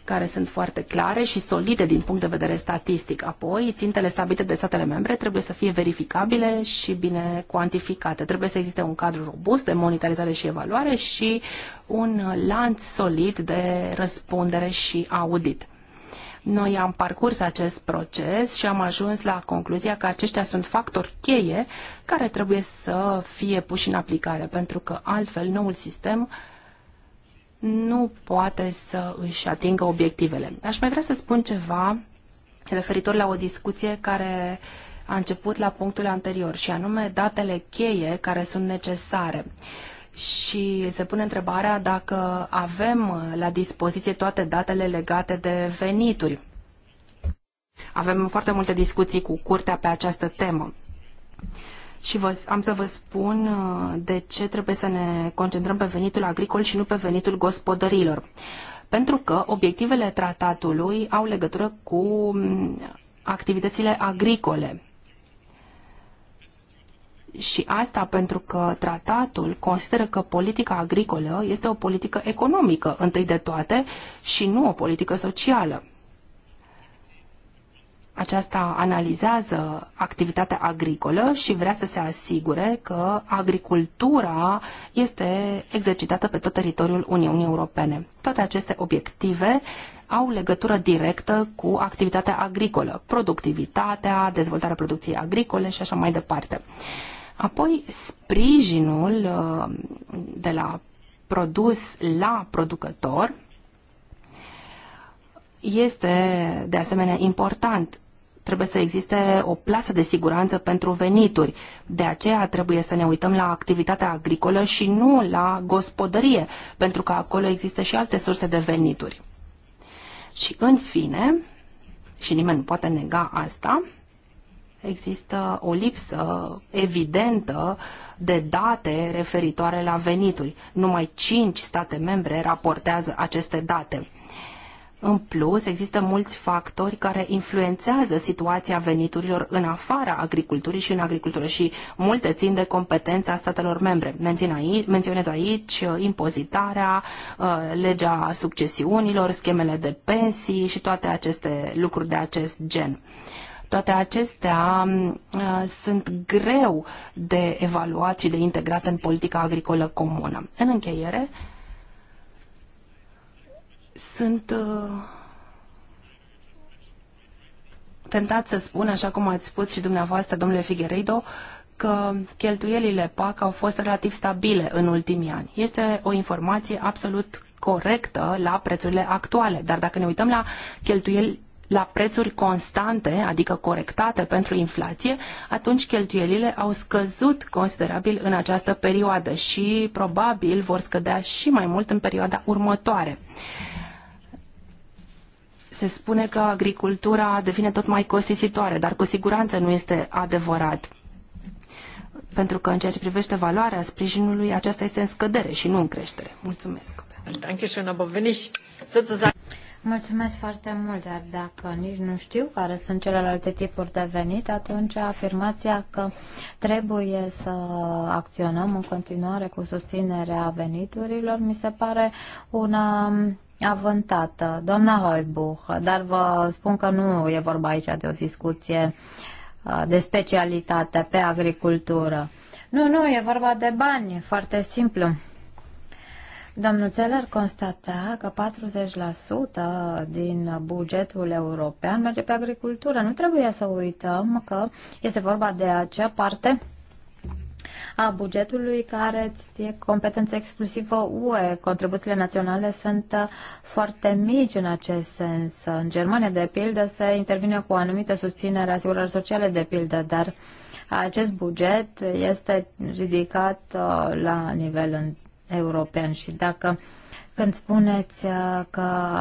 care sunt foarte clare și solide din punct de vedere statistic. Apoi, țintele stabilite de statele membre trebuie să fie verificabile și bine cuantificate. Trebuie să existe un cadru robust de monitorizare și evaluare și un lanț solid de răspundere și audit. Noi am parcurs acest proces și am ajuns la concluzia că aceștia sunt factori cheie care trebuie să fie puși în aplicare, pentru că altfel noul sistem nu poate să își atingă obiectivele. Aș mai vrea să spun ceva referitor la o discuție care a început la punctul anterior, și anume datele cheie care sunt necesare. Uh, și se pune întrebarea dacă avem la dispoziție toate datele legate de venituri. Avem foarte multe discuții cu curtea pe această temă. Și vă, am să vă spun uh, de ce trebuie să ne concentrăm pe venitul agricol și nu pe venitul gospodărilor. Pentru că obiectivele tratatului au legătură cu mm, activitățile agricole și asta pentru că tratatul consideră că politica agricolă este o politică economică, întâi de toate, și nu o politică socială. Aceasta analizează activitatea agricolă și vrea să se asigure că agricultura este exercitată pe tot teritoriul Uniunii Europene. Toate aceste obiective au legătură directă cu activitatea agricolă, productivitatea, dezvoltarea producției agricole și așa mai departe. Uh, Apoi, sprijinul uh, de la produs la producător este de asemenea important. Trebuie să existe o plasă de siguranță pentru venituri. De aceea trebuie să ne uităm la activitatea agricolă și nu la gospodărie, pentru că acolo există și alte surse de venituri. Și în fine, și nimeni nu poate nega asta, există o lipsă evidentă de date referitoare la venituri. Numai cinci state membre raportează aceste date. În plus, există mulți factori care influențează situația veniturilor în afara agriculturii și în agricultură și multe țin de competența statelor membre. Menționez aici uh, impozitarea, uh, legea succesiunilor, schemele de pensii și toate aceste lucruri de acest gen. Toate acestea mm, uh, sunt greu de evaluat și de integrat în politica agricolă comună. În încheiere, sunt uh, tentat să spun, așa cum ați spus și dumneavoastră, domnule Figueiredo, că cheltuielile PAC au fost relativ stabile în ultimii ani. Este o informație absolut corectă la prețurile actuale, dar dacă ne uităm la cheltuieli la prețuri constante, adică corectate pentru inflație, atunci cheltuielile au scăzut considerabil în această perioadă și probabil vor scădea și mai mult în perioada următoare se spune că agricultura devine tot mai costisitoare, dar cu siguranță nu este adevărat. Pentru că în ceea ce privește valoarea sprijinului, aceasta este în scădere și nu în creștere. Mulțumesc. Mulțumesc foarte mult, dar dacă nici nu știu care sunt celelalte tipuri de venit, atunci afirmația că trebuie să acționăm în continuare cu susținerea veniturilor mi se pare una avântată. Doamna Hoibuch, dar vă spun că nu e vorba aici de o discuție de specialitate pe agricultură. Nu, nu, e vorba de bani, foarte simplu. Domnul Țeler constata că 40% din bugetul european merge pe agricultură. Nu trebuie să uităm că este vorba de acea parte a bugetului care e competență exclusivă UE. Contribuțiile naționale sunt foarte mici în acest sens. În Germania, de pildă, se intervine cu o anumită susținere asigurări sociale, de pildă, dar acest buget este ridicat uh, la nivel european și dacă când spuneți uh, că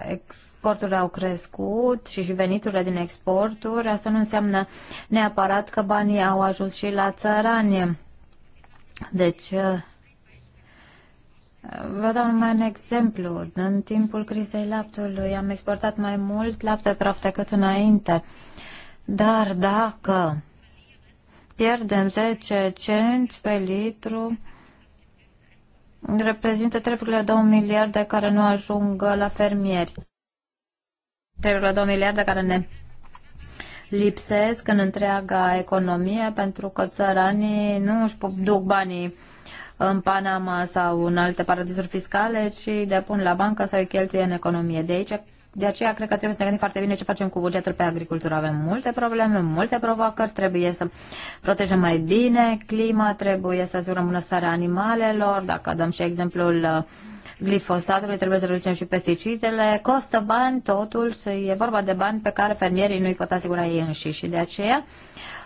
exporturile au crescut și veniturile din exporturi, asta nu înseamnă neapărat că banii au ajuns și la țărani. Deci, uh, Vă dau numai un exemplu. În timpul crizei laptului am exportat mai mult lapte praf decât înainte. Dar dacă pierdem 10 cenți pe litru, reprezintă 3,2 miliarde care nu ajung la fermieri. 3,2 miliarde care ne lipsesc în întreaga economie pentru că țăranii nu își duc banii în Panama sau în alte paradisuri fiscale, ci depun la bancă sau îi cheltuie în economie. De aici de aceea cred că trebuie să ne gândim foarte bine ce facem cu bugetul pe agricultură. Avem multe probleme, multe provocări, trebuie să protejăm mai bine clima, trebuie să asigurăm bunăstarea animalelor, dacă dăm și exemplul uh, glifosatului, trebuie să reducem și pesticidele, costă bani totul, e vorba de bani pe care fermierii nu-i pot asigura ei înșiși și de aceea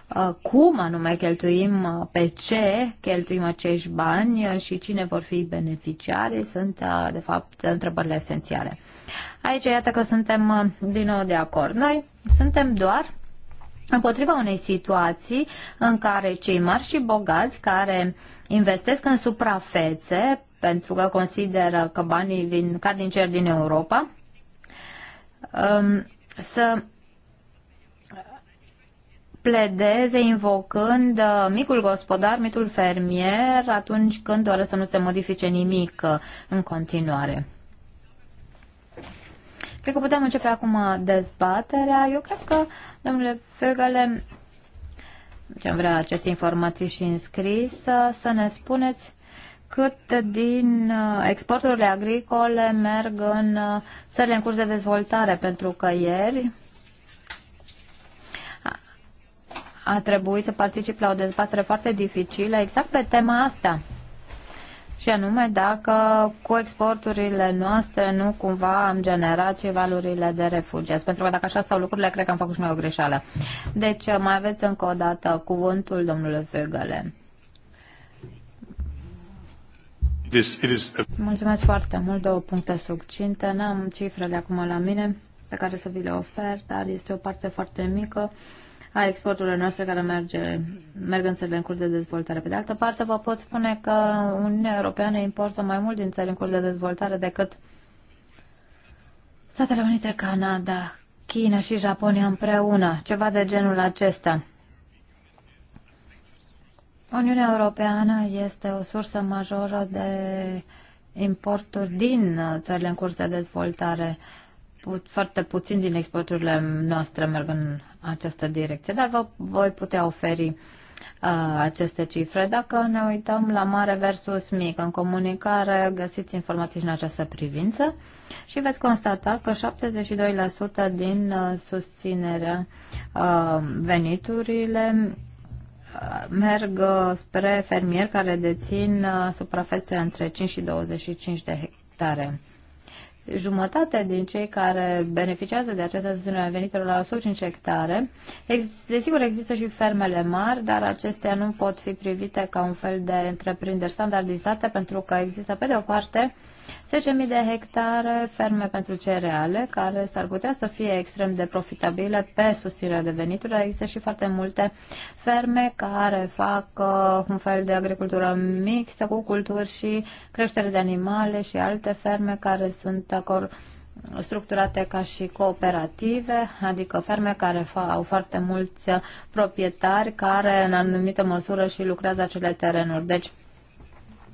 Uh, cum anume cheltuim, uh, pe ce cheltuim acești bani uh, și cine vor fi beneficiari sunt, de fapt, întrebările esențiale. Aici, iată că suntem din nou de acord. Noi suntem doar împotriva unei situații în care cei mari și bogați care investesc în suprafețe pentru că consideră că banii vin ca din cer din Europa, um, să pledeze invocând uh, micul gospodar, mitul fermier, atunci când doresc să nu se modifice nimic uh, în continuare. Cred că putem începe acum uh, dezbaterea. Eu cred că, domnule Fegale, ce am vrea aceste informații și înscris, să ne spuneți cât din exporturile agricole merg în țările în curs de dezvoltare, pentru că ieri a trebuit să particip la o dezbatere foarte dificilă exact pe tema asta. Și anume dacă cu exporturile noastre nu cumva am generat și valurile de refugiați. Pentru că dacă așa stau lucrurile, cred că am făcut și mai o greșeală. Deci mai aveți încă o dată cuvântul domnule Fegele. Mulțumesc foarte mult, două puncte succinte. N-am cifrele acum la mine pe care să vi le ofer, dar este o parte foarte mică a exporturilor noastre care merge, merg în țările în curs de dezvoltare. Pe de altă parte, vă pot spune că Uniunea Europeană importă mai mult din țări în curs de dezvoltare decât Statele Unite, Canada, China și Japonia împreună, ceva de genul acesta. Uniunea Europeană este o sursă majoră de importuri din uh, țările în curs de dezvoltare put, foarte puțin din exporturile noastre merg în această direcție, dar vă voi putea oferi uh, aceste cifre. Dacă ne uităm la mare versus mic, în comunicare găsiți informații și în această privință și veți constata că 72% din uh, susținerea uh, veniturile uh, merg uh, spre fermieri care dețin uh, suprafețe între 5 și 25 de hectare jumătate din cei care beneficiază de această susținere a venitelor la sub 5 hectare. Desigur, există și fermele mari, dar acestea nu pot fi privite ca un fel de întreprinderi standardizate, pentru că există, pe de o parte, 10.000 de hectare ferme pentru cereale, care s-ar putea să fie extrem de profitabile pe susținerea de venituri, dar există și foarte multe ferme care fac uh, un fel de agricultură mixtă cu culturi și creștere de animale și alte ferme care sunt acolo structurate ca și cooperative, adică ferme care au foarte mulți proprietari care în anumită măsură și lucrează acele terenuri. Deci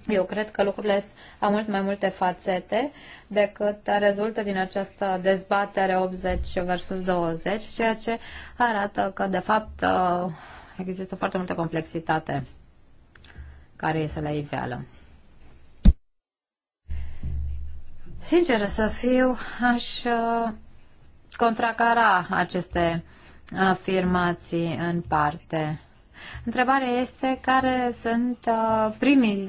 eu cred că lucrurile au mult mai multe fațete decât rezultă din această dezbatere 80 versus 20, ceea ce arată că, de fapt, uh, există foarte multă complexitate care este la iveală. Sincer să fiu, aș uh, contracara aceste afirmații în parte. Întrebarea este care sunt uh, primii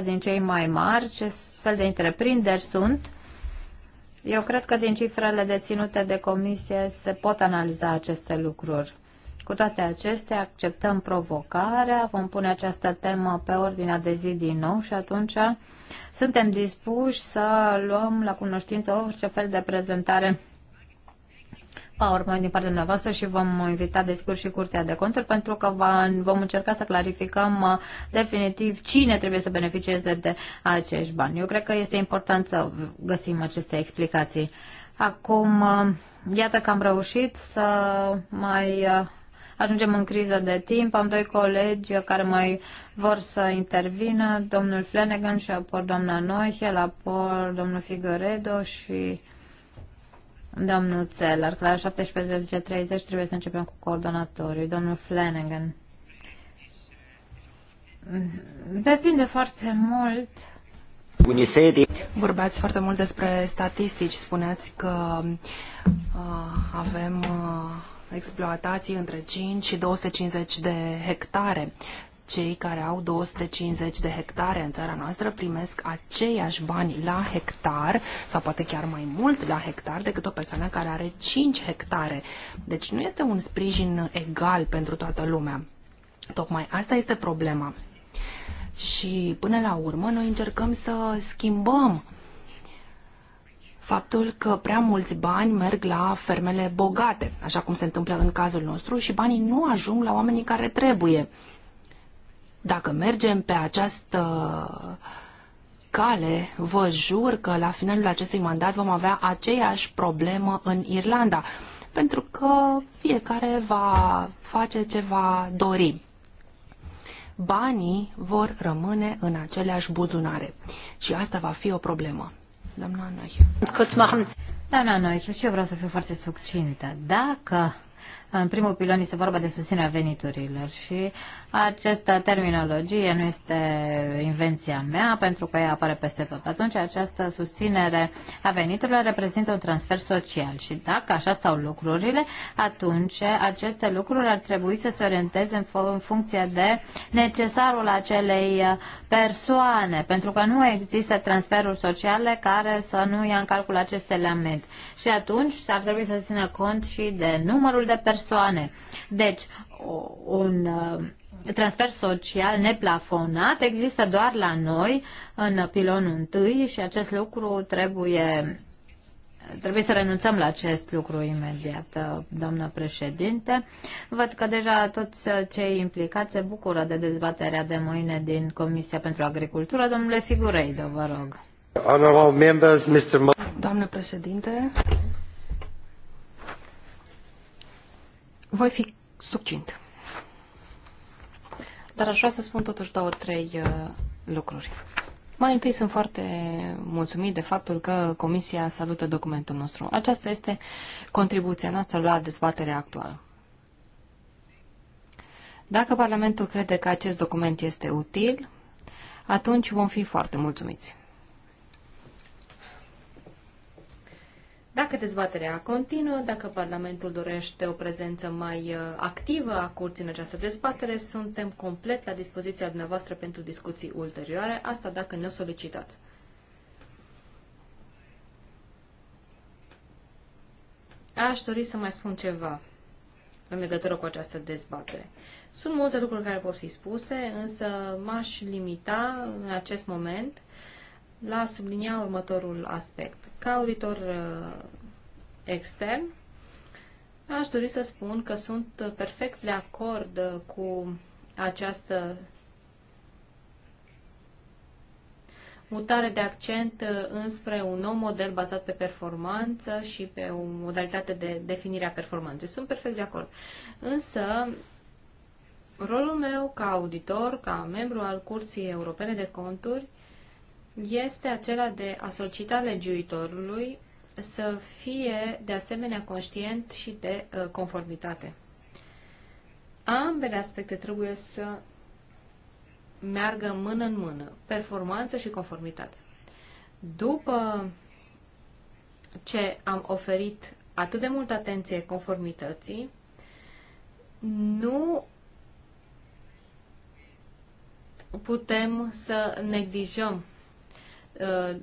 10% din cei mai mari, ce fel de întreprinderi sunt. Eu cred că din cifrele deținute de comisie se pot analiza aceste lucruri. Cu toate acestea, acceptăm provocarea, vom pune această temă pe ordinea de zi din nou și atunci suntem dispuși să luăm la cunoștință orice fel de prezentare PowerPoint din partea dumneavoastră și vom invita desigur și Curtea de Conturi pentru că vom încerca să clarificăm uh, definitiv cine trebuie să beneficieze de acești bani. Eu cred că este important să găsim aceste explicații. Acum, uh, iată că am reușit să mai uh, ajungem în criză de timp. Am doi colegi care mai vor să intervină, domnul Flanagan și apoi doamna el apoi domnul Figueredo și domnul Țelar. La 17.30 trebuie să începem cu coordonatorii. Domnul Flanagan. Depinde foarte mult Vorbeați foarte mult despre statistici. Spuneați că uh, avem uh, exploatații între 5 și 250 de hectare. Cei care au 250 de hectare în țara noastră primesc aceiași bani la hectar sau poate chiar mai mult la hectar decât o persoană care are 5 hectare. Deci nu este un sprijin egal pentru toată lumea. Tocmai asta este problema. Și până la urmă noi încercăm să schimbăm faptul că prea mulți bani merg la fermele bogate, așa cum se întâmplă în cazul nostru, și banii nu ajung la oamenii care trebuie. Dacă mergem pe această cale, vă jur că la finalul acestui mandat vom avea aceeași problemă în Irlanda, pentru că fiecare va face ce va dori banii vor rămâne în aceleași buzunare. Și asta va fi o problemă doamna Noichel. Doamna Noichel, și eu vreau să fiu foarte succintă. Dacă în primul pilon este vorba de susținerea veniturilor și această terminologie nu este invenția mea, pentru că ea apare peste tot. Atunci, această susținere a veniturilor reprezintă un transfer social și dacă așa stau lucrurile, atunci aceste lucruri ar trebui să se orienteze în, în funcție de necesarul acelei persoane, pentru că nu există transferuri sociale care să nu ia în calcul acest element. Și atunci ar trebui să țină cont și de numărul de persoane. Deci, un transfer social neplafonat există doar la noi în pilonul întâi și acest lucru trebuie Trebuie să renunțăm la acest lucru imediat, doamnă președinte. Văd că deja toți cei implicați se bucură de dezbaterea de mâine din Comisia pentru Agricultură. Domnule Figureido, vă rog. members, Mr. Doamnă președinte, voi fi succint dar aș vrea să spun totuși două, trei uh, lucruri. Mai întâi sunt foarte mulțumit de faptul că Comisia salută documentul nostru. Aceasta este contribuția noastră la dezbaterea actuală. Dacă Parlamentul crede că acest document este util, atunci vom fi foarte mulțumiți. Dacă dezbaterea continuă, dacă Parlamentul dorește o prezență mai uh, activă a curții în această dezbatere, suntem complet la dispoziția dumneavoastră pentru discuții ulterioare, asta dacă ne-o solicitați. Aș dori să mai spun ceva în legătură cu această dezbatere. Sunt multe lucruri care pot fi spuse, însă m-aș limita în acest moment la sublinia următorul aspect. Ca auditor uh, extern, aș dori să spun că sunt perfect de acord cu această mutare de accent înspre un nou model bazat pe performanță și pe o modalitate de definire a performanței. Sunt perfect de acord. Însă, rolul meu ca auditor, ca membru al Curții Europene de Conturi, este acela de a solicita legiuitorului să fie de asemenea conștient și de uh, conformitate. Ambele aspecte trebuie să meargă mână în mână, performanță și conformitate. După ce am oferit atât de multă atenție conformității, nu putem să neglijăm uh,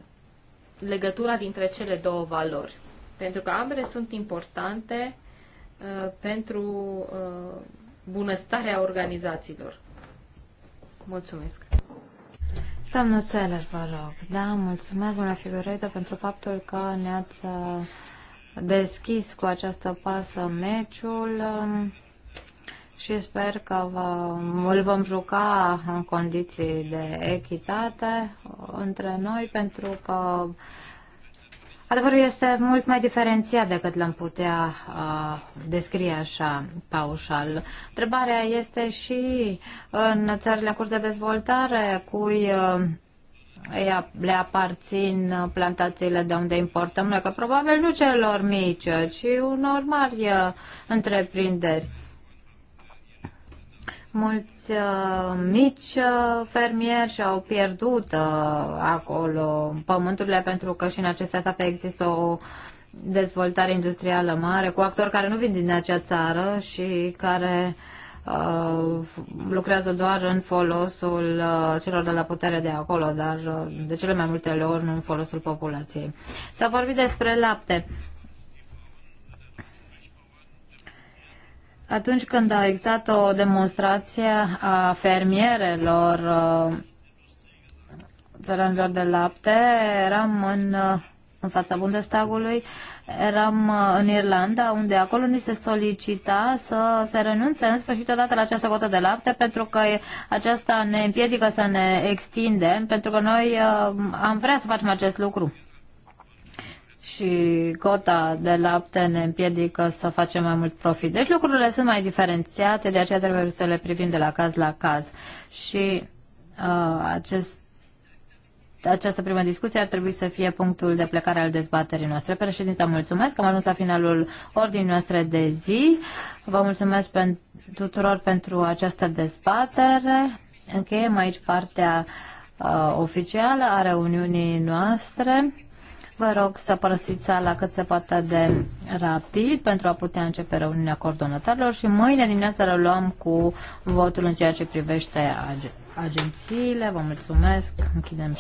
legătura dintre cele două valori. Pentru că ambele sunt importante uh, pentru uh, bunăstarea organizațiilor. Mulțumesc. Doamnă Țeler, vă rog. Da, mulțumesc, doamna Figureta, pentru faptul că ne-ați uh, deschis cu această pasă meciul. Uh, și sper că vă, îl vom juca în condiții de echitate între noi, pentru că adevărul este mult mai diferențiat decât l-am putea descrie așa paușal. Întrebarea este și în țările curs de dezvoltare, cui uh, le aparțin plantațiile de unde importăm noi, că probabil nu celor mici, ci unor mari întreprinderi. Mulți uh, mici uh, fermieri și-au pierdut uh, acolo pământurile pentru că și în aceste state există o dezvoltare industrială mare cu actori care nu vin din acea țară și care uh, lucrează doar în folosul uh, celor de la putere de acolo, dar uh, de cele mai multe ori nu în folosul populației. S-a vorbit despre lapte. Uh, Atunci când a existat o demonstrație a fermierelor uh, țărănilor de lapte, eram în, uh, în fața Bundestagului, eram uh, în Irlanda, unde acolo ni se solicita să se renunțe în sfârșit odată la această cotă de lapte, pentru că aceasta ne împiedică să ne extindem, pentru că noi am vrea să facem acest lucru și cota de lapte ne împiedică să facem mai mult profit. Deci lucrurile sunt mai diferențiate, de aceea trebuie să le privim de la caz la caz. Și uh, acest această primă discuție ar trebui să fie punctul de plecare al dezbaterii noastre. Președinte, mulțumesc. Am ajuns la finalul ordinii noastre de zi. Vă mulțumesc pen- tuturor pentru această dezbatere. Încheiem aici partea uh, oficială a reuniunii noastre. Vă rog să părăsiți sala cât se poate de rapid pentru a putea începe reuniunea coordonatorilor și mâine dimineața luăm cu votul în ceea ce privește agențiile. Vă mulțumesc. Închidem și